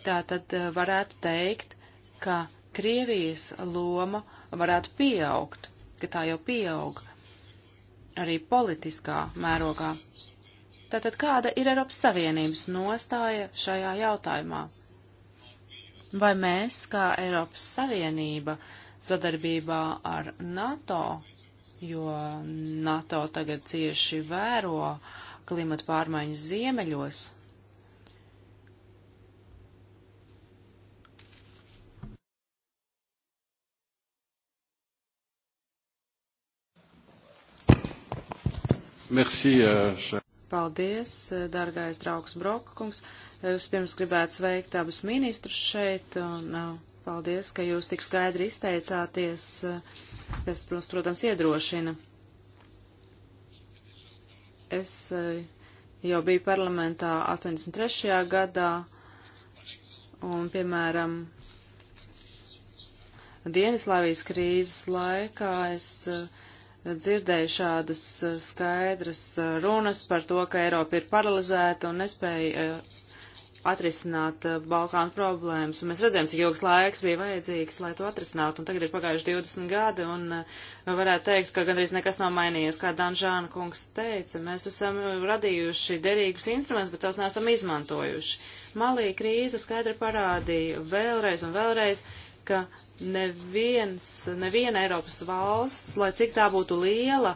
Speaker 1: Tā tad eh, varētu teikt, ka Krievijas loma varētu pieaugt, ka tā jau pieaug arī politiskā mērogā. Tātad kāda ir Eiropas Savienības nostāja šajā jautājumā? Vai mēs, kā Eiropas Savienība, sadarbībā ar NATO, jo NATO tagad cieši vēro klimata pārmaiņas ziemeļos, Merci, uh, Paldies, eh, dargais draugs Brokkungs. Vispirms gribētu sveikt abus ministrus šeit un eh, paldies, ka jūs tik skaidri izteicāties. Tas, eh, protams, iedrošina. Es jau biju parlamentā 83. gadā un, piemēram, Dienaslāvijas krīzes laikā es uh, dzirdēju šādas eh, skaidras eh, runas par to, ka Eiropa ir paralizēta un nespēja eh, atrisināt Balkānu problēmas. Un mēs redzējām, cik ilgs laiks bija vajadzīgs, lai to atrisinātu. Un tagad ir pagājuši 20 gadi, un varētu teikt, ka gandrīz nekas nav mainījies. Kā Danžāna kungs teica, mēs esam radījuši derīgus instrumentus, bet tos neesam izmantojuši. Malī krīze skaidri parādīja vēlreiz un vēlreiz, ka uh, neviens, neviena Eiropas valsts, lai cik tā būtu liela,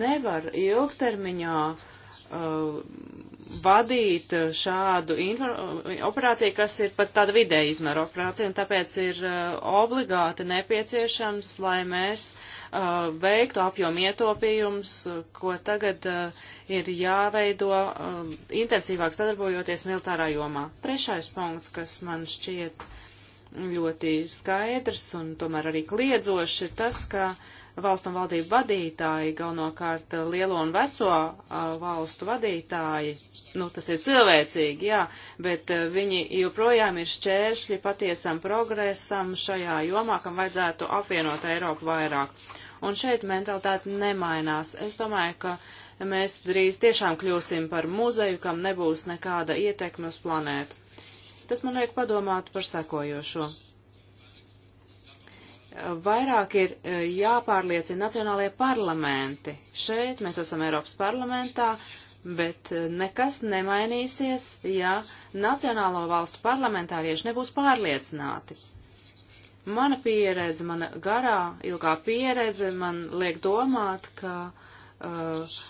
Speaker 1: nevar ilgtermiņā uh, vadīt šādu operāciju, kas ir pat tāda vidēja izmēra operācija, un tāpēc ir uh, obligāti nepieciešams, lai mēs uh, veiktu apjomu ietopījums, ko tagad uh, ir jāveido um, intensīvāk sadarbojoties militārā jomā. Trešais punkts, kas man šķiet ļoti skaidrs un tomēr arī kliedzoši ir tas, ka valstu un valdību vadītāji, galvenokārt lielo un veco valstu vadītāji, nu tas ir cilvēcīgi, jā, bet viņi joprojām ir šķēršļi patiesam progresam šajā jomā, kam vajadzētu apvienot Eiropu vairāk. Un šeit mentalitāte nemainās. Es domāju, ka mēs drīz tiešām kļūsim par muzeju, kam nebūs nekāda ietekme uz planētu. Tas man liek padomāt par sekojošo. Vairāk ir e, jāpārliecina nacionālajie parlamenti. Šeit mēs esam Eiropas parlamentā, bet e, nekas nemainīsies, ja Nacionālo valstu parlamentārieši nebūs pārliecināti. Mana pieredze, mana garā, ilgā pieredze man liek domāt, ka uh,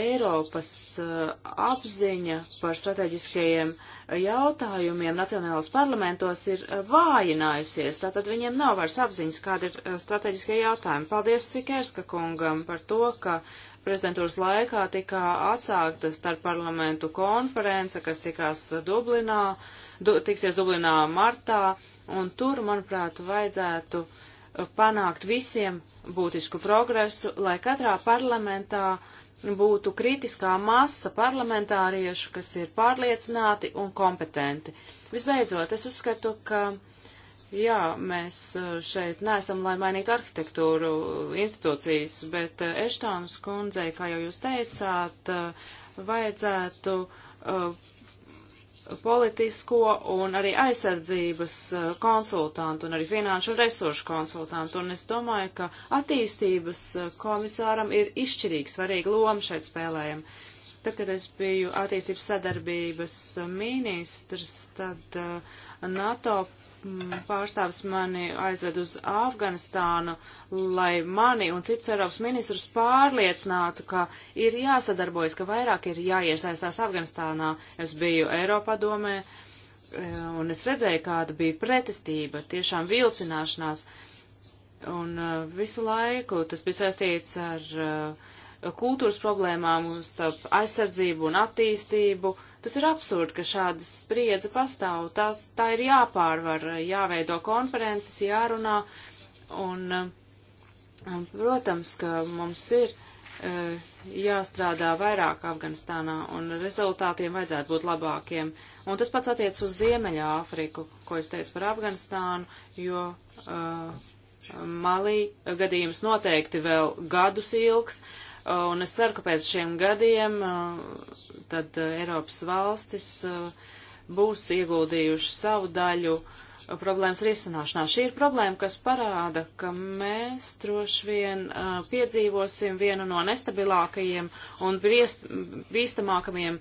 Speaker 1: Eiropas uh, apziņa par strateģiskajiem uh, jautājumiem nacionālos parlamentos ir eh, vājinājusies, tātad viņiem nav vairs apziņas, kāda ir eh, strateģiskie jautājumi. Paldies Sikerska kungam par to, ka prezidentūras laikā tika atsākta starp parlamentu konference, kas tikās Dublinā, du, tiksies Dublinā martā, un tur, manuprāt, vajadzētu eh, panākt visiem būtisku progresu, lai katrā parlamentā uh, būtu kritiskā masa parlamentāriešu, kas ir pārliecināti un kompetenti. Visbeidzot, es uzskatu, ka jā, mēs e, šeit neesam, lai mainītu arhitektūru e, institūcijas, bet e, Eštānas kundzei, kā jau jūs teicāt, vajadzētu politisko un arī aizsardzības eh, konsultantu un arī finanšu resursu konsultantu. Un es domāju, ka attīstības eh, komisāram ir izšķirīgi svarīga loma šeit spēlējama. Tad, kad es biju attīstības sadarbības eh, ministrs, tad NATO Mm, pārstāvis mani aizved uz Afganistānu, lai mani un citus Eiropas ministrus pārliecinātu, ka ir jāsadarbojas, ka vairāk ir jāiesaistās Afganistānā. Es biju Eiropadomē e, un es redzēju, kāda bija pretestība, tiešām vilcināšanās. Un e, visu laiku tas bija saistīts ar uh, kultūras problēmām, starp aizsardzību un attīstību. Tas ir absurdi, ka šāda spriedze pastāv. Tās, tā ir jāpārvar, jāveido konferences, jārunā. Un, protams, ka mums ir e, jāstrādā vairāk Afganistānā un rezultātiem vajadzētu būt labākiem. Un tas pats attiec uz Ziemeļā Āfriku, ko es teicu par Afganistānu, jo uh, Malī gadījums noteikti vēl gadus ilgs, uh, Uh, un es ceru, ka pēc šiem gadiem uh, tad uh, Eiropas valstis būs ieguldījuši savu daļu problēmas risināšanā. Šī ir problēma, kas parāda, ka mēs droši vien piedzīvosim vienu no nestabilākajiem un bīstamākajiem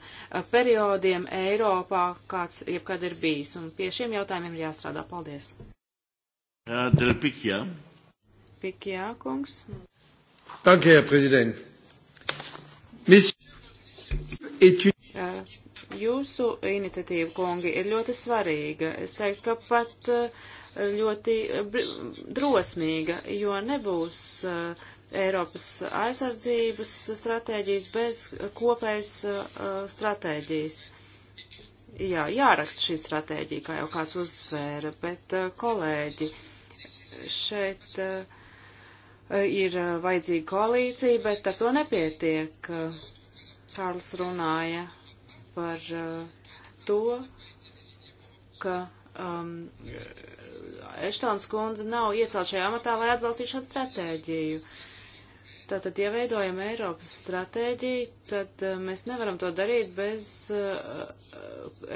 Speaker 1: periodiem Eiropā, kāds jebkad ir bijis. Un pie šiem jautājumiem ir jāstrādā. Paldies! Del Pikjā. Pikjā, kungs. Danke, Herr Präsident. Miss... Jūsu iniciatīva, kungi, ir ļoti svarīga. Es teiktu, ka pat ļoti drosmīga, jo nebūs Eiropas aizsardzības stratēģijas bez kopējas stratēģijas. Jā, jāraksta šī stratēģija, kā jau kāds uzsvēra, bet kolēģi šeit. Uh, ir eh, vajadzīga koalīcija, bet ar to nepietiek. Kārls runāja par eh, to, ka um, Eštons kundze nav iecelt šajā amatā, lai atbalstītu šādu stratēģiju. Tātad, ja veidojam Eiropas stratēģiju, tad uh, mēs nevaram to darīt bez uh,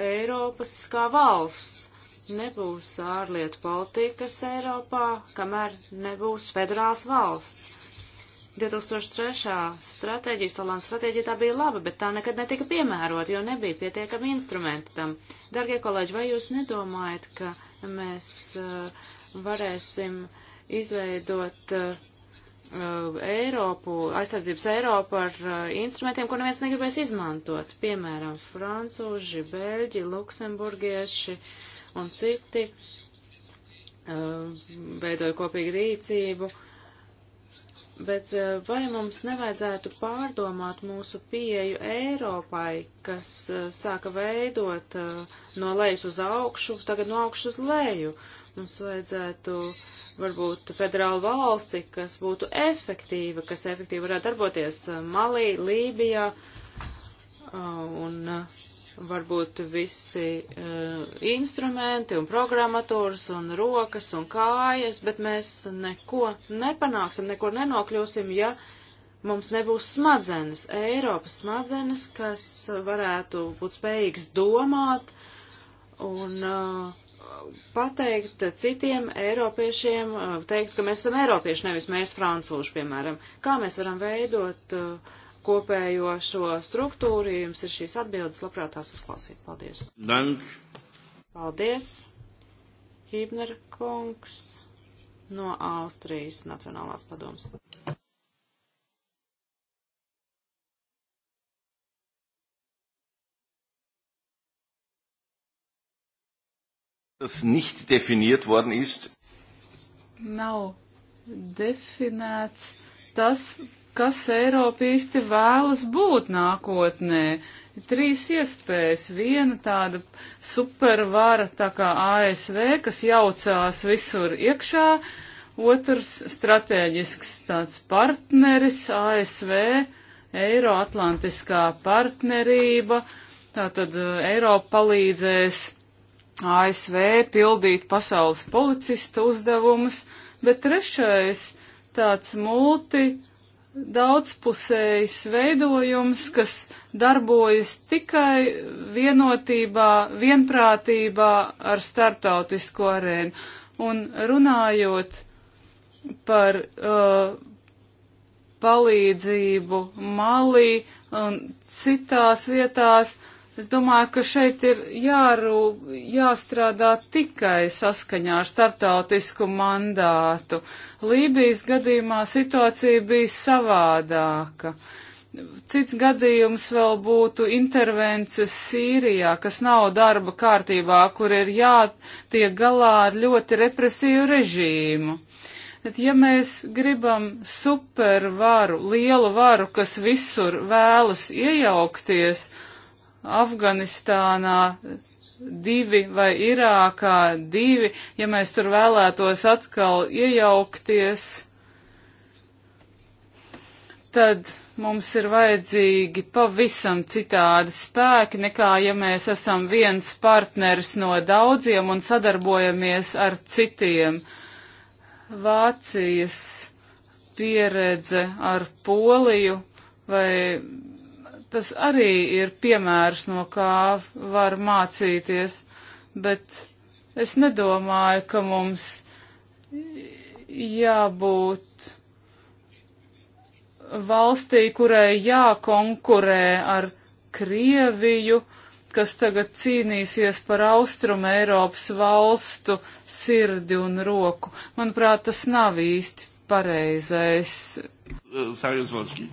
Speaker 1: Eiropas kā valsts. Nebūs ārlietu politikas Eiropā, kamēr nebūs federāls valsts. 2003. stratēģija, Solāna stratēģija tā bija laba, bet tā nekad netika piemērot, jo nebija pietiekami instrumenti tam. Dargie kolēģi, vai jūs nedomājat, ka mēs uh, varēsim izveidot uh, uh Eiropu, aizsardzības Eiropu ar uh, instrumentiem, ko neviens negribēs izmantot. Piemēram, francūži, beļģi, luksemburgieši, un citi veidoja kopīgu rīcību, bet vai mums nevajadzētu pārdomāt mūsu pieeju Eiropai, kas sāka veidot no lejas uz augšu, tagad no augšas uz leju? Mums vajadzētu varbūt federālu valsti, kas būtu efektīva, kas efektīvi varētu darboties Malī, Lībijā un uh, varbūt visi uh, instrumenti un programmatūras un rokas un kājas, bet mēs neko nepanāksim, neko nenokļūsim, ja mums nebūs smadzenes, Eiropas smadzenes, kas varētu būt spējīgs domāt un uh, pateikt citiem eiropiešiem, uh, teikt, ka mēs esam eiropieši, nevis mēs francūši, piemēram. Kā mēs varam veidot uh, kopējo šo struktūru. Ja jums ir šīs atbildes, labprāt tās uzklausīt. Paldies. Dank. Paldies. Hībner kungs no Austrijas Nacionālās padomas. Das nicht definiert worden ist.
Speaker 2: Nav definēts tas, kas Eiropa īsti vēlas būt nākotnē. Ir trīs iespējas. Viena tāda supervara, tā kā ASV, kas jaucās visur iekšā, otrs strateģisks tāds partneris ASV, Eiroatlantiskā partnerība, tātad uh, Eiropa palīdzēs ASV pildīt pasaules policista uzdevumus, bet trešais tāds multi daudzpusējs veidojums, kas darbojas tikai vienotībā, vienprātībā ar starptautisko arēnu. Un runājot par uh, palīdzību Malī un citās vietās, uh, Es domāju, ka šeit ir jārūp, jāstrādā tikai saskaņā ar starptautisku mandātu. Lībijas gadījumā situācija bija savādāka. Cits gadījums vēl būtu intervences Sīrijā, kas nav darba kārtībā, kur ir jātiek galā ar ļoti represīvu režīmu. Bet ja mēs gribam supervaru, lielu varu, kas visur vēlas iejaukties, Afganistānā divi vai Irākā divi, ja mēs tur vēlētos atkal iejaukties, tad mums ir vajadzīgi pavisam citādi spēki, nekā ja mēs esam viens partners no daudziem un sadarbojamies ar citiem. Vācijas pieredze ar Poliju vai Tas arī ir piemērs, no kā var mācīties, bet es nedomāju, ka mums jābūt valstī, kurai jākonkurē ar Krieviju, kas tagad cīnīsies par austrumu Eiropas valstu sirdi un roku. Manuprāt, tas nav īsti pareizais. Sārjus Valskī.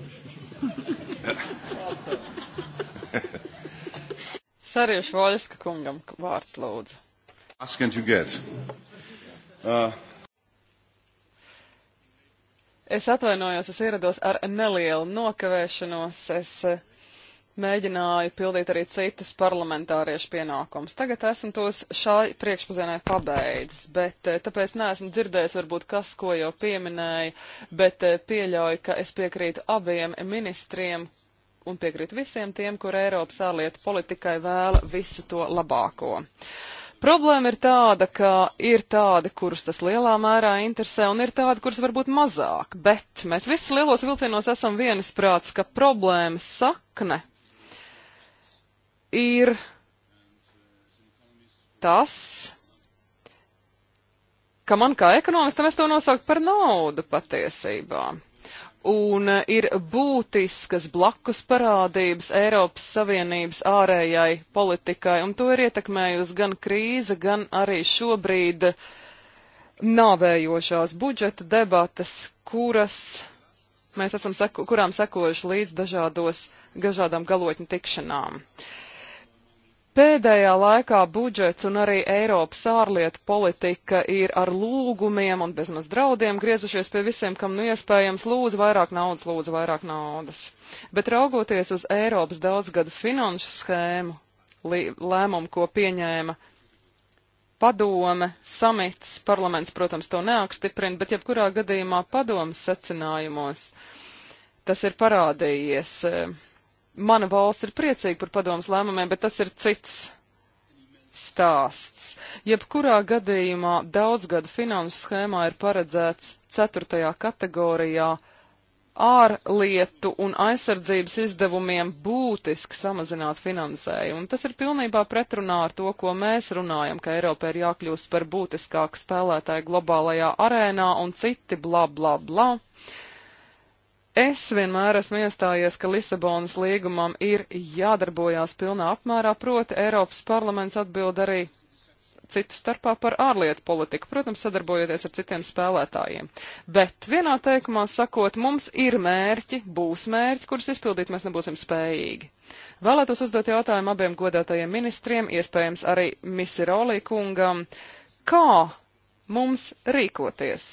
Speaker 3: Sarjuši Voļska kungam vārds lūdzu.
Speaker 2: Ask and you get. Uh.
Speaker 3: Es atvainojos, es ierados ar nelielu nokavēšanos. Es eh, mēģināju pildīt arī citas parlamentāriešu pienākums. Tagad esmu tos šai priekšpazienai pabeidzis, bet eh, tāpēc neesmu dzirdējis varbūt kas, ko jau pieminēja, bet eh, pieļauju, ka es piekrītu abiem ministriem un piekrītu visiem tiem, kur Eiropas ārlietu politikai vēla visu to labāko. Problēma ir tāda, ka ir tādi, kurus tas lielā mērā interesē, un ir tādi, kurus varbūt mazāk, bet mēs visi lielos vilcienos esam vienisprāts, ka problēmas sakne ir tas, ka man kā ekonomistam es to nosaukt par naudu patiesībā. Un ir būtiskas blakus parādības Eiropas Savienības ārējai politikai, un to ir ietekmējusi gan krīze, gan arī šobrīd nāvējošās budžeta debatas, kuras mēs esam, seku, kurām sekojuši līdz dažādos, dažādām galotņu tikšanām. Uh, Pēdējā laikā budžets un arī Eiropas ārlietu politika ir ar lūgumiem un bezmaz draudiem griezušies pie visiem, kam nu iespējams lūdzu vairāk naudas, lūdzu vairāk naudas. Bet raugoties uz Eiropas daudzgadu finanšu schēmu, lēmumu, ko pieņēma padome, samits, parlaments, protams, to neapstiprina, bet jebkurā gadījumā padomas secinājumos tas ir parādījies eh, mana valsts ir priecīga par padomus lēmumiem, bet tas ir cits stāsts. Jebkurā gadījumā daudzgada finanses schēmā ir paredzēts ceturtajā kategorijā ārlietu un aizsardzības izdevumiem būtiski samazināt finansējumu. Tas ir pilnībā pretrunā ar to, ko mēs runājam, ka Eiropa ir jākļūst par būtiskāku spēlētāju globālajā arēnā un citi bla bla bla. Es vienmēr esmu iestājies, ka Lisabonas līgumam ir jādarbojās pilnā apmērā, proti Eiropas parlaments atbild arī citu starpā par ārlietu politiku, protams, sadarbojoties ar citiem spēlētājiem. Bet vienā teikumā sakot, mums ir mērķi, būs mērķi, kurus izpildīt mēs nebūsim spējīgi. Vēlētos uzdot jautājumu abiem godātajiem ministriem, iespējams arī Misirolī kungam, kā mums rīkoties?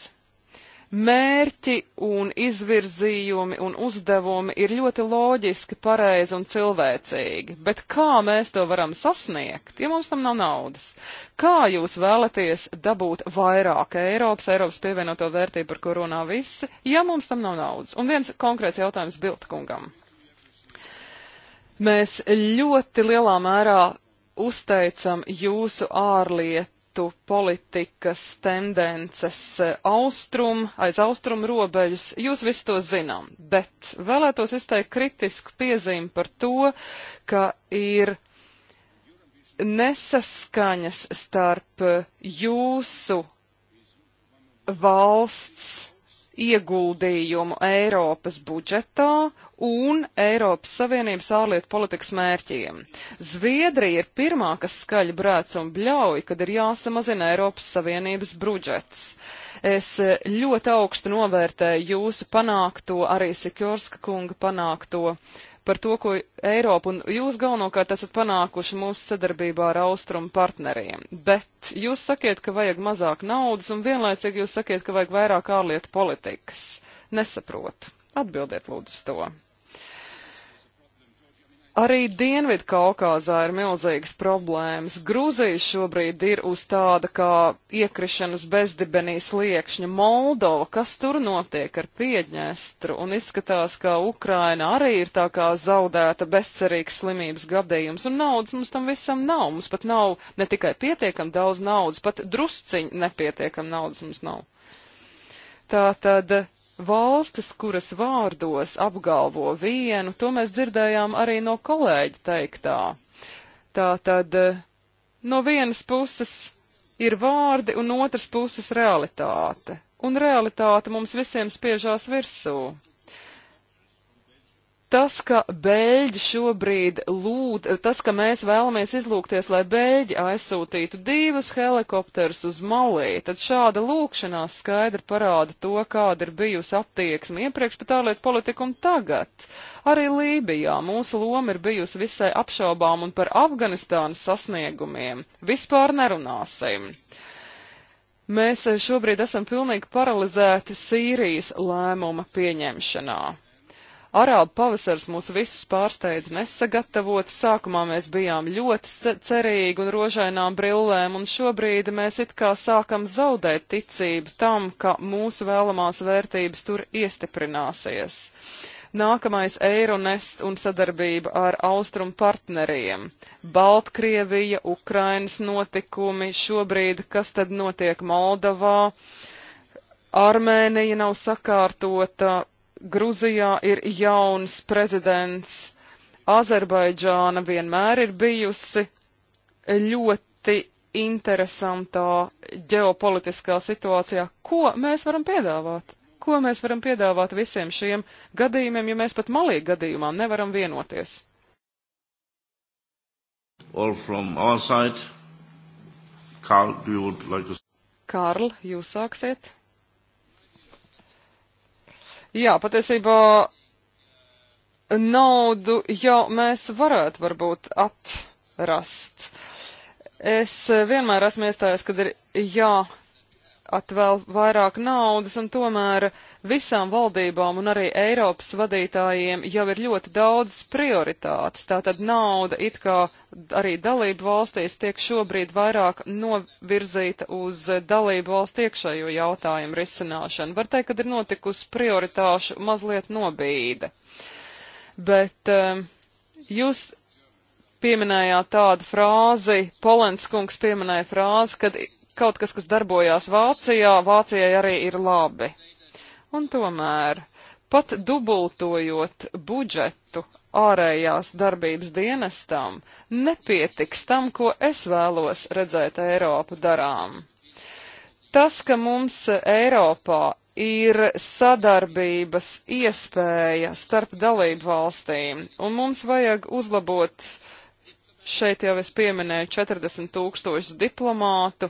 Speaker 3: mērķi un izvirzījumi un uzdevumi ir ļoti loģiski, pareizi un cilvēcīgi, bet kā mēs to varam sasniegt, ja mums tam nav naudas? Kā jūs vēlaties dabūt vairāk Eiropas, Eiropas pievienoto vērtību, par ko runā visi, ja mums tam nav naudas? Un viens konkrēts jautājums Biltkungam. Mēs ļoti lielā mērā uzteicam jūsu ārlietu ārlietu politikas tendences eh, austrum, aiz austrumu robežas, jūs visi to zinām, bet vēlētos izteikt kritisku piezīmi par to, ka ir nesaskaņas starp eh, jūsu valsts ieguldījumu Eiropas budžetā un Eiropas Savienības ārlietu politikas mērķiem. Zviedrija ir pirmā, kas skaļi brēc un bļauj, kad ir jāsamazina Eiropas Savienības budžets. Es ļoti augstu novērtēju jūsu panākto, arī Sikorska kunga panākto par to, ko Eiropa un jūs galvenokārt esat panākuši mūsu sadarbībā ar austrumu partneriem. Bet jūs sakiet, ka vajag mazāk naudas un vienlaicīgi jūs sakiet, ka vajag vairāk ārlietu politikas. Nesaprotu. Atbildiet lūdzu to. Arī Dienvidkaukāzā ir milzīgas problēmas. Gruzija šobrīd ir uz tāda kā iekrišanas bezdibenī sliekšņa Moldova, kas tur notiek ar Piedņestru, un izskatās, ka Ukraina arī ir tā kā zaudēta bezcerīgs slimības gadījums, un naudas mums tam visam nav. Mums pat nav ne tikai pietiekam daudz naudas, pat drusciņi nepietiekam naudas mums nav. Tātad valstis, kuras vārdos apgalvo vienu, to mēs dzirdējām arī no kolēģa teiktā. Tā tad eh, no vienas puses ir vārdi un otras puses realitāte, un realitāte mums visiem spiežās virsū. Tas, ka Bēļģi šobrīd lūd, tas, ka mēs vēlamies izlūgties, lai Bēļģi aizsūtītu divus helikopterus uz Malī, tad šāda lūkšanās skaidri parāda to, kāda ir bijusi attieksme iepriekš pat ārlietu politiku un tagad. Arī Lībijā mūsu loma ir bijusi visai apšaubām un par Afganistānas sasniegumiem. Vispār nerunāsim. Mēs šobrīd esam pilnīgi paralizēti Sīrijas lēmuma pieņemšanā. Arābu pavasars mūs visus pārsteidz nesagatavot. Sākumā mēs bijām ļoti cerīgi un rožainām brillēm, un šobrīd mēs it kā sākam zaudēt ticību tam, ka mūsu vēlamās vērtības tur iestiprināsies. Nākamais Eironest un sadarbība ar austrumu partneriem. Baltkrievija, Ukrainas notikumi, šobrīd kas tad notiek Moldavā? Armēnija nav sakārtota, Gruzijā ir jauns prezidents. Azerbaidžāna vienmēr ir bijusi ļoti interesantā ģeopolitiskā situācijā. Ko mēs varam piedāvāt? Ko mēs varam piedāvāt visiem šiem gadījumiem, ja mēs pat malīgi gadījumā nevaram vienoties?
Speaker 1: Karl, like
Speaker 3: to... Karl, jūs sāksiet? Jā, patiesībā naudu jau mēs varētu varbūt atrast. Es vienmēr esmu iestājies, kad ir jā atvēl vairāk naudas, un tomēr visām valdībām un arī Eiropas vadītājiem jau ir ļoti daudz prioritātes. Tātad nauda it kā arī dalību valstīs tiek šobrīd vairāk novirzīta uz dalību valstu iekšējo jautājumu risināšanu. Var teikt, ka ir notikusi prioritāšu mazliet nobīde. Bet um, jūs pieminējāt tādu frāzi, Polenskungs pieminēja frāzi, kad kaut kas, kas darbojās Vācijā, Vācijai arī ir labi. Un tomēr, pat dubultojot budžetu ārējās darbības dienestam, nepietiks tam, ko es vēlos redzēt Eiropu darām. Tas, ka mums Eiropā ir sadarbības iespēja starp dalību valstīm, un mums vajag uzlabot uh, Šeit jau es pieminēju 40 tūkstošus diplomātu.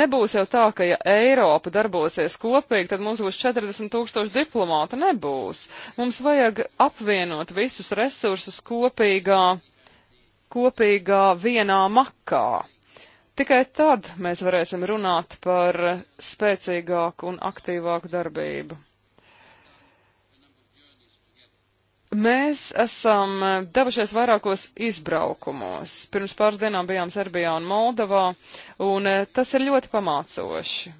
Speaker 3: Nebūs jau tā, ka ja Eiropa darbosies kopīgi, tad mums būs 40 tūkstoši diplomātu. Nebūs. Mums vajag apvienot visus resursus kopīgā, kopīgā vienā makā. Tikai tad mēs varēsim runāt par spēcīgāku un aktīvāku darbību. Mēs esam eh, devušies vairākos izbraukumos. Pirms pāris dienām bijām Serbijā un Moldovā, un eh, tas ir ļoti pamācoši.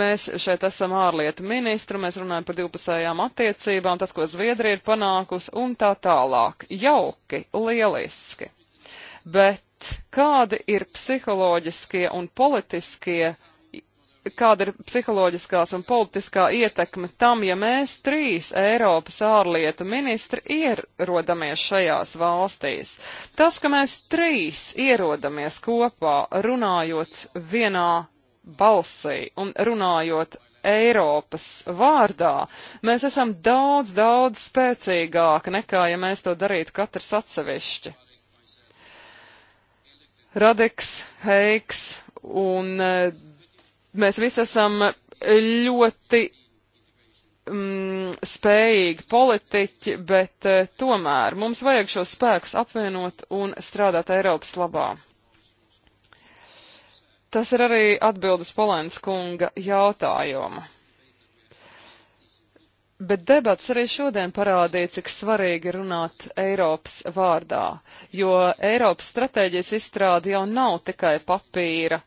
Speaker 3: Mēs šeit esam ārlietu ministru, mēs runājam par divpusējām attiecībām, tas, ko Zviedrija ir panākusi un tā tālāk. Jauki, lieliski. Bet kādi ir psiholoģiskie un politiskie kāda ir psiholoģiskās un politiskā ietekme tam, ja mēs trīs Eiropas ārlietu ministri ierodamies šajās valstīs. Tas, ka mēs trīs ierodamies kopā, runājot vienā balsī un runājot Eiropas vārdā, mēs esam daudz, daudz spēcīgāki nekā, ja mēs to darītu katrs atsevišķi. Radeks, Heiks un eh, mēs visi esam ļoti mm, spējīgi politiķi, bet e, tomēr mums vajag šos spēkus apvienot un strādāt Eiropas labā. Tas ir arī atbildes Polēns kunga jautājuma. Bet debats arī šodien parādīja, cik svarīgi runāt Eiropas vārdā, jo Eiropas stratēģijas izstrāde jau nav tikai papīra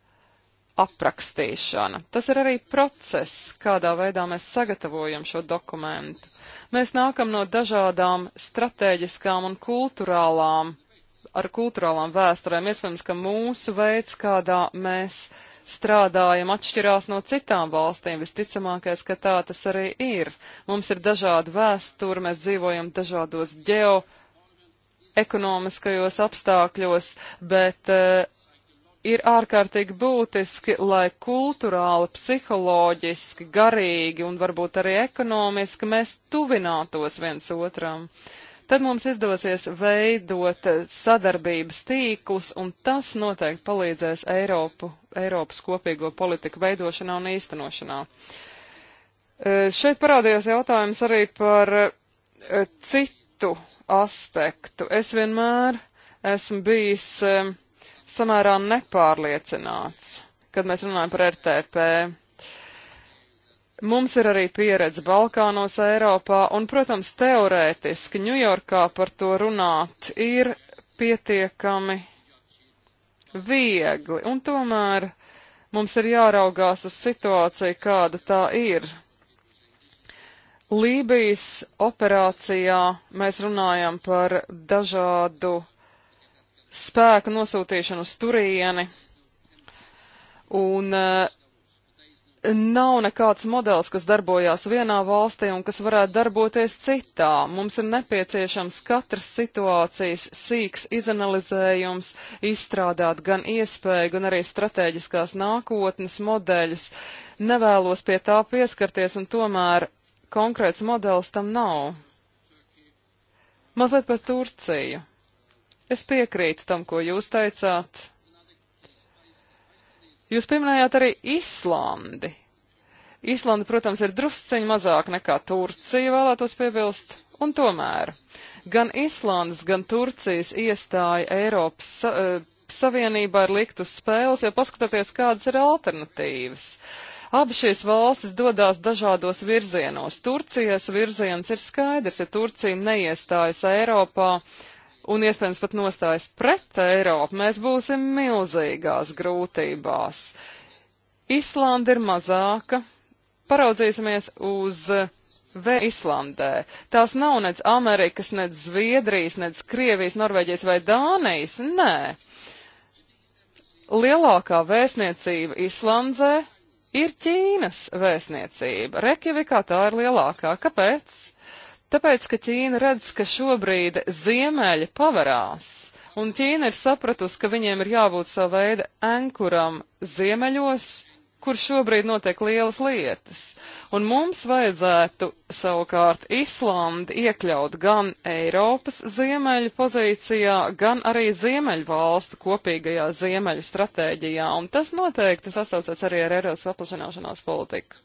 Speaker 3: aprakstīšana. Tas ir arī process, kādā veidā mēs sagatavojam šo dokumentu. Mēs nākam no dažādām stratēģiskām un kulturālām, ar kulturālām vēsturēm. Iespējams, ka mūsu veids, kādā mēs strādājam, atšķirās no citām valstīm. Visticamākais, ka tā tas arī ir. Mums ir dažāda vēsture, mēs dzīvojam dažādos ģeo ekonomiskajos apstākļos, bet uh, ir ārkārtīgi būtiski, lai kulturāli, psiholoģiski, garīgi un varbūt arī ekonomiski mēs tuvinātos viens otram. Tad mums izdosies veidot sadarbības tīklus, un tas noteikti palīdzēs Eiropu, Eiropas kopīgo politiku veidošanā un īstenošanā. E, šeit parādījās jautājums arī par e, citu aspektu. Es vienmēr esmu bijis e, samērā nepārliecināts, kad mēs runājam par RTP. Mums ir arī pieredze Balkānos, Eiropā, un, protams, teorētiski Ņujorkā par to runāt ir pietiekami viegli, un tomēr mums ir jāraugās uz situāciju, kāda tā ir. Lībijas operācijā mēs runājam par dažādu spēka nosūtīšanu uz turieni. Un eh, nav nekāds modelis, kas darbojās vienā valstī un kas varētu darboties citā. Mums ir nepieciešams katras situācijas sīks izanalizējums, izstrādāt gan iespēju, gan arī strateģiskās nākotnes modeļus. Nevēlos pie tā pieskarties, un tomēr konkrēts modelis tam nav. Mazliet par Turciju. Es piekrītu tam, ko jūs teicāt. Jūs pieminējāt arī Islandi. Islanda, protams, ir drusceņi mazāk nekā Turcija, vēlētos piebilst, un tomēr gan Islandas, gan Turcijas iestāja Eiropas sa eh, Savienībā ir likt uz spēles, ja paskatāties, kādas ir alternatīvas. Abi šīs valstis dodās dažādos virzienos. Turcijas virziens ir skaidrs, ja Turcija neiestājas Eiropā, uh, un iespējams pat nostājas pret Eiropu, mēs būsim milzīgās grūtībās. Islanda ir mazāka. Paraudzīsimies uz V Islandē. Tās nav nec Amerikas, nec Zviedrijas, nec Krievijas, Norvēģijas vai Dānijas. Nē. Lielākā vēstniecība Islandē ir Ķīnas vēstniecība. Rekjavikā tā ir lielākā. Kāpēc? Uh, Tāpēc, ka Ķīna redz, ka šobrīd ziemeļi pavarās, un Ķīna ir sapratusi, ka viņiem ir jābūt savu veidu ankuram ziemeļos, kur šobrīd notiek lielas lietas. Un mums vajadzētu savukārt Islandi iekļaut gan Eiropas ziemeļu pozīcijā, gan arī ziemeļu valstu kopīgajā ziemeļu stratēģijā. Un tas noteikti sasaucas arī ar Eiropas paplašināšanās politiku.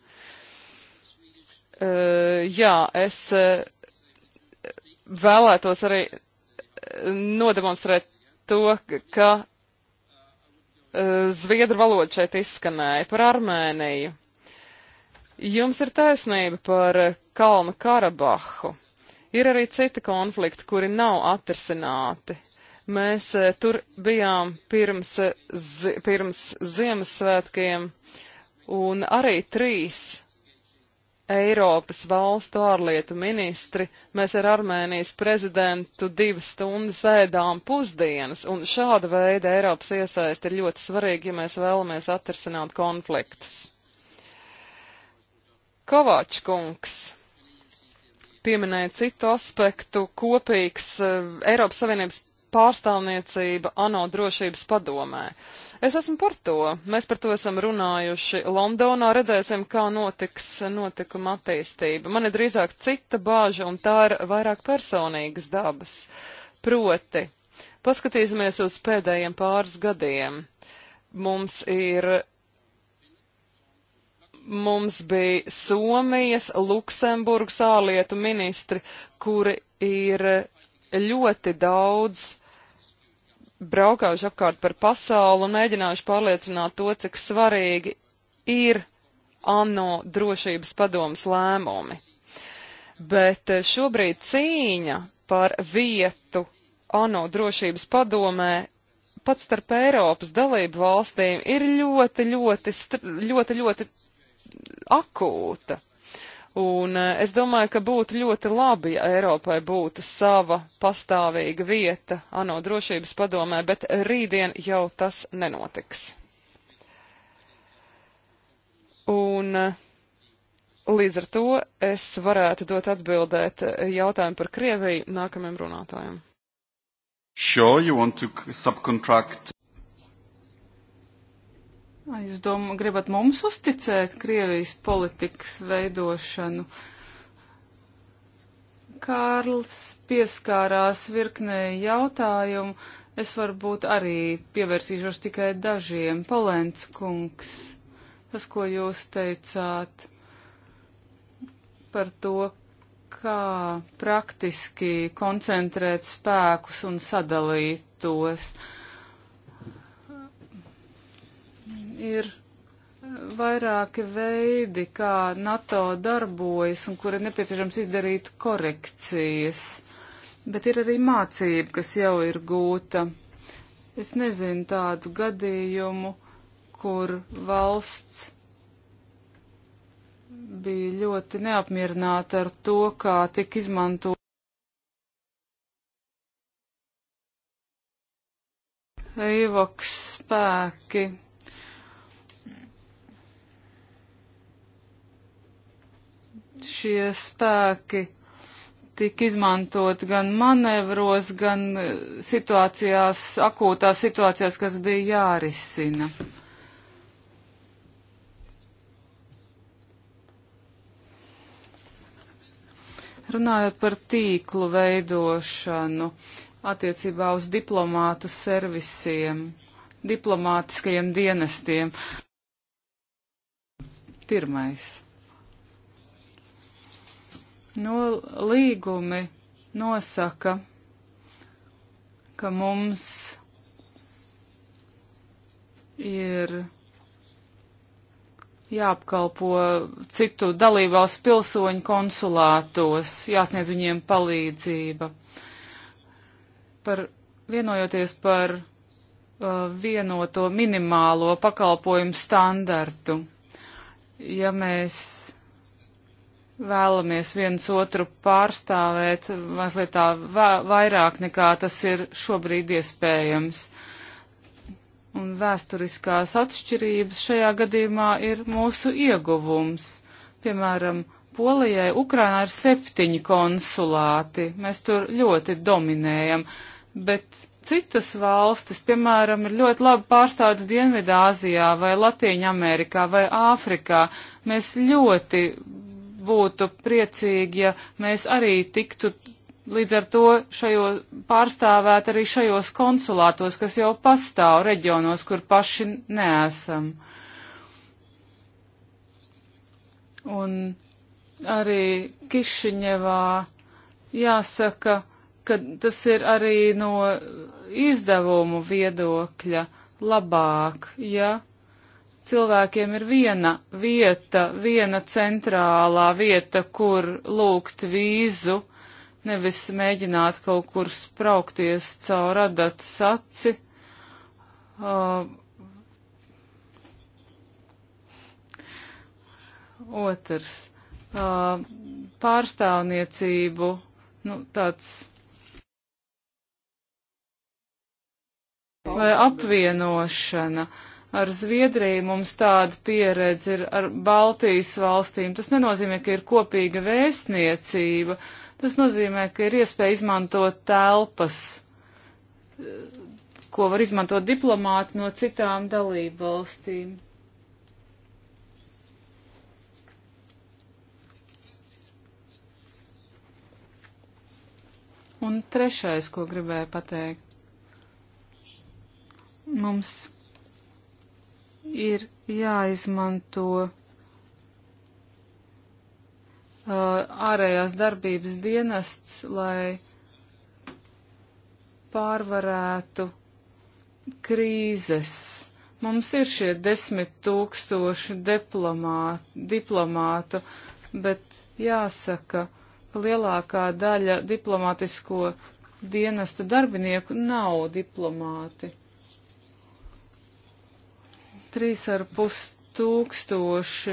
Speaker 3: Eh, jā, es eh, vēlētos arī eh, nodemonstrēt to, ka zviedru valoda šeit izskanēja par Armēniju. Jums ir taisnība par Kalnu Karabahu. Ir arī citi konflikti, kuri nav atrisināti. Mēs tur bijām pirms, zi, pirms Ziemassvētkiem, un arī trīs Eiropas valstu ārlietu ministri, mēs ar Armēnijas prezidentu divas stundas ēdām pusdienas, un šāda veida Eiropas iesaist ir ļoti svarīgi, ja mēs vēlamies atrisināt konfliktus. Kovačkungs pieminēja citu aspektu - kopīgs eh, Eiropas Savienības pārstāvniecība ANO drošības padomē. Uh, Es esmu par to. Mēs par to esam runājuši Londonā. Redzēsim, kā notiks notikuma attīstība. Man ir drīzāk cita bāža, un tā ir vairāk personīgas dabas. Proti, paskatīsimies uz pēdējiem pāris gadiem. Mums ir mums bija Somijas, Luksemburgas ārlietu ministri, kuri ir ļoti daudz braukājuši apkārt par pasauli un mēģinājuši pārliecināt to, cik svarīgi ir ANO drošības padomas lēmumi. Bet eh, šobrīd cīņa par vietu ANO drošības padomē pats starp Eiropas dalību valstīm ir ļoti, ļoti, ļoti, ļoti akūta. Un eh, es domāju, ka būtu ļoti labi, ja Eiropai būtu sava pastāvīga vieta ANO drošības padomē, bet rītdien jau tas nenotiks. Un eh, līdz ar to es varētu dot atbildēt eh, jautājumu par Krieviju nākamajam runātājam.
Speaker 2: Sure, you want to subcontract Vai jūs domājat, gribat mums uzticēt Krievijas politikas veidošanu? Kārls pieskārās virknei jautājumu. Es varbūt arī pievērsīšos tikai dažiem. Palēns kungs, tas, ko jūs teicāt par to, kā praktiski koncentrēt spēkus un sadalīt tos. Uh, ir vairāki veidi, kā NATO darbojas un kuri nepieciešams izdarīt korekcijas, bet ir arī mācība, kas jau ir gūta. Es nezinu tādu gadījumu, kur valsts bija ļoti neapmierināta ar to, kā tika izmantot. Eivoks spēki. šie spēki tika izmantot gan manevros, gan e, situācijās, akūtās situācijās, kas bija jārisina. Runājot par tīklu veidošanu attiecībā uz diplomātu servisiem, diplomātiskajiem dienestiem. Pirmais. No nu, līgumi nosaka, ka mums ir jāapkalpo citu dalībvalstu pilsoņu konsulātos, jāsniedz viņiem palīdzība. Par vienojoties par uh, vienoto minimālo pakalpojumu standartu, ja mēs vēlamies viens otru pārstāvēt mazliet tā vairāk nekā tas ir šobrīd iespējams. Un vēsturiskās atšķirības šajā gadījumā ir mūsu ieguvums. Piemēram, Polijai Ukrainā ir septiņi konsulāti, mēs tur ļoti dominējam, bet citas valstis, piemēram, ir ļoti labi pārstāvotas Dienvidāzijā vai Latīņa Amerikā vai Āfrikā. Mēs ļoti būtu priecīgi, ja mēs arī tiktu līdz ar to šajo, pārstāvēt arī šajos konsulātos, kas jau pastāv reģionos, kur paši neesam. Un arī Kišiņevā jāsaka, ka tas ir arī no izdevumu viedokļa labāk, ja cilvēkiem ir viena vieta, viena centrālā vieta, kur lūgt vīzu, nevis mēģināt kaut kur spraukties caur adatas aci. Uh, otrs uh, pārstāvniecību, nu, tāds vai apvienošana. Uh, ar Zviedriju mums tāda pieredze ir ar Baltijas valstīm. Tas nenozīmē, ka ir kopīga vēstniecība. Tas nozīmē, ka ir iespēja izmantot telpas, ko var izmantot diplomāti no citām dalību valstīm. Un trešais, ko gribēju pateikt. Mums ir jāizmanto uh, ārējās darbības dienests, lai pārvarētu krīzes. Mums ir šie desmit tūkstoši diplomātu, diplomātu, bet jāsaka, ka lielākā daļa diplomātisko dienestu darbinieku nav diplomāti. Trīs ar pus tūkstoši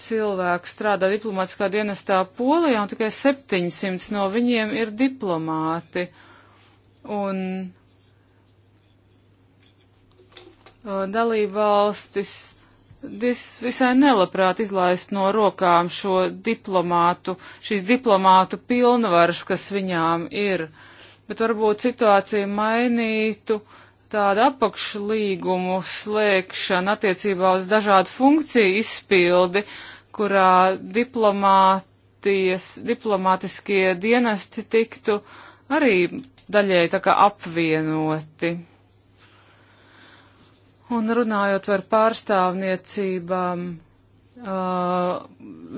Speaker 2: cilvēku strādā diplomātiskā dienestā Polijā, un tikai 700 no viņiem ir diplomāti. Un uh, dalībvalstis dis, visai nelabprāt izlaist no rokām šo diplomātu, šīs diplomātu pilnvaras, kas viņām ir. Bet varbūt situācija mainītu tādu apakšlīgumu slēgšanu attiecībā uz dažādu funkciju izpildi, kurā diplomātiskie dienesti tiktu arī daļai tā kā apvienoti. Un runājot par pārstāvniecībām uh,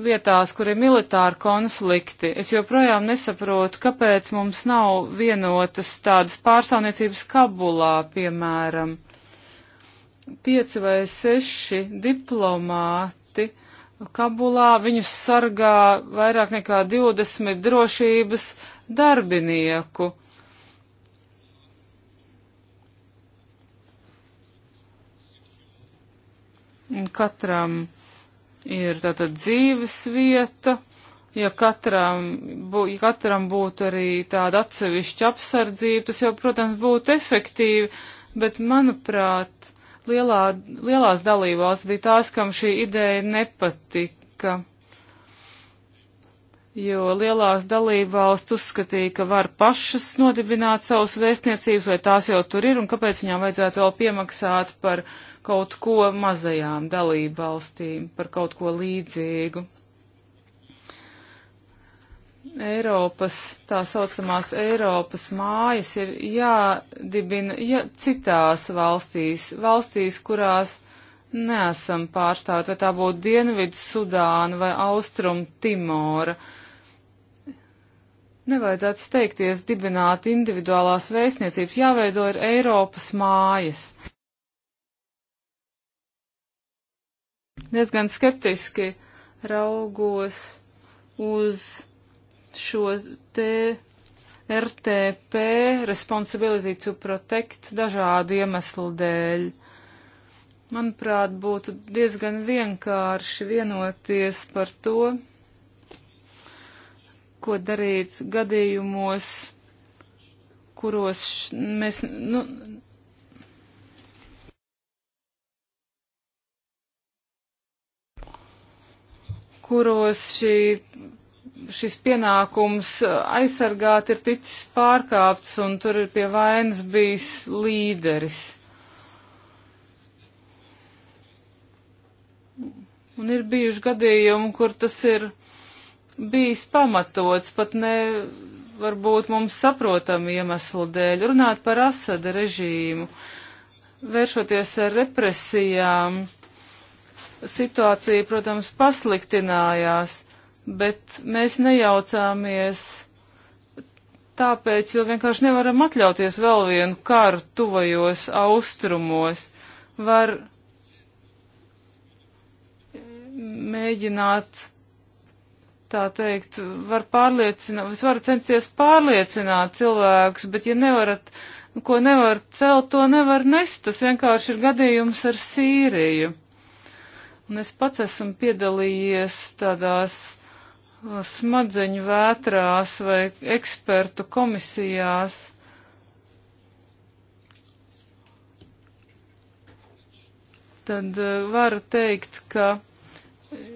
Speaker 2: vietās, kur ir militāri konflikti. Es joprojām nesaprotu, kāpēc mums nav vienotas tādas pārstāvniecības Kabulā, piemēram. Pieci vai seši diplomāti Kabulā, viņus sargā vairāk nekā 20 drošības darbinieku. Katram ir tātad dzīves vieta, ja katram, bū, ja katram būtu arī tāda atsevišķa apsardzība, tas jau, protams, būtu efektīvi, bet, manuprāt, lielā, lielās dalībās bija tās, kam šī ideja nepatika. Jo lielās dalībvalsts uzskatīja, ka var pašas nodibināt savus vēstniecības, vai tās jau tur ir, un kāpēc viņām vajadzētu vēl piemaksāt par uh, kaut ko mazajām dalību valstīm, par kaut ko līdzīgu. Eiropas, tā saucamās Eiropas mājas ir jādibina ja, citās valstīs, valstīs, kurās neesam pārstāvot, vai tā būtu Dienvidu Sudāna vai Austrum Timora. Nevajadzētu steigties dibināt individuālās vēstniecības, jāveido ir Eiropas mājas. diezgan skeptiski raugos uz šo te RTP, Responsibility to Protect, dažādu iemeslu dēļ. Manuprāt, būtu diezgan vienkārši vienoties par to, ko darīt gadījumos, kuros mēs nu, kuros šī, šis pienākums aizsargāt ir ticis pārkāpts un tur ir pie vainas bijis līderis. Un ir bijuši gadījumi, kur tas ir bijis pamatots, pat ne varbūt mums saprotami iemeslu dēļ. Runāt par Asada režīmu, vēršoties ar represijām situācija, protams, pasliktinājās, bet mēs nejaucāmies tāpēc, jo vienkārši nevaram atļauties vēl vienu karu tuvajos austrumos. Var mēģināt, tā teikt, var pārliecināt, es varu censties pārliecināt cilvēkus, bet ja nevarat, ko nevar celt, to nevar nest. Tas vienkārši ir gadījums ar Sīriju. Un es pats esmu piedalījies tādās uh, smadzeņu vētrās vai ekspertu komisijās. Tad uh, varu teikt, ka uh,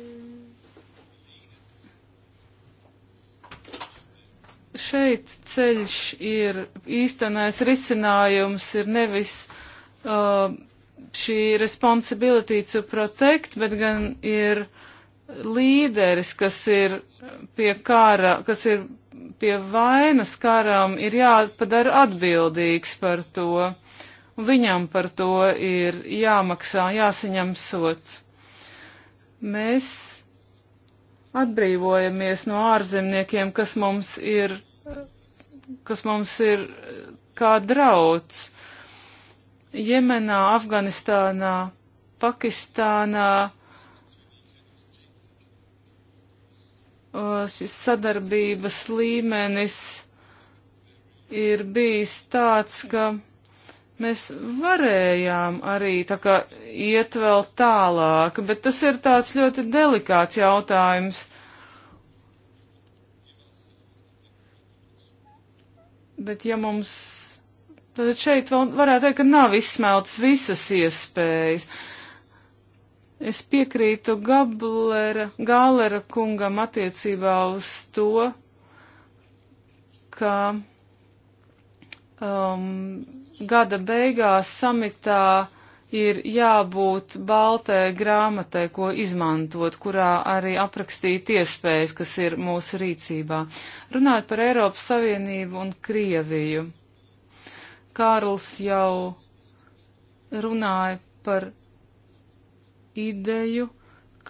Speaker 2: šeit ceļš ir īstenais risinājums, ir nevis uh, šī responsibility to protect, bet gan ir līderis, kas ir pie kara, kas ir pie vainas karam, ir jāpadara atbildīgs par to. Viņam par to ir jāmaksā, jāsaņem sots. Mēs atbrīvojamies no ārzemniekiem, kas mums ir, kas mums ir kā drauds Jemenā, Afganistānā, Pakistānā uh, šis sadarbības līmenis ir bijis tāds, ka mēs varējām arī tā kā iet vēl tālāk, bet tas ir tāds ļoti delikāts jautājums. Bet ja mums Tad šeit vēl varētu teikt, ka nav izsmeltas visas iespējas. Es piekrītu Gablera, Gālera kungam attiecībā uz to, ka um, gada beigās samitā ir jābūt baltai grāmatai, ko izmantot, kurā arī aprakstīt iespējas, kas ir mūsu rīcībā. Runāt par Eiropas Savienību un Krieviju. Kārls jau runāja par ideju,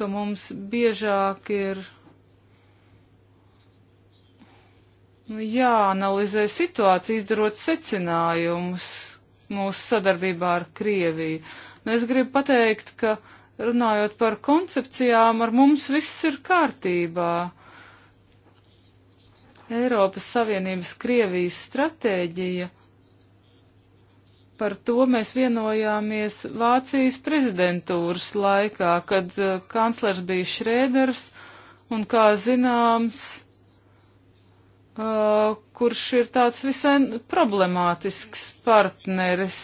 Speaker 2: ka mums biežāk ir nu, jāanalizē situācija, izdarot secinājumus mūsu sadarbībā ar Krieviju. Nu, es gribu pateikt, ka runājot par koncepcijām, ar mums viss ir kārtībā. Eiropas Savienības Krievijas stratēģija Par to mēs vienojāmies Vācijas prezidentūras laikā, kad eh, kanclers bija Šrēders un, kā zināms, uh, kurš ir tāds visai problemātisks partneris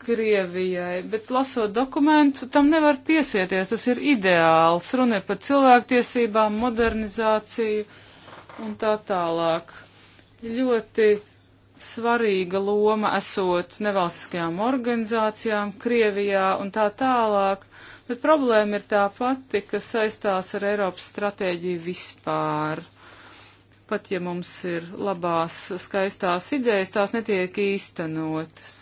Speaker 2: Krievijai. Bet lasot dokumentu, tam nevar piesieties, tas ir ideāls. Runa ir par cilvēktiesībām, modernizāciju un tā tālāk. Ļoti svarīga loma esot nevalstiskajām organizācijām Krievijā un tā tālāk, bet problēma ir tā pati, kas saistās ar Eiropas stratēģiju vispār. Pat ja mums ir labās, skaistās idejas, tās netiek īstenotas.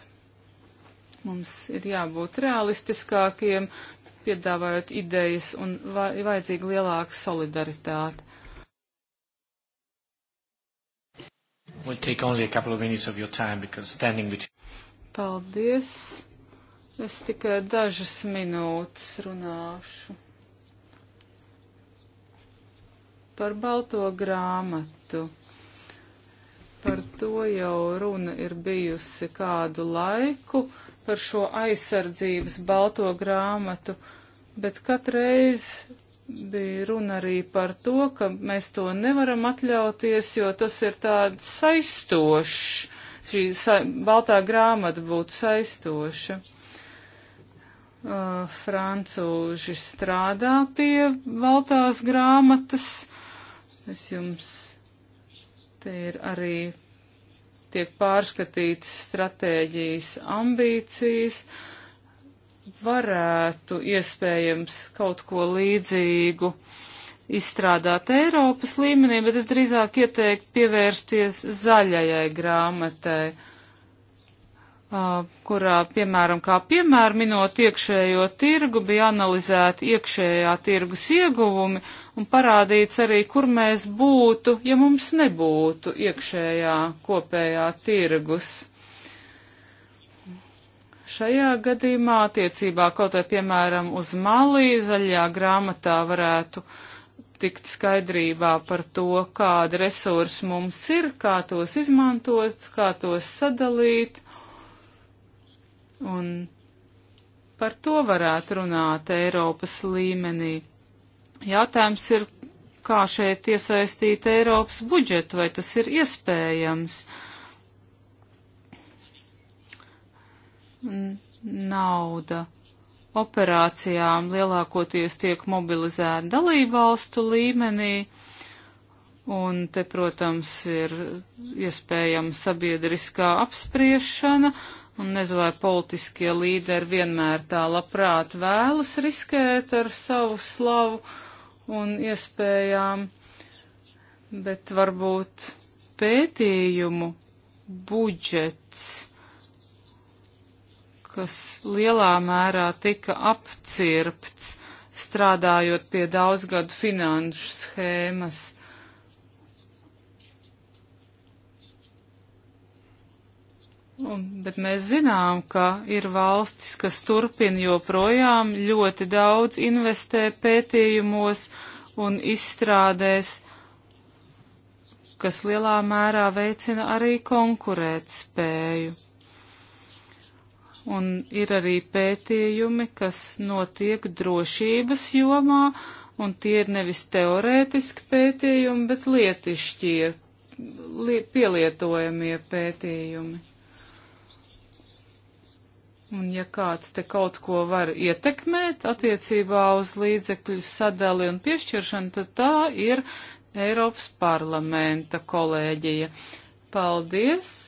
Speaker 2: Mums ir jābūt realistiskākiem, piedāvājot idejas un vajadzīga lielāka solidaritāte.
Speaker 1: We'll take only a couple of minutes of your time because standing between.
Speaker 2: Paldies. Es tikai dažas minūtes runāšu. Par balto grāmatu. Par to jau runa ir bijusi kādu laiku, par šo aizsardzības balto grāmatu, bet katreiz bija runa arī par to, ka mēs to nevaram atļauties, jo tas ir tāds saistošs. Šī sa baltā grāmata būtu saistoša. Uh, francūži strādā pie baltās grāmatas. Es jums te ir arī tiek pārskatītas stratēģijas ambīcijas. Uh, varētu iespējams kaut ko līdzīgu izstrādāt Eiropas līmenī, bet es drīzāk ieteiktu pievērsties zaļajai grāmatai, kurā, piemēram, kā piemēru minot iekšējo tirgu, bija analizēti iekšējā tirgus ieguvumi un parādīts arī, kur mēs būtu, ja mums nebūtu iekšējā kopējā tirgus. Šajā gadījumā attiecībā kaut vai piemēram uz Malī zaļajā grāmatā varētu tikt skaidrībā par to, kāda resursa mums ir, kā tos izmantot, kā tos sadalīt. Un par to varētu runāt Eiropas līmenī. Jautājums ir, kā šeit iesaistīt Eiropas budžetu, vai tas ir iespējams. Uh, nauda operācijām lielākoties tiek mobilizēta dalībvalstu līmenī, un te, protams, ir iespējama sabiedriskā apspriešana, un nezinu, vai politiskie līderi vienmēr tā labprāt vēlas riskēt ar savu slavu un iespējām, bet varbūt pētījumu budžets kas lielā mērā tika apcirpts, strādājot pie daudzgadu finanšu schēmas. Un, bet mēs zinām, ka ir valstis, kas turpina joprojām ļoti daudz investē pētījumos un izstrādēs, kas lielā mērā veicina arī konkurētspēju. Un ir arī pētījumi, kas notiek drošības jomā, un tie ir nevis teorētiski pētījumi, bet lietišķie, li pielietojamie pētījumi. Un ja kāds te kaut ko var ietekmēt attiecībā uz līdzekļu sadali un piešķiršanu, tad tā ir Eiropas parlamenta kolēģija. Paldies!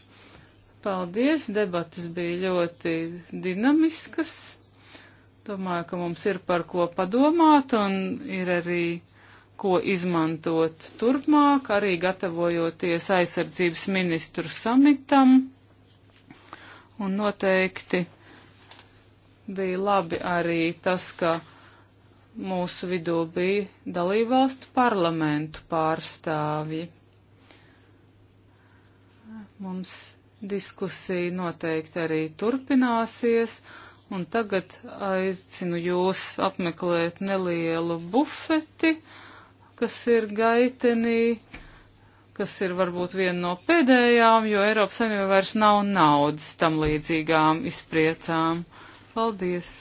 Speaker 2: Paldies, debatas bija ļoti dinamiskas. Domāju, ka mums ir par ko padomāt un ir arī ko izmantot turpmāk, arī gatavojoties aizsardzības ministru samitam. Un noteikti bija labi arī tas, ka mūsu vidū bija dalībvalstu parlamentu pārstāvji. Mums Diskusija noteikti arī turpināsies, un tagad aicinu jūs apmeklēt nelielu bufeti, kas ir gaitenī, kas ir varbūt viena no pēdējām, jo Eiropas Savienībā vairs nav naudas tam līdzīgām izpriecām. Paldies!